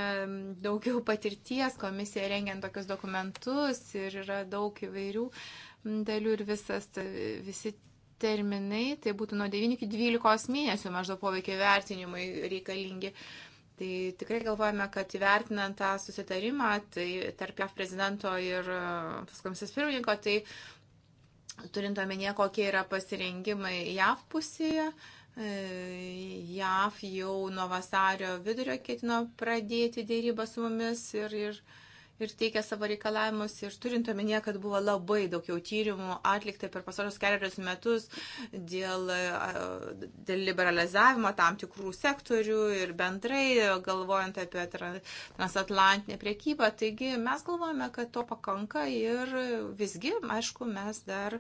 daugiau patirties komisija rengiant tokius dokumentus ir yra daug įvairių dalių ir visas, visi terminai, tai būtų nuo 9 iki 12 mėnesių maždaug poveikiai vertinimai reikalingi. Tai tikrai galvojame, kad įvertinant tą susitarimą tai tarp JAV prezidento ir e, komisijos pirmininko, tai turint omenyje, kokie yra pasirengimai JAV pusėje, uh, E, JAF jau nuo vasario vidurio ketino pradėti dėrybą su mumis ir, ir, ir teikia savo reikalavimus. Ir turint omenyje, kad buvo labai daug jau tyrimų atlikta per pasaulius keliarius metus dėl, e, dėl liberalizavimo tam tikrų sektorių ir bendrai galvojant apie transatlantinę priekybą. Taigi mes galvojame, kad to pakanka ir visgi, aišku, mes dar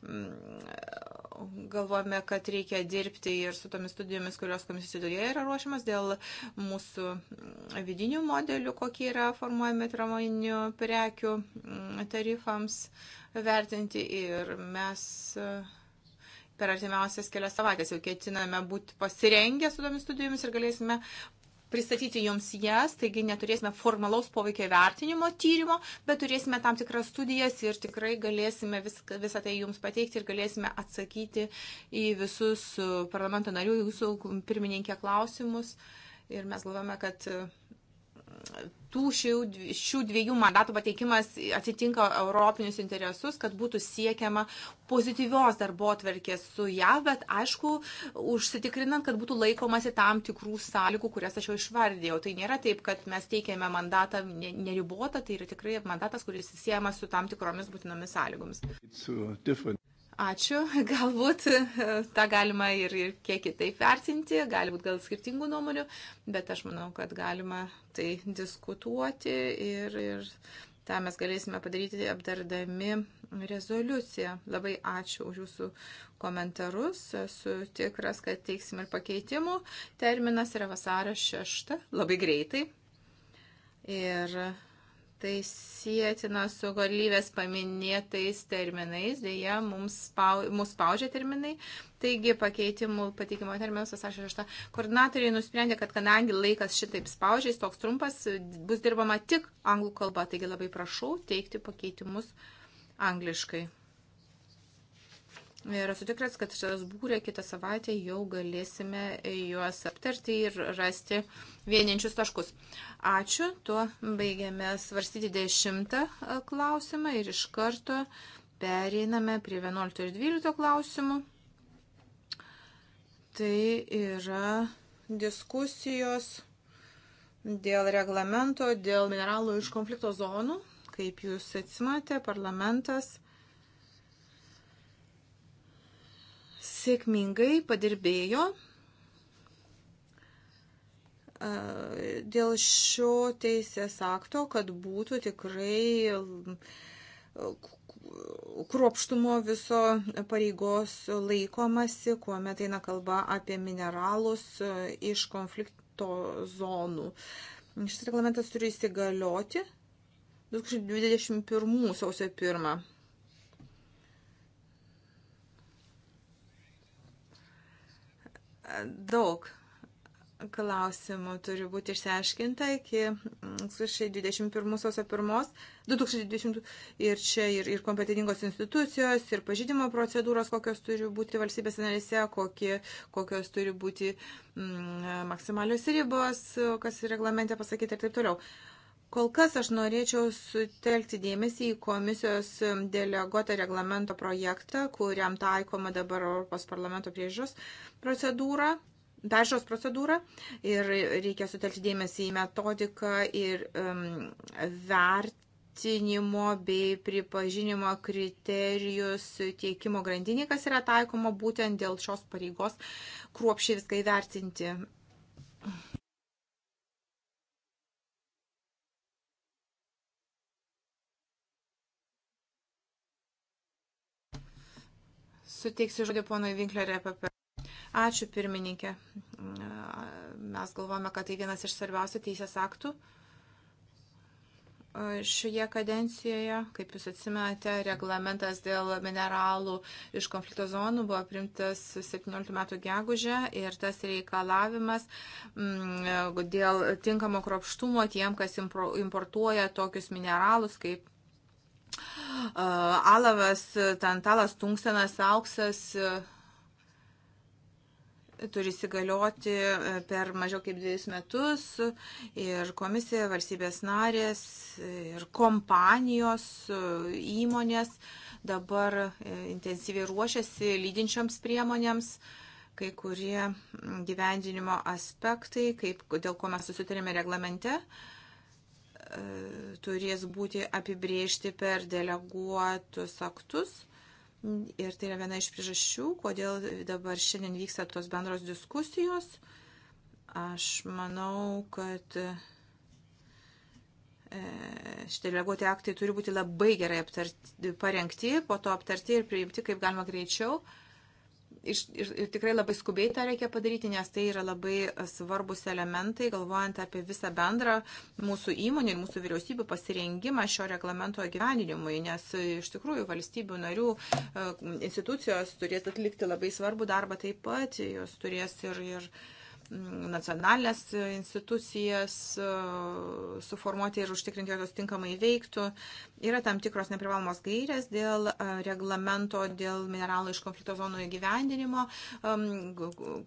mm, galvojame, kad reikia dirbti ir su tomis studijomis, kurios komisijos viduje yra ruošiamas dėl mūsų vidinių modelių, kokie yra formuojami tramoninių prekių mm, tarifams vertinti. Ir mes mm, per artimiausias kelias savaitės jau ketiname būti pasirengę su tomis studijomis ir galėsime pristatyti jums jas, taigi neturėsime formalaus poveikio vertinimo tyrimo, bet turėsime tam tikras studijas ir tikrai galėsime vis, visą tai jums pateikti ir galėsime atsakyti į visus uh, parlamento narių, jūsų pirmininkė klausimus. Ir mes galvome, kad uh, tų šių, šių dviejų mandatų pateikimas atitinka europinius interesus, kad būtų siekiama pozityvios darbo atverkės su JAV, bet aišku, užsitikrinant, kad būtų laikomasi tam tikrų sąlygų, kurias aš jau išvardėjau. Tai nėra taip, kad mes teikėme mandatą neribotą, tai yra tikrai mandatas, kuris siejamas su tam tikromis būtinomis sąlygomis. Ačiū. Galbūt e, tą galima ir, ir kiek kitaip vertinti, galbūt gal skirtingų nuomonių, bet aš manau, kad galima tai diskutuoti ir, ir tą mes galėsime padaryti aptardami rezoliuciją. Labai ačiū už jūsų komentarus. Esu tikras, kad teiksim ir pakeitimų. Terminas yra vasario 6, labai greitai. Ir tai sėtina su galybės paminėtais terminais, dėja mums spau, mus spaudžia terminai, taigi pakeitimų pateikimo terminas vasario 6. Koordinatoriai nusprendė, kad kadangi laikas šitaip spaudžia, jis toks trumpas, bus dirbama tik anglų kalba, taigi labai prašau teikti pakeitimus angliškai. Ir esu tikras, kad Strasbūrė kitą savaitę jau galėsime juos aptarti ir rasti vieninčius taškus. Ačiū, tuo baigiame svarstyti dešimtą klausimą ir iš karto pereiname prie 11 ir 12 klausimų. Tai yra diskusijos dėl reglamento, dėl mineralų iš konflikto zonų. Kaip jūs atsimate, parlamentas sėkmingai padirbėjo e, dėl šio teisės akto, kad būtų tikrai e, kruopštumo viso pareigos laikomasi, kuomet eina kalba apie mineralus e, iš konflikto zonų. Šis reglamentas turi įsigalioti 2021 sausio 1. Daug klausimų turi būti išsiaiškinta iki 2021-2021 mm, ir čia ir, ir kompetitingos institucijos, ir pažydimo procedūros, kokios turi būti valstybės analise, kokie, kokios turi būti mm, maksimalios ribos, kas reglamente pasakyti ir taip toliau. Uh, Kol kas aš norėčiau sutelkti dėmesį į komisijos deleguotą reglamento projektą, kuriam taikoma dabar Europos parlamento priežos procedūra. Peržiūros procedūra ir reikia sutelkti dėmesį į metodiką ir um, vertinimo bei pripažinimo kriterijus tiekimo grandinį, kas yra taikoma būtent dėl šios pareigos kruopšiai viską įvertinti. Suteiksiu žodį ponui Vinklerė apie. Ačiū pirmininkė. Mes galvojame, kad tai vienas iš svarbiausių teisės aktų. E, šioje kadencijoje, kaip jūs atsimenate, reglamentas dėl mineralų iš konflikto zonų buvo primtas 17 metų gegužę ir tas reikalavimas m, mm, dėl tinkamo kropštumo tiem, kas importuoja tokius mineralus kaip Uh, Alavas, uh, Tantalas, Tungsenas, Auksas uh, turi įsigalioti per mažiau kaip dviejus metus ir komisija, valstybės narės ir kompanijos, įmonės dabar intensyviai ruošiasi lydinčioms priemonėms kai kurie gyvendinimo aspektai, kaip, dėl ko mes susitarėme reglamente, uh, E, turės būti apibriežti per deleguotus aktus. Ir tai yra viena iš priežasčių, kodėl dabar šiandien vyksta tos bendros diskusijos. Aš manau, kad e, šitie deleguoti aktai turi būti labai gerai aptarti, parengti, po to aptarti ir priimti kaip galima greičiau. Uh, iš, ir, ir tikrai labai skubiai tą reikia padaryti, nes tai yra labai svarbus elementai, galvojant apie visą bendrą mūsų įmonį ir mūsų vyriausybių pasirengimą šio reglamento gyveninimui, nes iš tikrųjų valstybių narių e, institucijos turės atlikti labai svarbų darbą taip pat, jos turės ir, ir nacionalinės institucijas e, suformuoti ir užtikrinti, kad jos tinkamai veiktų. Yra tam tikros neprivalomos gairės dėl e, reglamento, dėl mineralų iš konflikto zonų įgyvendinimo.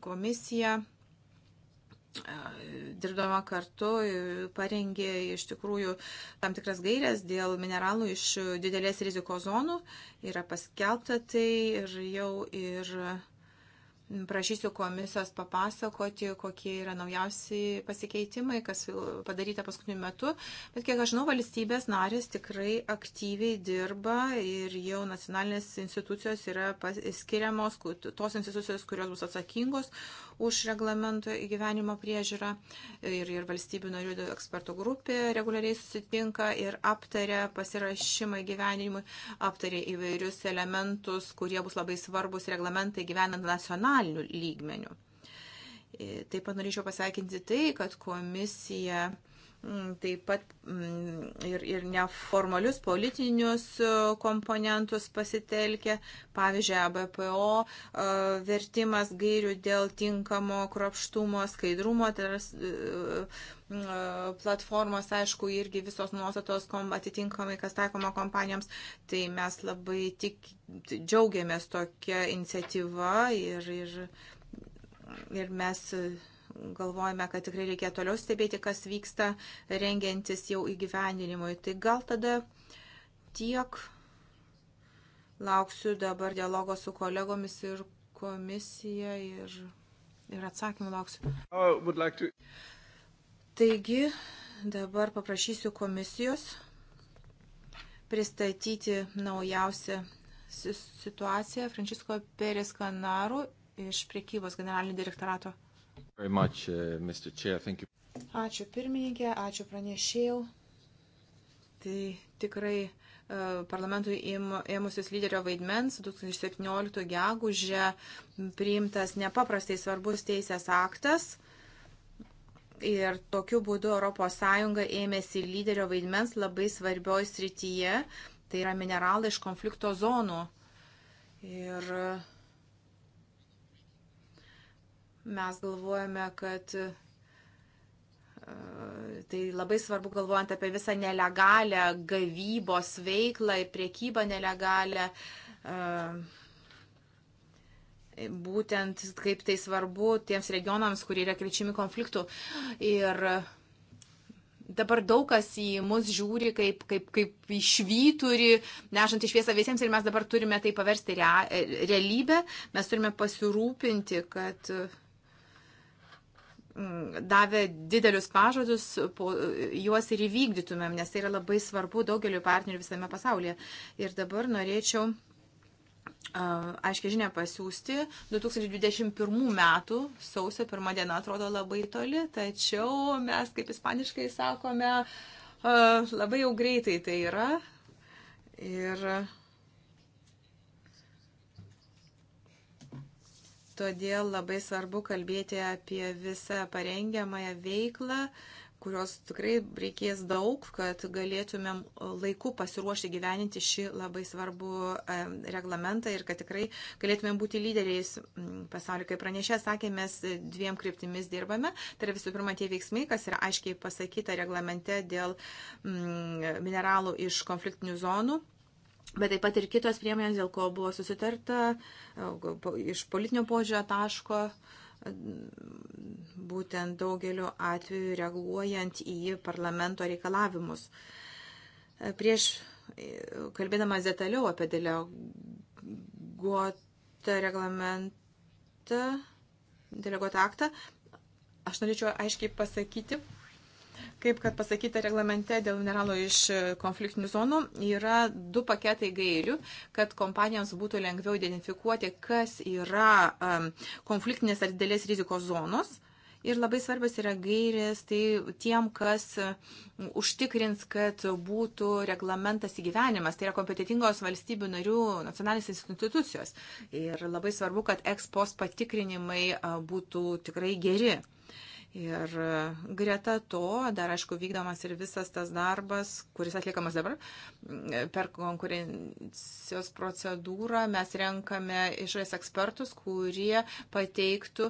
Komisija e, dirbdama kartu parengė iš tikrųjų tam tikras gairias dėl mineralų iš didelės rizikos zonų. Yra paskelbta tai ir jau ir. Yra Prašysiu komisijos papasakoti, kokie yra naujausi pasikeitimai, kas padaryta paskutiniu metu. Bet kiek aš žinau, valstybės narės tikrai aktyviai dirba ir jau nacionalinės institucijos yra skiriamos, tos institucijos, kurios bus atsakingos už reglamento įgyvenimo priežiūrą. Ir, ir valstybių narių ekspertų grupė reguliariai susitinka ir aptaria pasirašymą įgyvenimui, aptaria įvairius elementus, kurie bus labai svarbus reglamentai gyvenant nacionalinį nacionaliniu lygmeniu. E, taip pat norėčiau pasveikinti tai, kad komisija mm, taip pat mm, ir, ir neformalius politinius e, komponentus pasitelkė, pavyzdžiui, ABPO e, vertimas gairių dėl tinkamo kropštumo, skaidrumo, tai yra platformos, aišku, irgi visos nuostatos kom, atitinkamai, kas taikoma kompanijoms, tai mes labai tik džiaugiamės tokia iniciatyva ir, ir, ir mes galvojame, kad tikrai reikia toliau stebėti, kas vyksta, rengiantis jau įgyvendinimui. Tai gal tada tiek lauksiu dabar dialogo su kolegomis ir komisija ir, ir atsakymų lauksiu. Uh, like to... Taigi dabar paprašysiu komisijos pristatyti naujausią situaciją Francisco Perės Kanarų iš priekybos generalinio direktorato. Much, uh, ačiū pirmininkė, ačiū pranešėjau. Tai tikrai e, parlamentui ėmusius lyderio vaidmens 2017 gegužė priimtas nepaprastai svarbus teisės aktas Ir tokiu būdu ES ėmėsi lyderio vaidmens labai svarbioj srityje, tai yra mineralai iš konflikto zonų. Ir mes galvojame, kad e, tai labai svarbu galvojant apie visą nelegalę gavybos veiklą ir priekybą nelegalę. Uh, e, būtent kaip tai svarbu tiems regionams, kurie yra krečiami konfliktų. Ir dabar daug kas į mus žiūri kaip, kaip, kaip išvyturi, nežant išviesą visiems ir mes dabar turime tai paversti re, realybę, mes turime pasirūpinti, kad mm, davė didelius pažadus, po, juos ir įvykdytumėm, nes tai yra labai svarbu daugeliu partnerių visame pasaulyje. Ir dabar norėčiau aiškiai žinia pasiūsti 2021 metų sausio pirmą dieną atrodo labai toli, tačiau mes, kaip ispaniškai sakome, labai jau greitai tai yra. Ir todėl labai svarbu kalbėti apie visą parengiamąją veiklą. Uh, kurios tikrai reikės daug, kad galėtumėm laiku pasiruošti gyveninti šį labai svarbų e, reglamentą ir kad tikrai galėtumėm būti lyderiais pasaulio. Kaip pranešė, sakė, mes dviem kryptimis dirbame. Tai yra visų pirma tie veiksmai, kas yra aiškiai pasakyta reglamente dėl mineralų iš konfliktinių zonų. Bet taip pat ir kitos priemonės, dėl ko buvo susitarta e, iš politinio požiūrio taško, uh, būtent daugeliu atveju reaguojant į parlamento reikalavimus. Prieš kalbėdamas detaliau apie deleguotą reglamentą, deleguotą aktą, aš norėčiau aiškiai pasakyti, Kaip kad pasakyta reglamente dėl mineralo iš konfliktinių zonų, yra du paketai gairių, kad kompanijoms būtų lengviau identifikuoti, kas yra um, konfliktinės ar didelės rizikos zonos. Ir labai svarbas yra gairės tai tiem, kas užtikrins, kad būtų reglamentas įgyvenimas. Tai yra kompetitingos valstybių narių nacionalinės institucijos. Ir labai svarbu, kad ekspos patikrinimai būtų tikrai geri. Ir e, greta to, dar aišku, vykdomas ir visas tas darbas, kuris atliekamas dabar per konkurencijos procedūrą, mes renkame išorės ekspertus, kurie pateiktų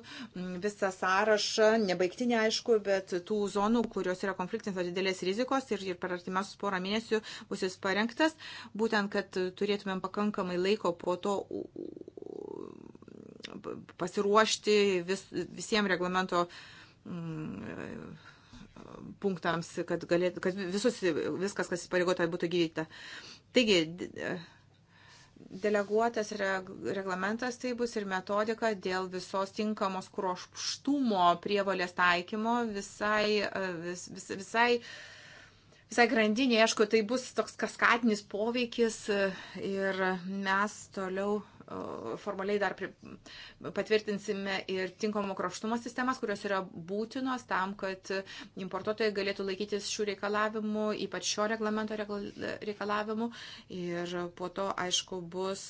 visą sąrašą, nebaigtinį aišku, bet tų zonų, kurios yra konfliktinės ar didelės rizikos ir, ir per artimiausius porą mėnesių bus jis parengtas, būtent, kad turėtumėm pakankamai laiko po to pasiruošti vis, visiems reglamento uh, Mm, punktams, kad, galėtų, kad visus, viskas, kas įpareigota, būtų gydyta. Taigi, deleguotas reglamentas tai bus ir metodika dėl visos tinkamos kruopštumo prievalės taikymo visai, vis, vis, visai, visai grandinė, aišku, tai bus toks kaskatinis poveikis ir mes toliau formaliai dar patvirtinsime ir tinkamo kropštumo sistemas, kurios yra būtinos tam, kad importuotojai galėtų laikytis šių reikalavimų, ypač šio reglamento reikalavimų. Ir po to, aišku, bus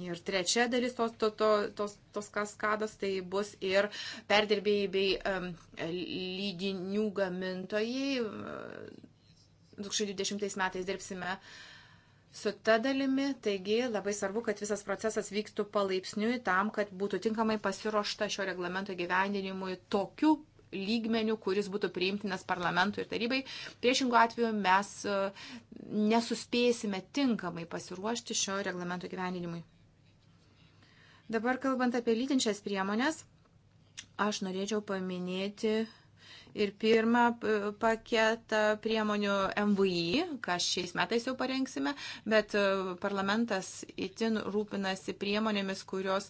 ir trečia dalis tos, to, to, tos, tos kaskados, tai bus ir perdirbėjai bei um, lydinių gamintojai. 2020 metais dirbsime uh, su ta dalimi, taigi labai svarbu, kad visas procesas vyktų palaipsniui tam, kad būtų tinkamai pasiruošta šio reglamento gyvendinimui tokiu lygmeniu, kuris būtų priimtinas parlamentui ir tarybai. Priešingų atveju mes e, nesuspėsime tinkamai pasiruošti šio reglamento gyvendinimui. Dabar kalbant apie lytinčias priemonės, aš norėčiau paminėti ir pirmą paketą priemonių MVI, ką šiais metais jau parengsime, bet e, parlamentas itin rūpinasi priemonėmis, kurios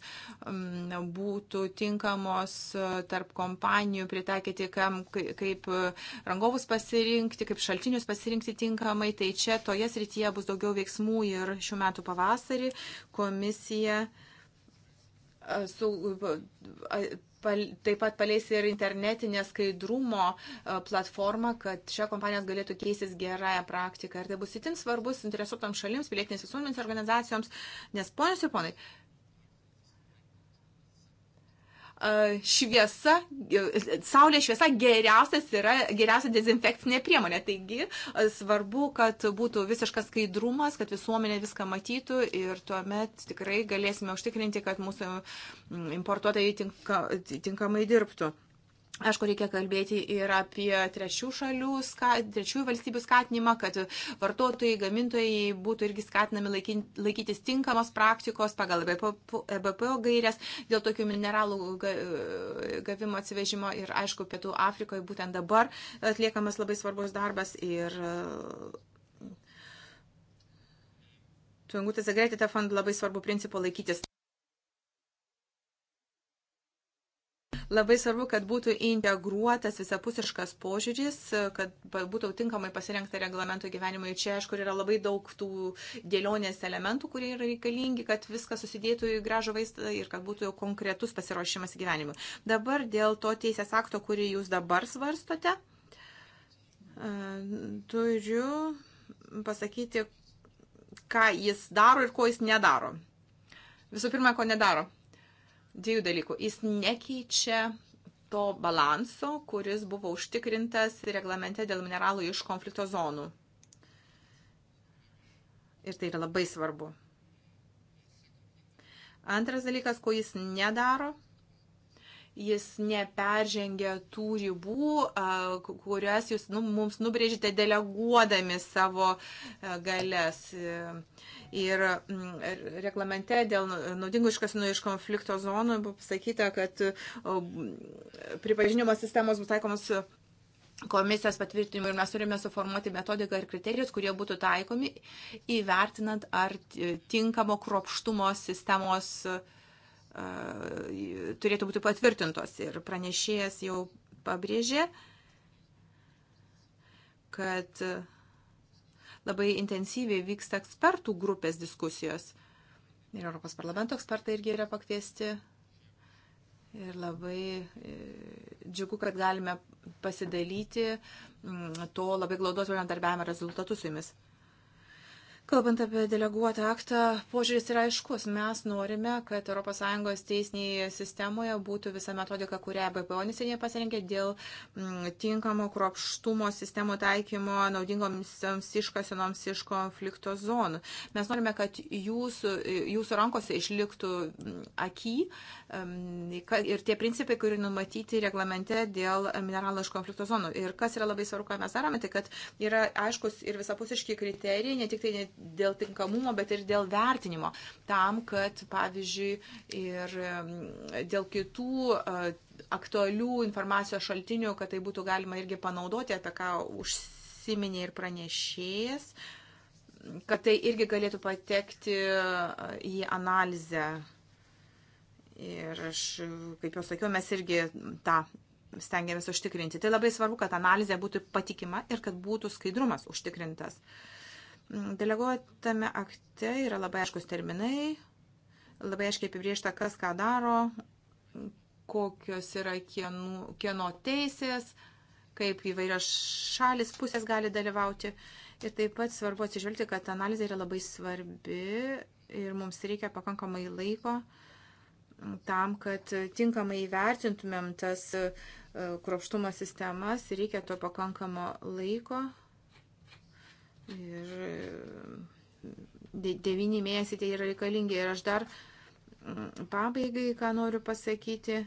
būtų tinkamos e, tarp kompanijų pritaikyti, kam, kaip e, rangovus pasirinkti, kaip šaltinius pasirinkti tinkamai. Tai čia toje srityje bus daugiau veiksmų ir šių metų pavasarį komisija su taip pat paleis ir internetinę skaidrumo e, platformą, kad šią kompanijas galėtų keistis gerąją praktiką. Ir tai bus itin svarbus interesuotams šalims, pilietinės visuomenės organizacijoms, nes ponios ir ponai, šviesa, saulės šviesa geriausias yra, geriausia dezinfekcinė priemonė. Taigi svarbu, kad būtų visiškas skaidrumas, kad visuomenė viską matytų ir tuomet tikrai galėsime užtikrinti, kad mūsų importuotojai tinka, tinkamai dirbtų. Aišku, reikia kalbėti ir apie trečių šalių, ska, trečiųjų valstybių skatinimą, kad vartotojai, gamintojai būtų irgi skatinami laikytis tinkamos praktikos pagal BPO gairias dėl tokių mineralų gavimo atsivežimo. Ir aišku, Pietų Afrikoje būtent dabar atliekamas labai svarbus darbas. Ir Tungutė Zagretė fond labai svarbu principu laikytis. Labai svarbu, kad būtų integruotas visapusiškas požiūris, kad būtų tinkamai pasirengta reglamento gyvenimui. Čia, aišku, yra labai daug tų dėlionės elementų, kurie yra reikalingi, kad viskas susidėtų į gražų vaizdą ir kad būtų jau konkretus pasiruošimas gyvenimui. Dabar dėl to teisės akto, kurį jūs dabar svarstote, e, turiu pasakyti, ką jis daro ir ko jis nedaro. Visų pirma, ko nedaro dviejų dalykų. Jis nekeičia to balanso, kuris buvo užtikrintas reglamente dėl mineralų iš konflikto zonų. Ir tai yra labai svarbu. Antras dalykas, ko jis nedaro – jis neperžengia tų ribų, kurias jūs nu, mums nubrėžite deleguodami savo galės. Ir mm, reglamente dėl naudingų iškasinų iš konflikto zonų buvo pasakyta, kad pripažinimo sistemos bus taikomos komisijos patvirtinimu ir mes turime suformuoti metodiką ir kriterijus, kurie būtų taikomi įvertinant, ar tinkamo kropštumo sistemos uh, E, turėtų būti patvirtintos. Ir pranešėjas jau pabrėžė, kad labai intensyviai vyksta ekspertų grupės diskusijos. Ir Europos parlamento ekspertai irgi yra pakviesti. Ir labai e, džiugu, kad galime pasidalyti to labai glaudos bendradarbiavimo rezultatus su jumis. Kalbant apie deleguotą aktą, požiūris yra aiškus. Mes norime, kad ES teisinėje sistemoje būtų visa metodika, kurią BPO neseniai pasirinkė dėl mm, tinkamo kropštumo sistemų taikymo naudingoms iškasenoms iš konflikto zonų. Mes norime, kad jūsų, jūsų rankose išliktų mm, aky mm, ir tie principai, kurie numatyti reglamente dėl mineralų iš konflikto zonų. Ir kas yra labai svarbu, ką mes darome, tai kad yra aiškus ir visapusiški kriterijai, ne tik tai dėl tinkamumo, bet ir dėl vertinimo. Tam, kad, pavyzdžiui, ir dėl kitų aktualių informacijos šaltinių, kad tai būtų galima irgi panaudoti, apie ką užsiminė ir pranešėjas, kad tai irgi galėtų patekti į analizę. Ir aš, kaip jau sakiau, mes irgi tą stengiamės užtikrinti. Tai labai svarbu, kad analizė būtų patikima ir kad būtų skaidrumas užtikrintas. Uh, Deleguotame akte yra labai aiškus terminai, labai aiškiai apibriešta, kas ką daro, kokios yra kienų, kieno teisės, kaip įvairios šalis pusės gali dalyvauti. Ir taip pat svarbu atsižvelgti, kad analizė yra labai svarbi ir mums reikia pakankamai laiko tam, kad tinkamai įvertintumėm tas e, kropštumo sistemas, reikia to pakankamo laiko Ir e, devyni mėnesiai tai yra reikalingi. Ir aš dar mm, pabaigai, ką noriu pasakyti.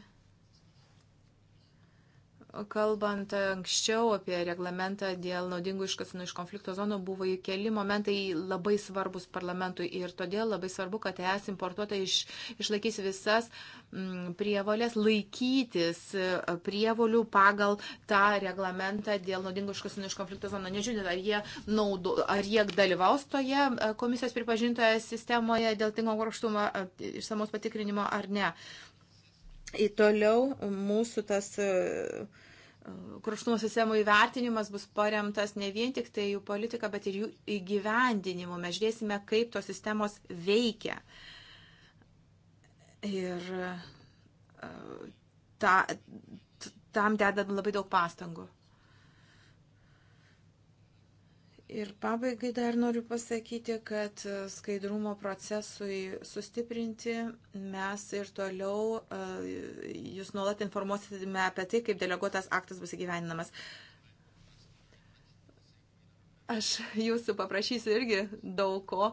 Kalbant anksčiau apie reglamentą dėl naudingų iškasinų iš konflikto zonų, buvo keli momentai labai svarbus parlamentui ir todėl labai svarbu, kad ES importuotojai iš, išlaikys visas m, mm, prievolės laikytis e, prievolių pagal tą reglamentą dėl naudingų iškasinų iš konflikto zonų. Nežiūrint, ar jie, naudo, ar jie dalyvaus toje e, komisijos pripažintoje sistemoje dėl tingo grakštumo e, išsamos patikrinimo ar ne. Į toliau mūsų tas uh, Krušnumo sistemų įvertinimas bus paremtas ne vien tik tai jų politika, bet ir jų įgyvendinimu. Mes žiūrėsime, kaip tos sistemos veikia. Ir e, ta, tam dedam labai daug pastangų. Ir pabaigai dar noriu pasakyti, kad skaidrumo procesui sustiprinti mes ir toliau e, jūs nuolat informuosime apie tai, kaip deleguotas aktas bus įgyveninamas. Aš jūsų paprašysiu irgi daug ko,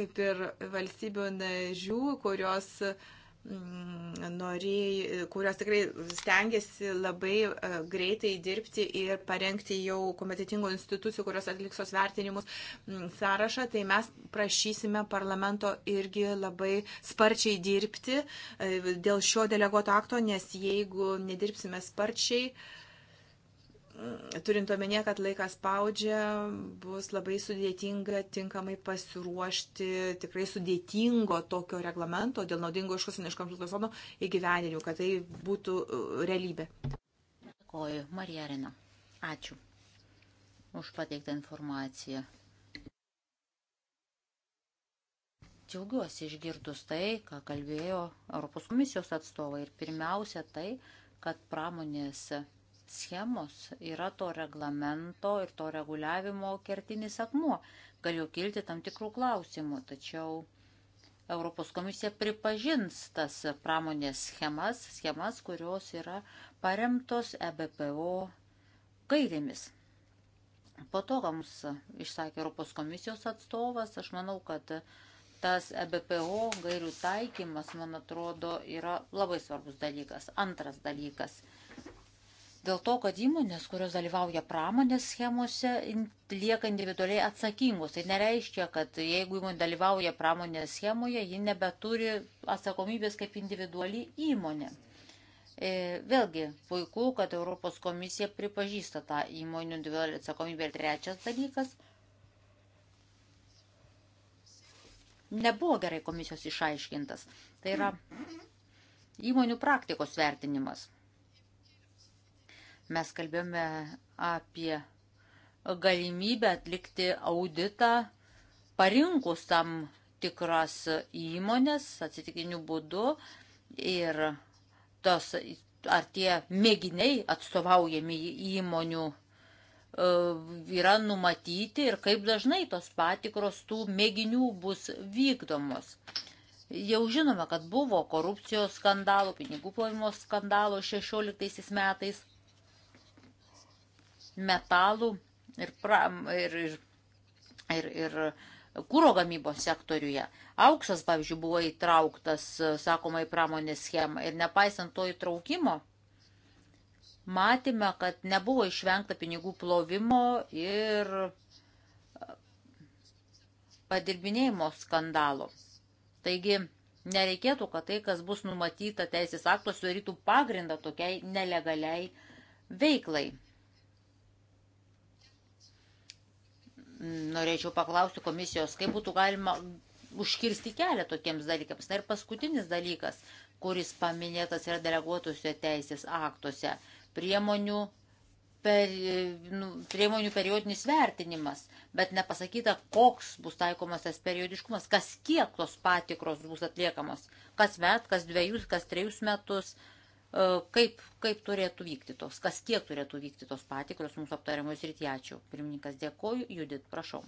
kaip ir valstybių nežių, kurios uh, Mm, norėjai, kurios tikrai stengiasi labai e, greitai dirbti ir parengti jau kompetitingų institucijų, kurios atliksos vertinimus mm, sąrašą, tai mes prašysime parlamento irgi labai sparčiai dirbti e, dėl šio deleguoto akto, nes jeigu nedirbsime sparčiai, turint omenyje, kad laikas spaudžia, bus labai sudėtinga tinkamai pasiruošti tikrai sudėtingo tokio reglamento dėl naudingo iškasinio iš konflikto zonų įgyveninių, kad tai būtų uh, realybė. Dėkoju, Marija Arena. Ačiū už pateiktą informaciją. Džiaugiuosi išgirdus tai, ką kalbėjo Europos komisijos atstovai ir pirmiausia tai, kad pramonės schemos yra to reglamento ir to reguliavimo kertinis akmuo. Galėjo kilti tam tikrų klausimų, tačiau Europos komisija pripažins tas pramonės schemas, schemas, kurios yra paremtos EBPO gairėmis. Po to, ką mums išsakė Europos komisijos atstovas, aš manau, kad tas EBPO gairių taikymas, man atrodo, yra labai svarbus dalykas. Antras dalykas – dėl to, kad įmonės, kurios dalyvauja pramonės schemose, lieka individualiai atsakingos. Tai nereiškia, kad jeigu įmonė dalyvauja pramonės schemoje, ji nebeturi atsakomybės kaip individuali įmonė. E, vėlgi, puiku, kad Europos komisija pripažįsta tą įmonių individualią atsakomybę. Ir trečias dalykas. Nebuvo gerai komisijos išaiškintas. Tai yra įmonių praktikos vertinimas Mes kalbėjome apie galimybę atlikti auditą parinkus tam tikras įmonės atsitikiniu būdu ir tos, ar tie mėginiai atstovaujami įmonių e, yra numatyti ir kaip dažnai tos patikros tų mėginių bus vykdomos. Jau žinome, kad buvo korupcijos skandalų, pinigų plovimo skandalų 16 metais metalų ir, pra, ir, ir, ir, ir kūro gamybos sektoriuje. Auksas, pavyzdžiui, buvo įtrauktas, sakoma, į pramonės schemą ir nepaisant to įtraukimo, matėme, kad nebuvo išvengta pinigų plovimo ir padirbinėjimo skandalo. Taigi, nereikėtų, kad tai, kas bus numatyta teisės aktos, sudarytų pagrindą tokiai nelegaliai veiklai. Norėčiau paklausti komisijos, kaip būtų galima užkirsti kelią tokiems dalykams. Na ir paskutinis dalykas, kuris paminėtas yra deleguotuose teisės aktuose - priemonių, per, nu, priemonių periodinis vertinimas, bet nepasakyta, koks bus taikomas tas periodiškumas, kas kiek tos patikros bus atliekamos, kas met, kas dviejus, kas trejus metus. Uh, E, kaip, kaip turėtų vykti tos, kas kiek turėtų vykti tos patikros mūsų aptariamos rytyje. Ačiū. Pirmininkas dėkoju, Judit, prašau.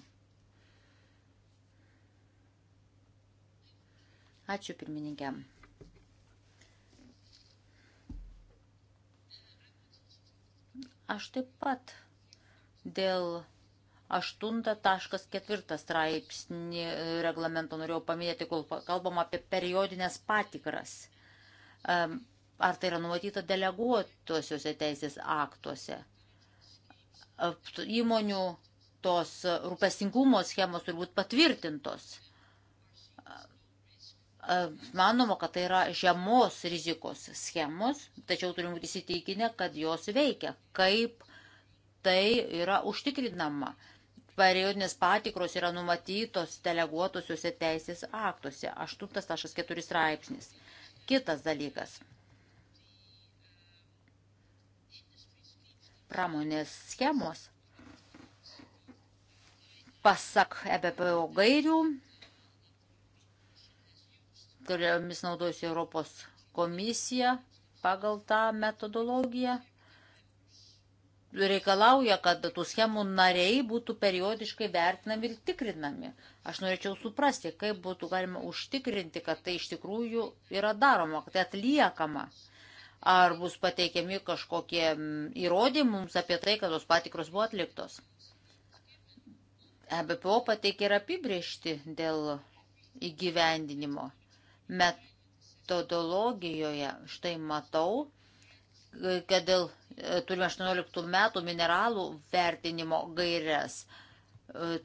Ačiū pirmininkė. Aš taip pat dėl 8.4 straipsnį reglamento norėjau paminėti, kol kalbam apie periodinės patikras ar tai yra numatyta deleguotosiuose teisės aktuose. Įmonių tos rūpestingumo schemos turi būti patvirtintos. Manoma, kad tai yra žemos rizikos schemos, tačiau turim būti įsitikinę, kad jos veikia. Kaip tai yra užtikrinama? Periodinės patikros yra numatytos deleguotosiuose teisės aktuose. 8.4 straipsnis. Kitas dalykas. pramonės schemos. Pasak EBPO gairių, kuriomis naudosi Europos komisija pagal tą metodologiją, reikalauja, kad tų schemų nariai būtų periodiškai vertinami ir tikrinami. Aš norėčiau suprasti, kaip būtų galima užtikrinti, kad tai iš tikrųjų yra daroma, kad tai atliekama. Ar bus pateikiami kažkokie įrodymums apie tai, kad tos patikros buvo atliktos? EBPO pateikė ir apibriešti dėl įgyvendinimo. Metodologijoje štai matau, e, kad dėl e, turime 18 metų mineralų vertinimo gairias. E,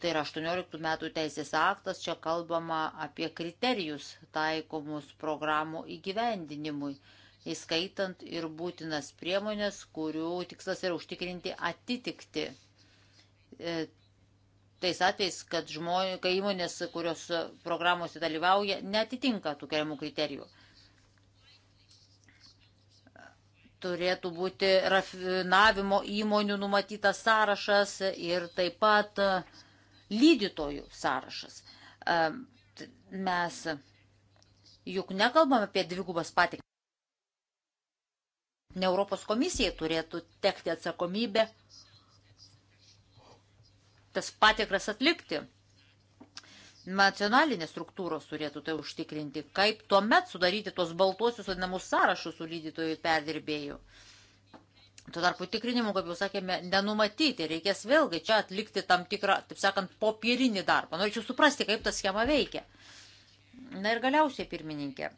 tai yra 18 metų teisės aktas, čia kalbama apie kriterijus taikomus programų įgyvendinimui įskaitant ir būtinas priemonės, kurių tikslas yra užtikrinti atitikti. E, tais atvejais, kad žmonės, kai įmonės, kurios programuose dalyvauja, netitinka tų keliamų kriterijų. Turėtų būti rafinavimo įmonių numatytas sąrašas ir taip pat lydytojų sąrašas. E, mes juk nekalbam apie dvigubas patikras ne Europos komisijai turėtų tekti atsakomybė tas patikras atlikti. Nacionalinės struktūros turėtų tai užtikrinti, kaip tuomet sudaryti tos baltuosius vadinamus sąrašus su lydytojų perdirbėjų. Tuo tarpu tikrinimų, kaip jau sakėme, nenumatyti, reikės vėlgi čia atlikti tam tikrą, taip sakant, popierinį darbą. Norėčiau suprasti, kaip ta schema veikia. Na ir galiausiai, pirmininkė,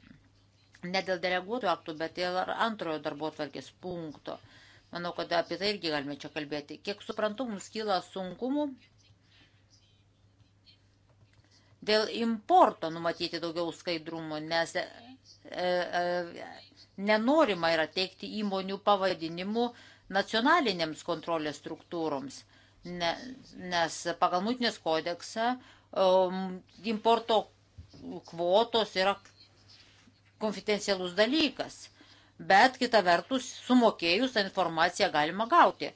ne dėl deleguotų aktų, bet dėl antrojo darbo tvarkės punkto. Manau, kad apie tai irgi galime čia kalbėti. Kiek suprantu, mums kyla sunkumų dėl importo numatyti daugiau skaidrumo, nes e, e, nenorima yra teikti įmonių pavadinimų nacionalinėms kontrolės struktūroms, ne, nes pagal mutinės kodeksą um, importo kvotos yra konfidencialus dalykas, bet kita vertus sumokėjus tą informaciją galima gauti.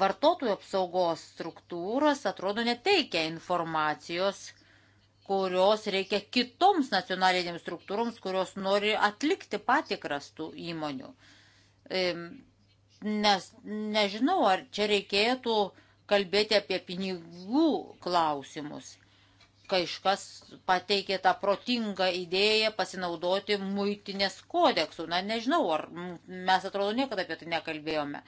Vartotojų apsaugos struktūros atrodo neteikia informacijos, kurios reikia kitoms nacionalinėms struktūroms, kurios nori atlikti patikras tų įmonių. Nes nežinau, ar čia reikėtų kalbėti apie pinigų klausimus kažkas pateikė tą protingą idėją pasinaudoti muitinės kodeksų. Na, nežinau, ar mes atrodo niekada apie tai nekalbėjome.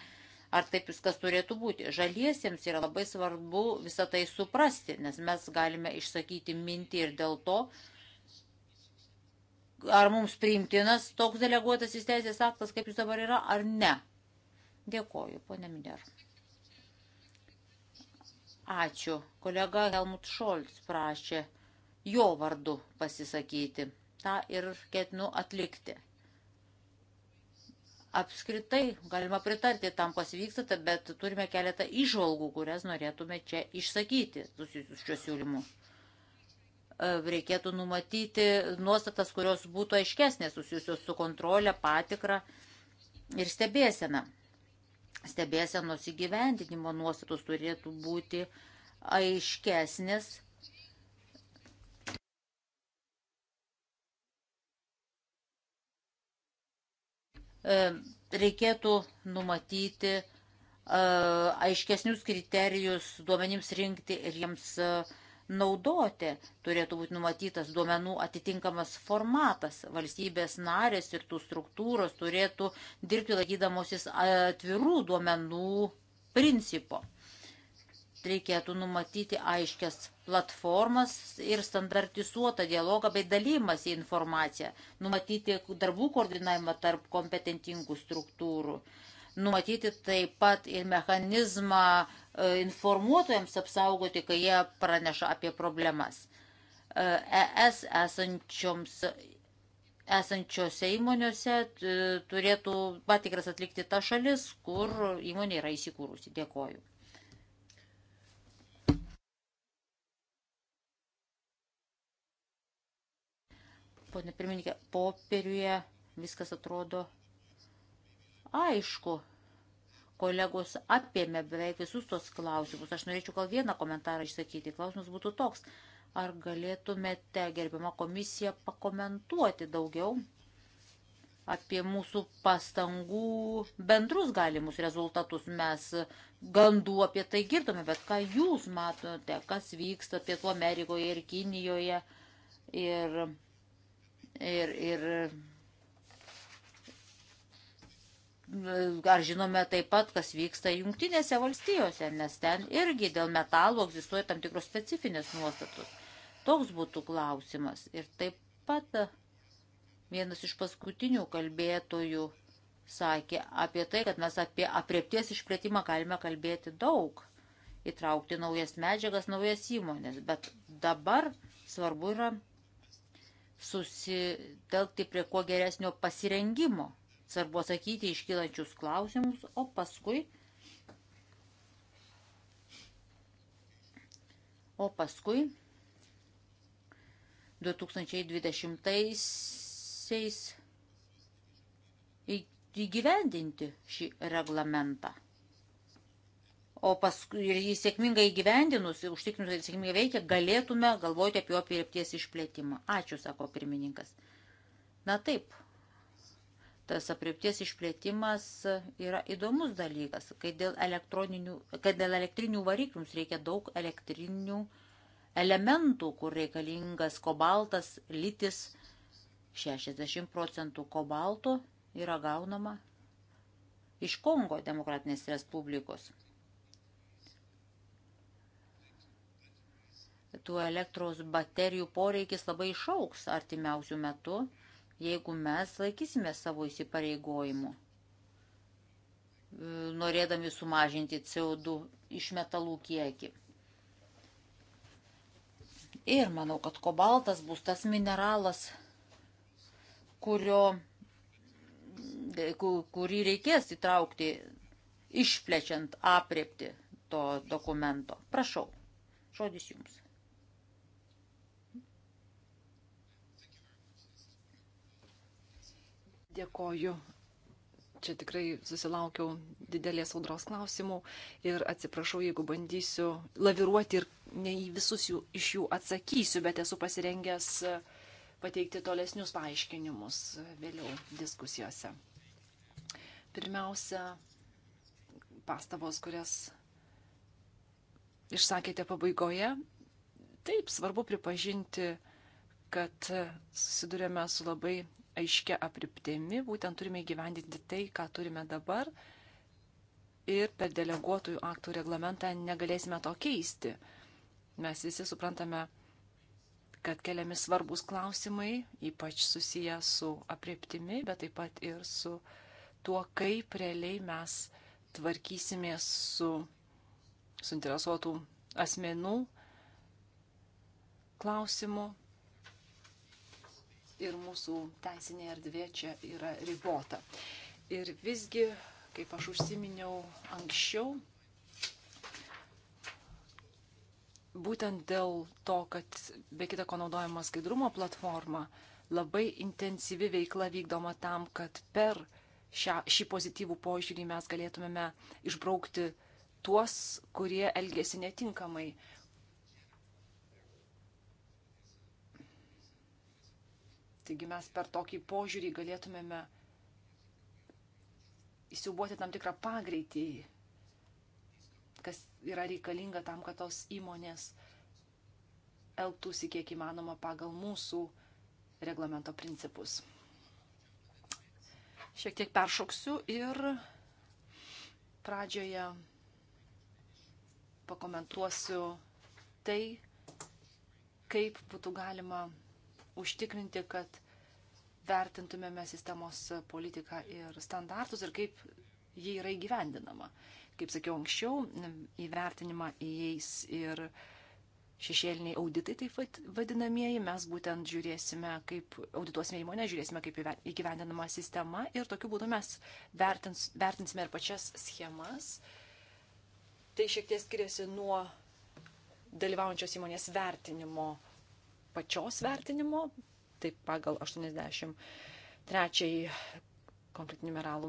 Ar taip viskas turėtų būti. Žaliesiems yra labai svarbu visą tai suprasti, nes mes galime išsakyti mintį ir dėl to, ar mums priimtinas toks deleguotas įsteisės aktas, kaip jis dabar yra, ar ne. Dėkoju, ponė Miner. Ačiū. Kolega Helmut Scholz prašė jo vardu pasisakyti. Ta ir ketinu atlikti. Apskritai galima pritarti tam, kas vyksta, bet turime keletą išvalgų, kurias norėtume čia išsakyti susijusius šio siūlymu. E, reikėtų numatyti nuostatas, kurios būtų aiškesnės susijusios su kontrolė, patikra ir stebėsena stebėsenos įgyvendinimo nuostatos turėtų būti aiškesnės. E, reikėtų numatyti e, aiškesnius kriterijus duomenims rinkti ir jiems uh, naudoti. Turėtų būti numatytas duomenų atitinkamas formatas. Valstybės narės ir tų struktūros turėtų dirbti laikydamosis atvirų duomenų principo. Reikėtų numatyti aiškias platformas ir standartizuotą dialogą bei dalymasi informaciją, numatyti darbų koordinavimą tarp kompetentingų struktūrų numatyti taip pat ir mechanizmą informuotojams apsaugoti, kai jie praneša apie problemas. ES e esančioms, esančiose įmonėse turėtų patikras atlikti ta šalis, kur įmonė yra įsikūrusi. Dėkoju. Pone pirmininkė, popieriuje viskas atrodo aišku. Kolegos apėmė beveik visus tos klausimus. Aš norėčiau gal vieną komentarą išsakyti. Klausimas būtų toks. Ar galėtumėte, gerbiama komisija, pakomentuoti daugiau apie mūsų pastangų bendrus galimus rezultatus. Mes gandų apie tai girdome, bet ką jūs matote, kas vyksta Pietų Amerikoje ir Kinijoje ir, ir, ir Ar žinome taip pat, kas vyksta jungtinėse valstijose, nes ten irgi dėl metalų egzistuoja tam tikros specifinės nuostatos. Toks būtų klausimas. Ir taip pat vienas iš paskutinių kalbėtojų sakė apie tai, kad mes apie apriepties išplėtimą galime kalbėti daug, įtraukti naujas medžiagas, naujas įmonės, bet dabar svarbu yra susitelkti prie kuo geresnio pasirengimo svarbu atsakyti iškylančius klausimus, o paskui O paskui 2020-aisiais įgyvendinti šį reglamentą. O paskui ir jį sėkmingai įgyvendinus, užtikrinus, kad sėkmingai veikia, galėtume galvoti apie jo pirpties išplėtimą. Ačiū, sako pirmininkas. Na taip, tas apriepties išplėtimas yra įdomus dalykas, kai dėl, kai dėl elektrinių variklių mums reikia daug elektrinių elementų, kur reikalingas kobaltas, litis, 60 procentų kobalto yra gaunama iš Kongo Demokratinės Respublikos. Tų elektros baterijų poreikis labai išauks artimiausių metų jeigu mes laikysime savo įsipareigojimų, e, norėdami sumažinti CO2 iš metalų kiekį. Ir manau, kad kobaltas bus tas mineralas, kurio, e, kurį reikės įtraukti, išplečiant apriepti to dokumento. Prašau, žodis jums. Dėkoju. Čia tikrai susilaukiau didelės audros klausimų ir atsiprašau, jeigu bandysiu laviruoti ir ne į visus jų, iš jų atsakysiu, bet esu pasirengęs e, pateikti tolesnius paaiškinimus vėliau diskusijose. Pirmiausia, pastabos, kurias išsakėte pabaigoje. Taip, svarbu pripažinti, kad susidurėme su labai aiškia apriptėmi, būtent turime įgyvendinti tai, ką turime dabar ir per deleguotojų aktų reglamentą negalėsime to keisti. Mes visi suprantame, kad keliami svarbus klausimai, ypač susiję su apriptimi, bet taip pat ir su tuo, kaip realiai mes tvarkysimės su suinteresuotų asmenų klausimu ir mūsų teisinė erdvė čia yra ribota. Ir visgi, kaip aš užsiminiau anksčiau, būtent dėl to, kad be kita ko naudojama skaidrumo platforma, labai intensyvi veikla vykdoma tam, kad per šią, šį pozityvų požiūrį mes galėtumėme išbraukti tuos, kurie elgėsi netinkamai. Taigi mes per tokį požiūrį galėtumėme įsiubuoti tam tikrą pagreitį, kas yra reikalinga tam, kad tos įmonės elgtųsi kiek įmanoma pagal mūsų reglamento principus. Šiek tiek peršoksiu ir pradžioje pakomentuosiu tai, kaip būtų galima užtikrinti, kad vertintumėme sistemos politiką ir standartus ir kaip ji yra įgyvendinama. Kaip sakiau anksčiau, įvertinimą įeis ir šešėliniai auditai, taip vadinamieji, mes būtent žiūrėsime, kaip audituosime įmonę, žiūrėsime, kaip įgyvendinama sistema ir tokiu būdu mes vertins, vertinsime ir pačias schemas. Tai šiek tiek skiriasi nuo dalyvaujančios įmonės vertinimo pačios vertinimo, taip pagal 83 konfliktinių mineralų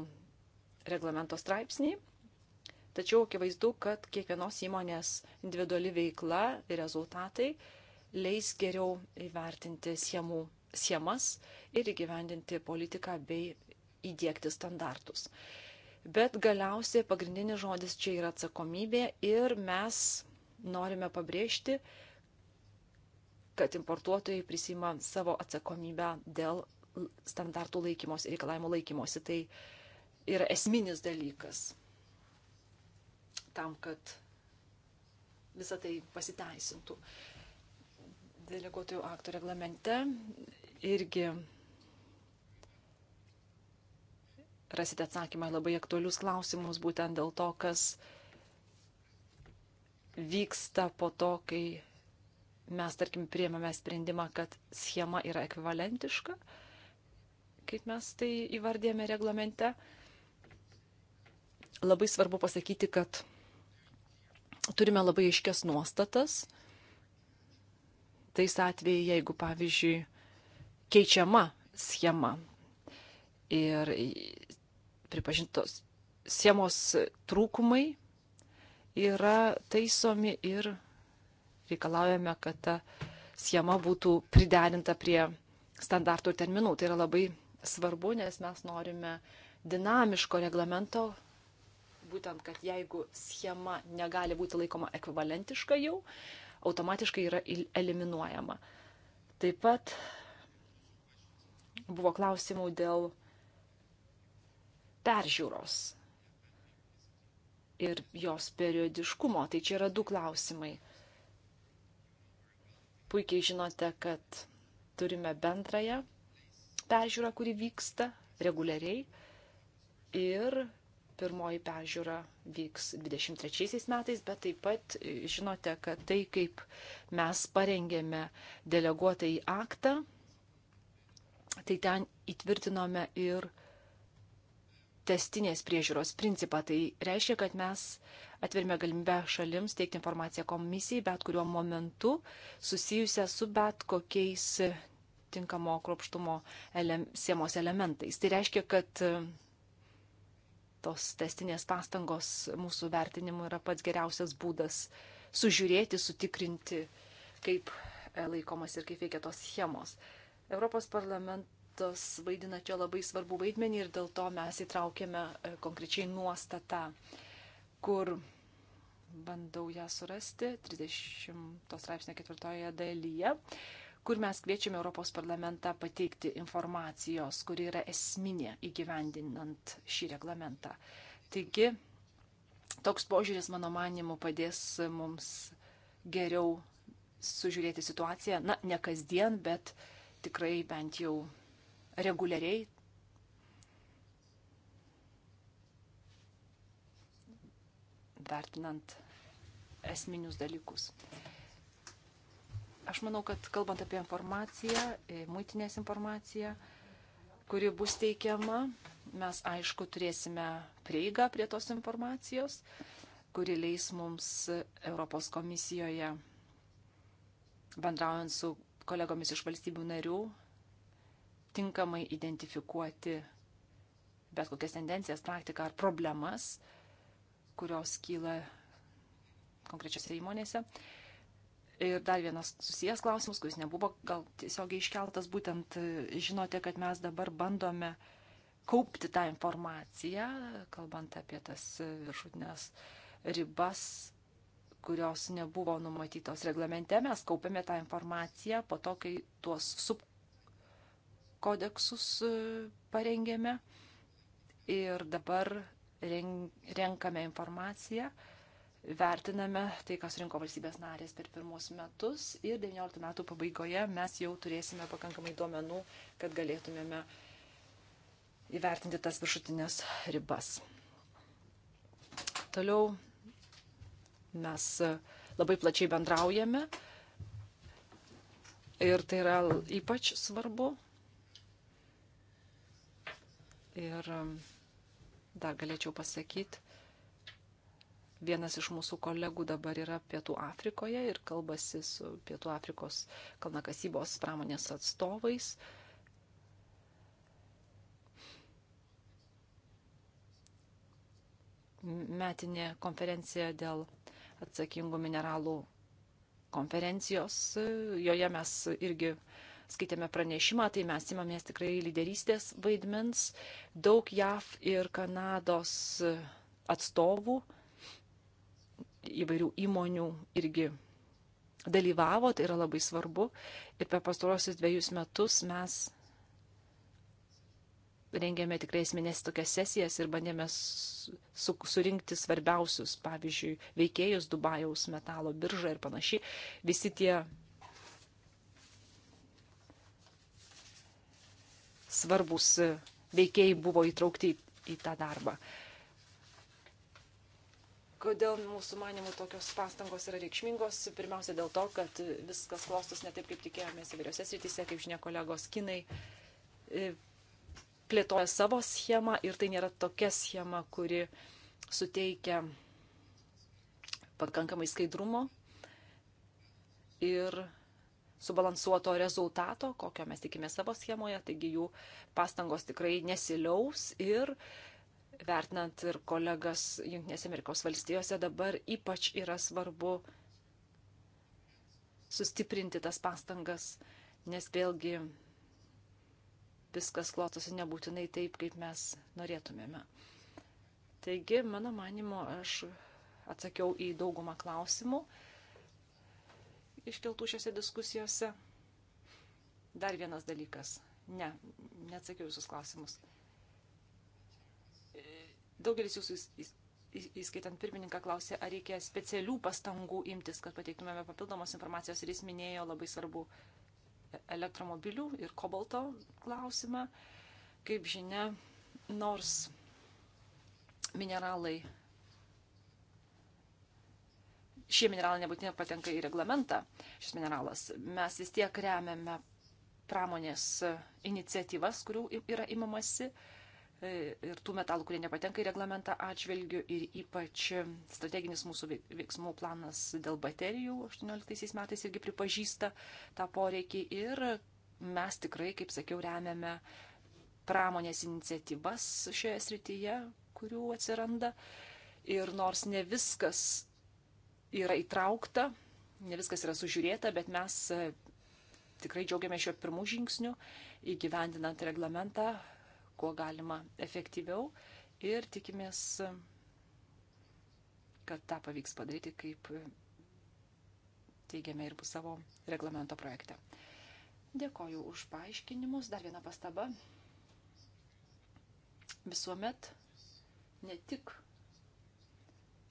reglamento straipsnį. Tačiau akivaizdu, kad kiekvienos įmonės individuali veikla ir rezultatai leis geriau įvertinti siemų, siemas ir įgyvendinti politiką bei įdėkti standartus. Bet galiausiai pagrindinis žodis čia yra atsakomybė ir mes norime pabrėžti, kad kad importuotojai prisima savo atsakomybę dėl standartų laikymosi, reikalavimų laikymosi. Tai yra esminis dalykas tam, kad visą tai pasiteisintų. Deleguotojų aktų reglamente irgi rasite atsakymą į labai aktualius klausimus, būtent dėl to, kas vyksta po to, kai mes, tarkim, priemame sprendimą, kad schema yra ekvivalentiška, kaip mes tai įvardėme reglamente, labai svarbu pasakyti, kad turime labai aiškias nuostatas. Tais atvejai, jeigu, pavyzdžiui, keičiama schema ir pripažintos schemos trūkumai yra taisomi ir reikalaujame, kad ta schema būtų priderinta prie standartų ir terminų. Tai yra labai svarbu, nes mes norime dinamiško reglamento, būtent, kad jeigu schema negali būti laikoma ekvivalentiška jau, automatiškai yra eliminuojama. Taip pat buvo klausimų dėl peržiūros ir jos periodiškumo. Tai čia yra du klausimai. Puikiai žinote, kad turime bendrąją peržiūrą, kuri vyksta reguliariai. Ir pirmoji peržiūra vyks 23 metais, bet taip pat žinote, kad tai, kaip mes parengėme deleguotą į aktą, tai ten įtvirtinome ir testinės priežiūros principą. Tai reiškia, kad mes atverime galimybę šalims teikti informaciją komisijai bet kuriuo momentu susijusią su bet kokiais tinkamo kruopštumo ele siemos elementais. Tai reiškia, kad e, tos testinės pastangos mūsų vertinimu yra pats geriausias būdas sužiūrėti, sutikrinti, kaip e, laikomas ir kaip veikia tos schemos. Europos parlamentas vaidina čia labai svarbu vaidmenį ir dėl to mes įtraukėme e, konkrečiai nuostatą kur bandau ją surasti, 30 straipsnio ketvirtoje dalyje, kur mes kviečiame Europos parlamentą pateikti informacijos, kuri yra esminė įgyvendinant šį reglamentą. Taigi, toks požiūris, mano manimu, padės mums geriau sužiūrėti situaciją, na, ne kasdien, bet tikrai bent jau reguliariai vertinant esminius dalykus. Aš manau, kad kalbant apie informaciją, e, muitinės informaciją, kuri bus teikiama, mes aišku turėsime prieigą prie tos informacijos, kuri leis mums Europos komisijoje, bendraujant su kolegomis iš valstybių narių, tinkamai identifikuoti bet kokias tendencijas, praktiką ar problemas, kurios kyla konkrečiose įmonėse. Ir dar vienas susijęs klausimas, kuris nebuvo gal tiesiogiai iškeltas, būtent e, žinote, kad mes dabar bandome kaupti tą informaciją, kalbant apie tas e, viršutinės ribas, kurios nebuvo numatytos reglamente. Mes kaupėme tą informaciją po to, kai tuos subkodeksus e, parengėme. Ir dabar renkame informaciją, vertiname tai, kas rinko valstybės narės per pirmus metus ir 19 metų pabaigoje mes jau turėsime pakankamai duomenų, kad galėtumėme įvertinti tas viršutinės ribas. Toliau mes labai plačiai bendraujame ir tai yra ypač svarbu. Ir dar galėčiau pasakyti, vienas iš mūsų kolegų dabar yra Pietų Afrikoje ir kalbasi su Pietų Afrikos kalnakasybos pramonės atstovais. Metinė konferencija dėl atsakingų mineralų konferencijos, joje mes irgi skaitėme pranešimą, tai mes imamės tikrai lyderystės vaidmens. Daug JAV ir Kanados atstovų įvairių įmonių irgi dalyvavo, tai yra labai svarbu. Ir per pastarosius dviejus metus mes rengėme tikrai esminės tokias sesijas ir bandėme su, surinkti svarbiausius, pavyzdžiui, veikėjus Dubajaus metalo biržą ir panašiai. Visi tie svarbus veikėjai buvo įtraukti į tą darbą. Kodėl mūsų manimų tokios pastangos yra reikšmingos? Pirmiausia dėl to, kad viskas klostus ne taip, kaip tikėjomės įvairiose srityse, kaip žinia, kolegos kinai e, plėtoja savo schemą ir tai nėra tokia schema, kuri suteikia pakankamai skaidrumo ir subalansuoto rezultato, kokio mes tikime savo schemoje, taigi jų pastangos tikrai nesiliaus ir vertinant ir kolegas Junktinės Amerikos valstijose dabar ypač yra svarbu sustiprinti tas pastangas, nes vėlgi viskas klostosi nebūtinai taip, kaip mes norėtumėme. Taigi, mano manimo, aš atsakiau į daugumą klausimų iškeltų šiose diskusijose. Dar vienas dalykas. Ne, neatsakiau visus klausimus. Daugelis jūsų, įskaitant pirmininką, klausė, ar reikia specialių pastangų imtis, kad pateiktumėme papildomos informacijos ir jis minėjo labai svarbu elektromobilių ir kobalto klausimą. Kaip žinia, nors mineralai šie mineralai nebūtinai patenka į reglamentą, šis mineralas. Mes vis tiek remiame pramonės iniciatyvas, kurių yra imamasi e, ir tų metalų, kurie nepatenka į reglamentą atžvilgių ir ypač strateginis mūsų veiksmų planas dėl baterijų 18 metais irgi pripažįsta tą poreikį ir mes tikrai, kaip sakiau, remiame pramonės iniciatyvas šioje srityje, kurių atsiranda. Ir nors ne viskas yra įtraukta, ne viskas yra sužiūrėta, bet mes e, tikrai džiaugiamės šio pirmų žingsnių įgyvendinant reglamentą, kuo galima efektyviau ir tikimės, kad tą pavyks padaryti, kaip teigiame ir savo reglamento projekte. Dėkoju už paaiškinimus. Dar viena pastaba. Visuomet ne tik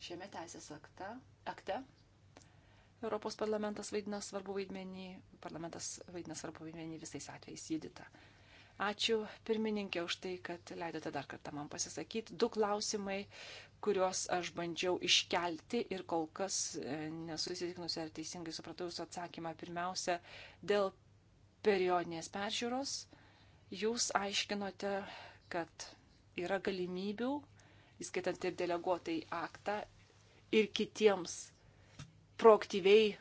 šiame teisės akte akte. Europos parlamentas vaidina svarbu vaidmenį, parlamentas vaidina svarbu vaidmenį visais atvejais įdyta. Ačiū pirmininkė už tai, kad leidote dar kartą man pasisakyti. Du klausimai, kuriuos aš bandžiau iškelti ir kol kas e, nesusitikinusi, ar teisingai supratau jūsų atsakymą. Pirmiausia, dėl periodinės peržiūros jūs aiškinote, kad yra galimybių, įskaitant ir deleguotai aktą, ir kitiems proaktyviai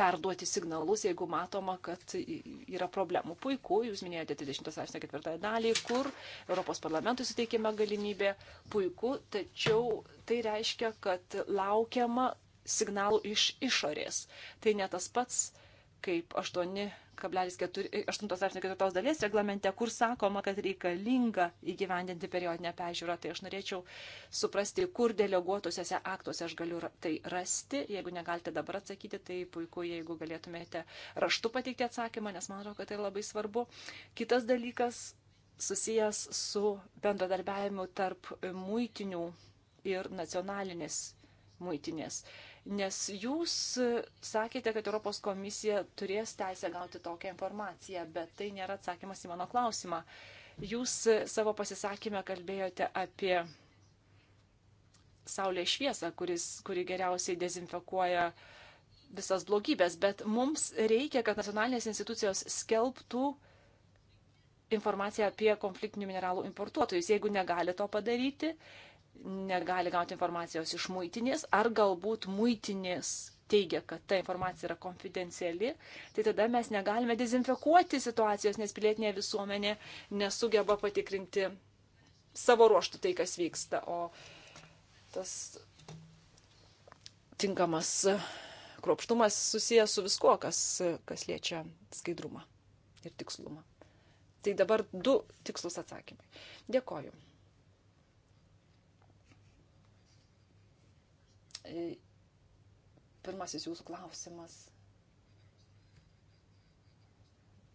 perduoti signalus, jeigu matoma, kad yra problemų. Puiku, jūs minėjote 30 straipsnio ketvirtąją dalį, kur Europos parlamentui suteikime galimybę. Puiku, tačiau tai reiškia, kad laukiama signalų iš išorės. Tai ne tas pats, kaip 8,8 e, straipsnio 4 dalies reglamente, kur sakoma, kad reikalinga įgyvendinti periodinę pežiūrą. Tai aš norėčiau suprasti, kur deleguotusiuose aktuose aš galiu tai rasti. Jeigu negalite dabar atsakyti, tai puiku, jeigu galėtumėte raštu pateikti atsakymą, nes man atrodo, kad tai labai svarbu. Kitas dalykas susijęs su bendradarbiavimu tarp muitinių ir nacionalinės muitinės. Uh, nes jūs e, sakėte, kad Europos komisija turės teisę gauti tokią informaciją, bet tai nėra atsakymas į mano klausimą. Jūs e, savo pasisakymę kalbėjote apie Saulės šviesą, kuris, kuri geriausiai dezinfekuoja visas blogybės, bet mums reikia, kad nacionalinės institucijos skelbtų informaciją apie konfliktinių mineralų importuotojus. Jeigu negali to padaryti, negali gauti informacijos iš muitinės, ar galbūt muitinės teigia, kad ta informacija yra konfidenciali, tai tada mes negalime dezinfekuoti situacijos, nes pilietinė visuomenė nesugeba patikrinti savo ruoštų tai, kas vyksta. O tas tinkamas kropštumas susijęs su viskuo, kas, kas liečia skaidrumą ir tikslumą. Tai dabar du tikslus atsakymai. Dėkoju. E, pirmasis jūsų klausimas.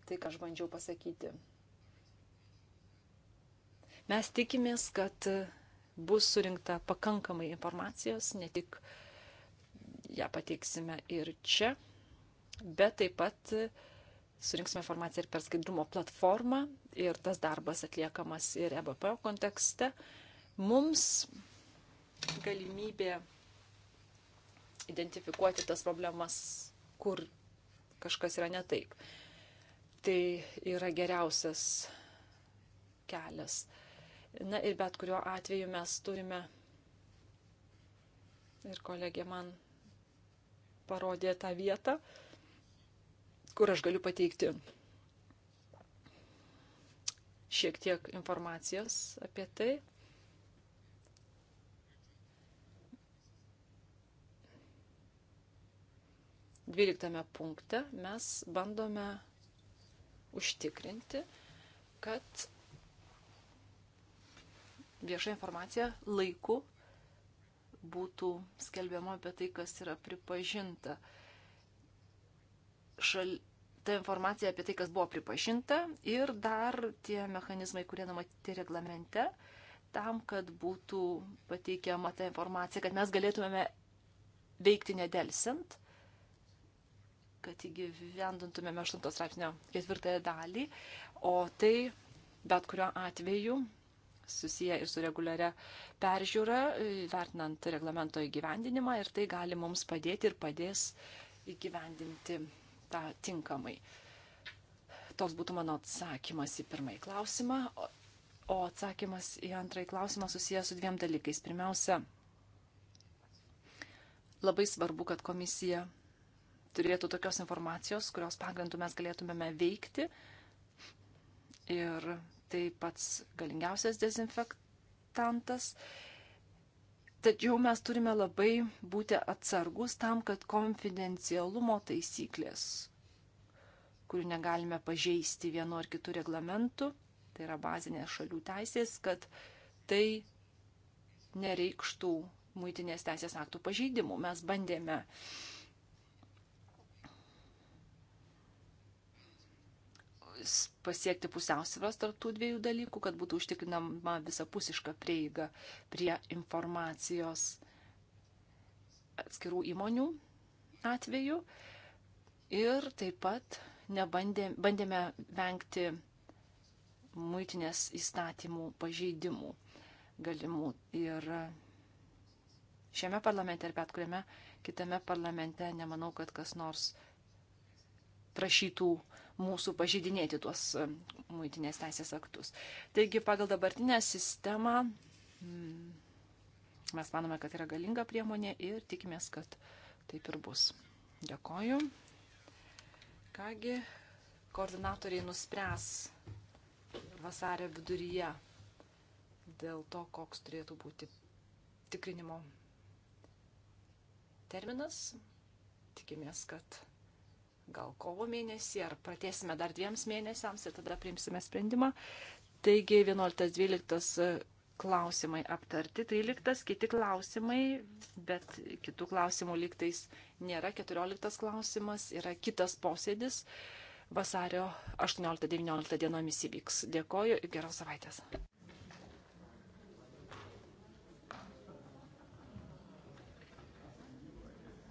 Tai, ką aš bandžiau pasakyti. Mes tikimės, kad bus surinkta pakankamai informacijos, ne tik ją pateiksime ir čia, bet taip pat surinksime informaciją ir per skaidrumo platformą ir tas darbas atliekamas ir EBPO kontekste. Mums galimybė identifikuoti tas problemas, kur kažkas yra ne taip. Tai yra geriausias kelias. Na ir bet kuriuo atveju mes turime, ir kolegė man parodė tą vietą, kur aš galiu pateikti šiek tiek informacijos apie tai, 12 punkte mes bandome užtikrinti, kad vieša informacija laiku būtų skelbiama apie tai, kas yra pripažinta. Šal... Ta informacija apie tai, kas buvo pripažinta ir dar tie mechanizmai, kurie numatyti reglamente, tam, kad būtų pateikiama ta informacija, kad mes galėtumėme veikti nedelsint kad įgyvendintumėme 8 straipsnio ketvirtąją dalį, o tai bet kuriuo atveju susiję ir su reguliaria peržiūra, vertinant reglamento įgyvendinimą ir tai gali mums padėti ir padės įgyvendinti tą tinkamai. Toks būtų mano atsakymas į pirmąjį klausimą. O atsakymas į antrąjį klausimą susijęs su dviem dalykais. Pirmiausia, labai svarbu, kad komisija turėtų tokios informacijos, kurios pagrindų mes galėtumėme veikti. Ir tai pats galingiausias dezinfektantas. Tačiau mes turime labai būti atsargus tam, kad konfidencialumo taisyklės, kurių negalime pažeisti vienu ar kitu reglamentu, tai yra bazinės šalių teisės, kad tai nereikštų muitinės teisės aktų pažeidimų. Mes bandėme uh, pasiekti pusiausvėros tarptų dviejų dalykų, kad būtų užtikrinama visapusiška prieiga prie informacijos atskirų įmonių atveju. Ir taip pat nebandė, bandėme vengti muitinės įstatymų pažeidimų galimų. Ir šiame parlamente ir bet kuriame kitame parlamente nemanau, kad kas nors prašytų uh, mūsų pažydinėti tuos e, muitinės teisės aktus. Taigi pagal dabartinę sistemą mm, mes manome, kad yra galinga priemonė ir tikimės, kad taip ir bus. Dėkoju. Kągi, koordinatoriai nuspręs vasario viduryje dėl to, koks turėtų būti tikrinimo terminas. Tikimės, kad gal kovo mėnesį, ar pratėsime dar dviems mėnesiams ir tada priimsime sprendimą. Taigi 11-12 e, klausimai aptarti, 13 kiti klausimai, bet kitų klausimų lygtais nėra. 14 klausimas yra kitas posėdis vasario 18-19 dienomis įvyks. Dėkoju ir geros savaitės.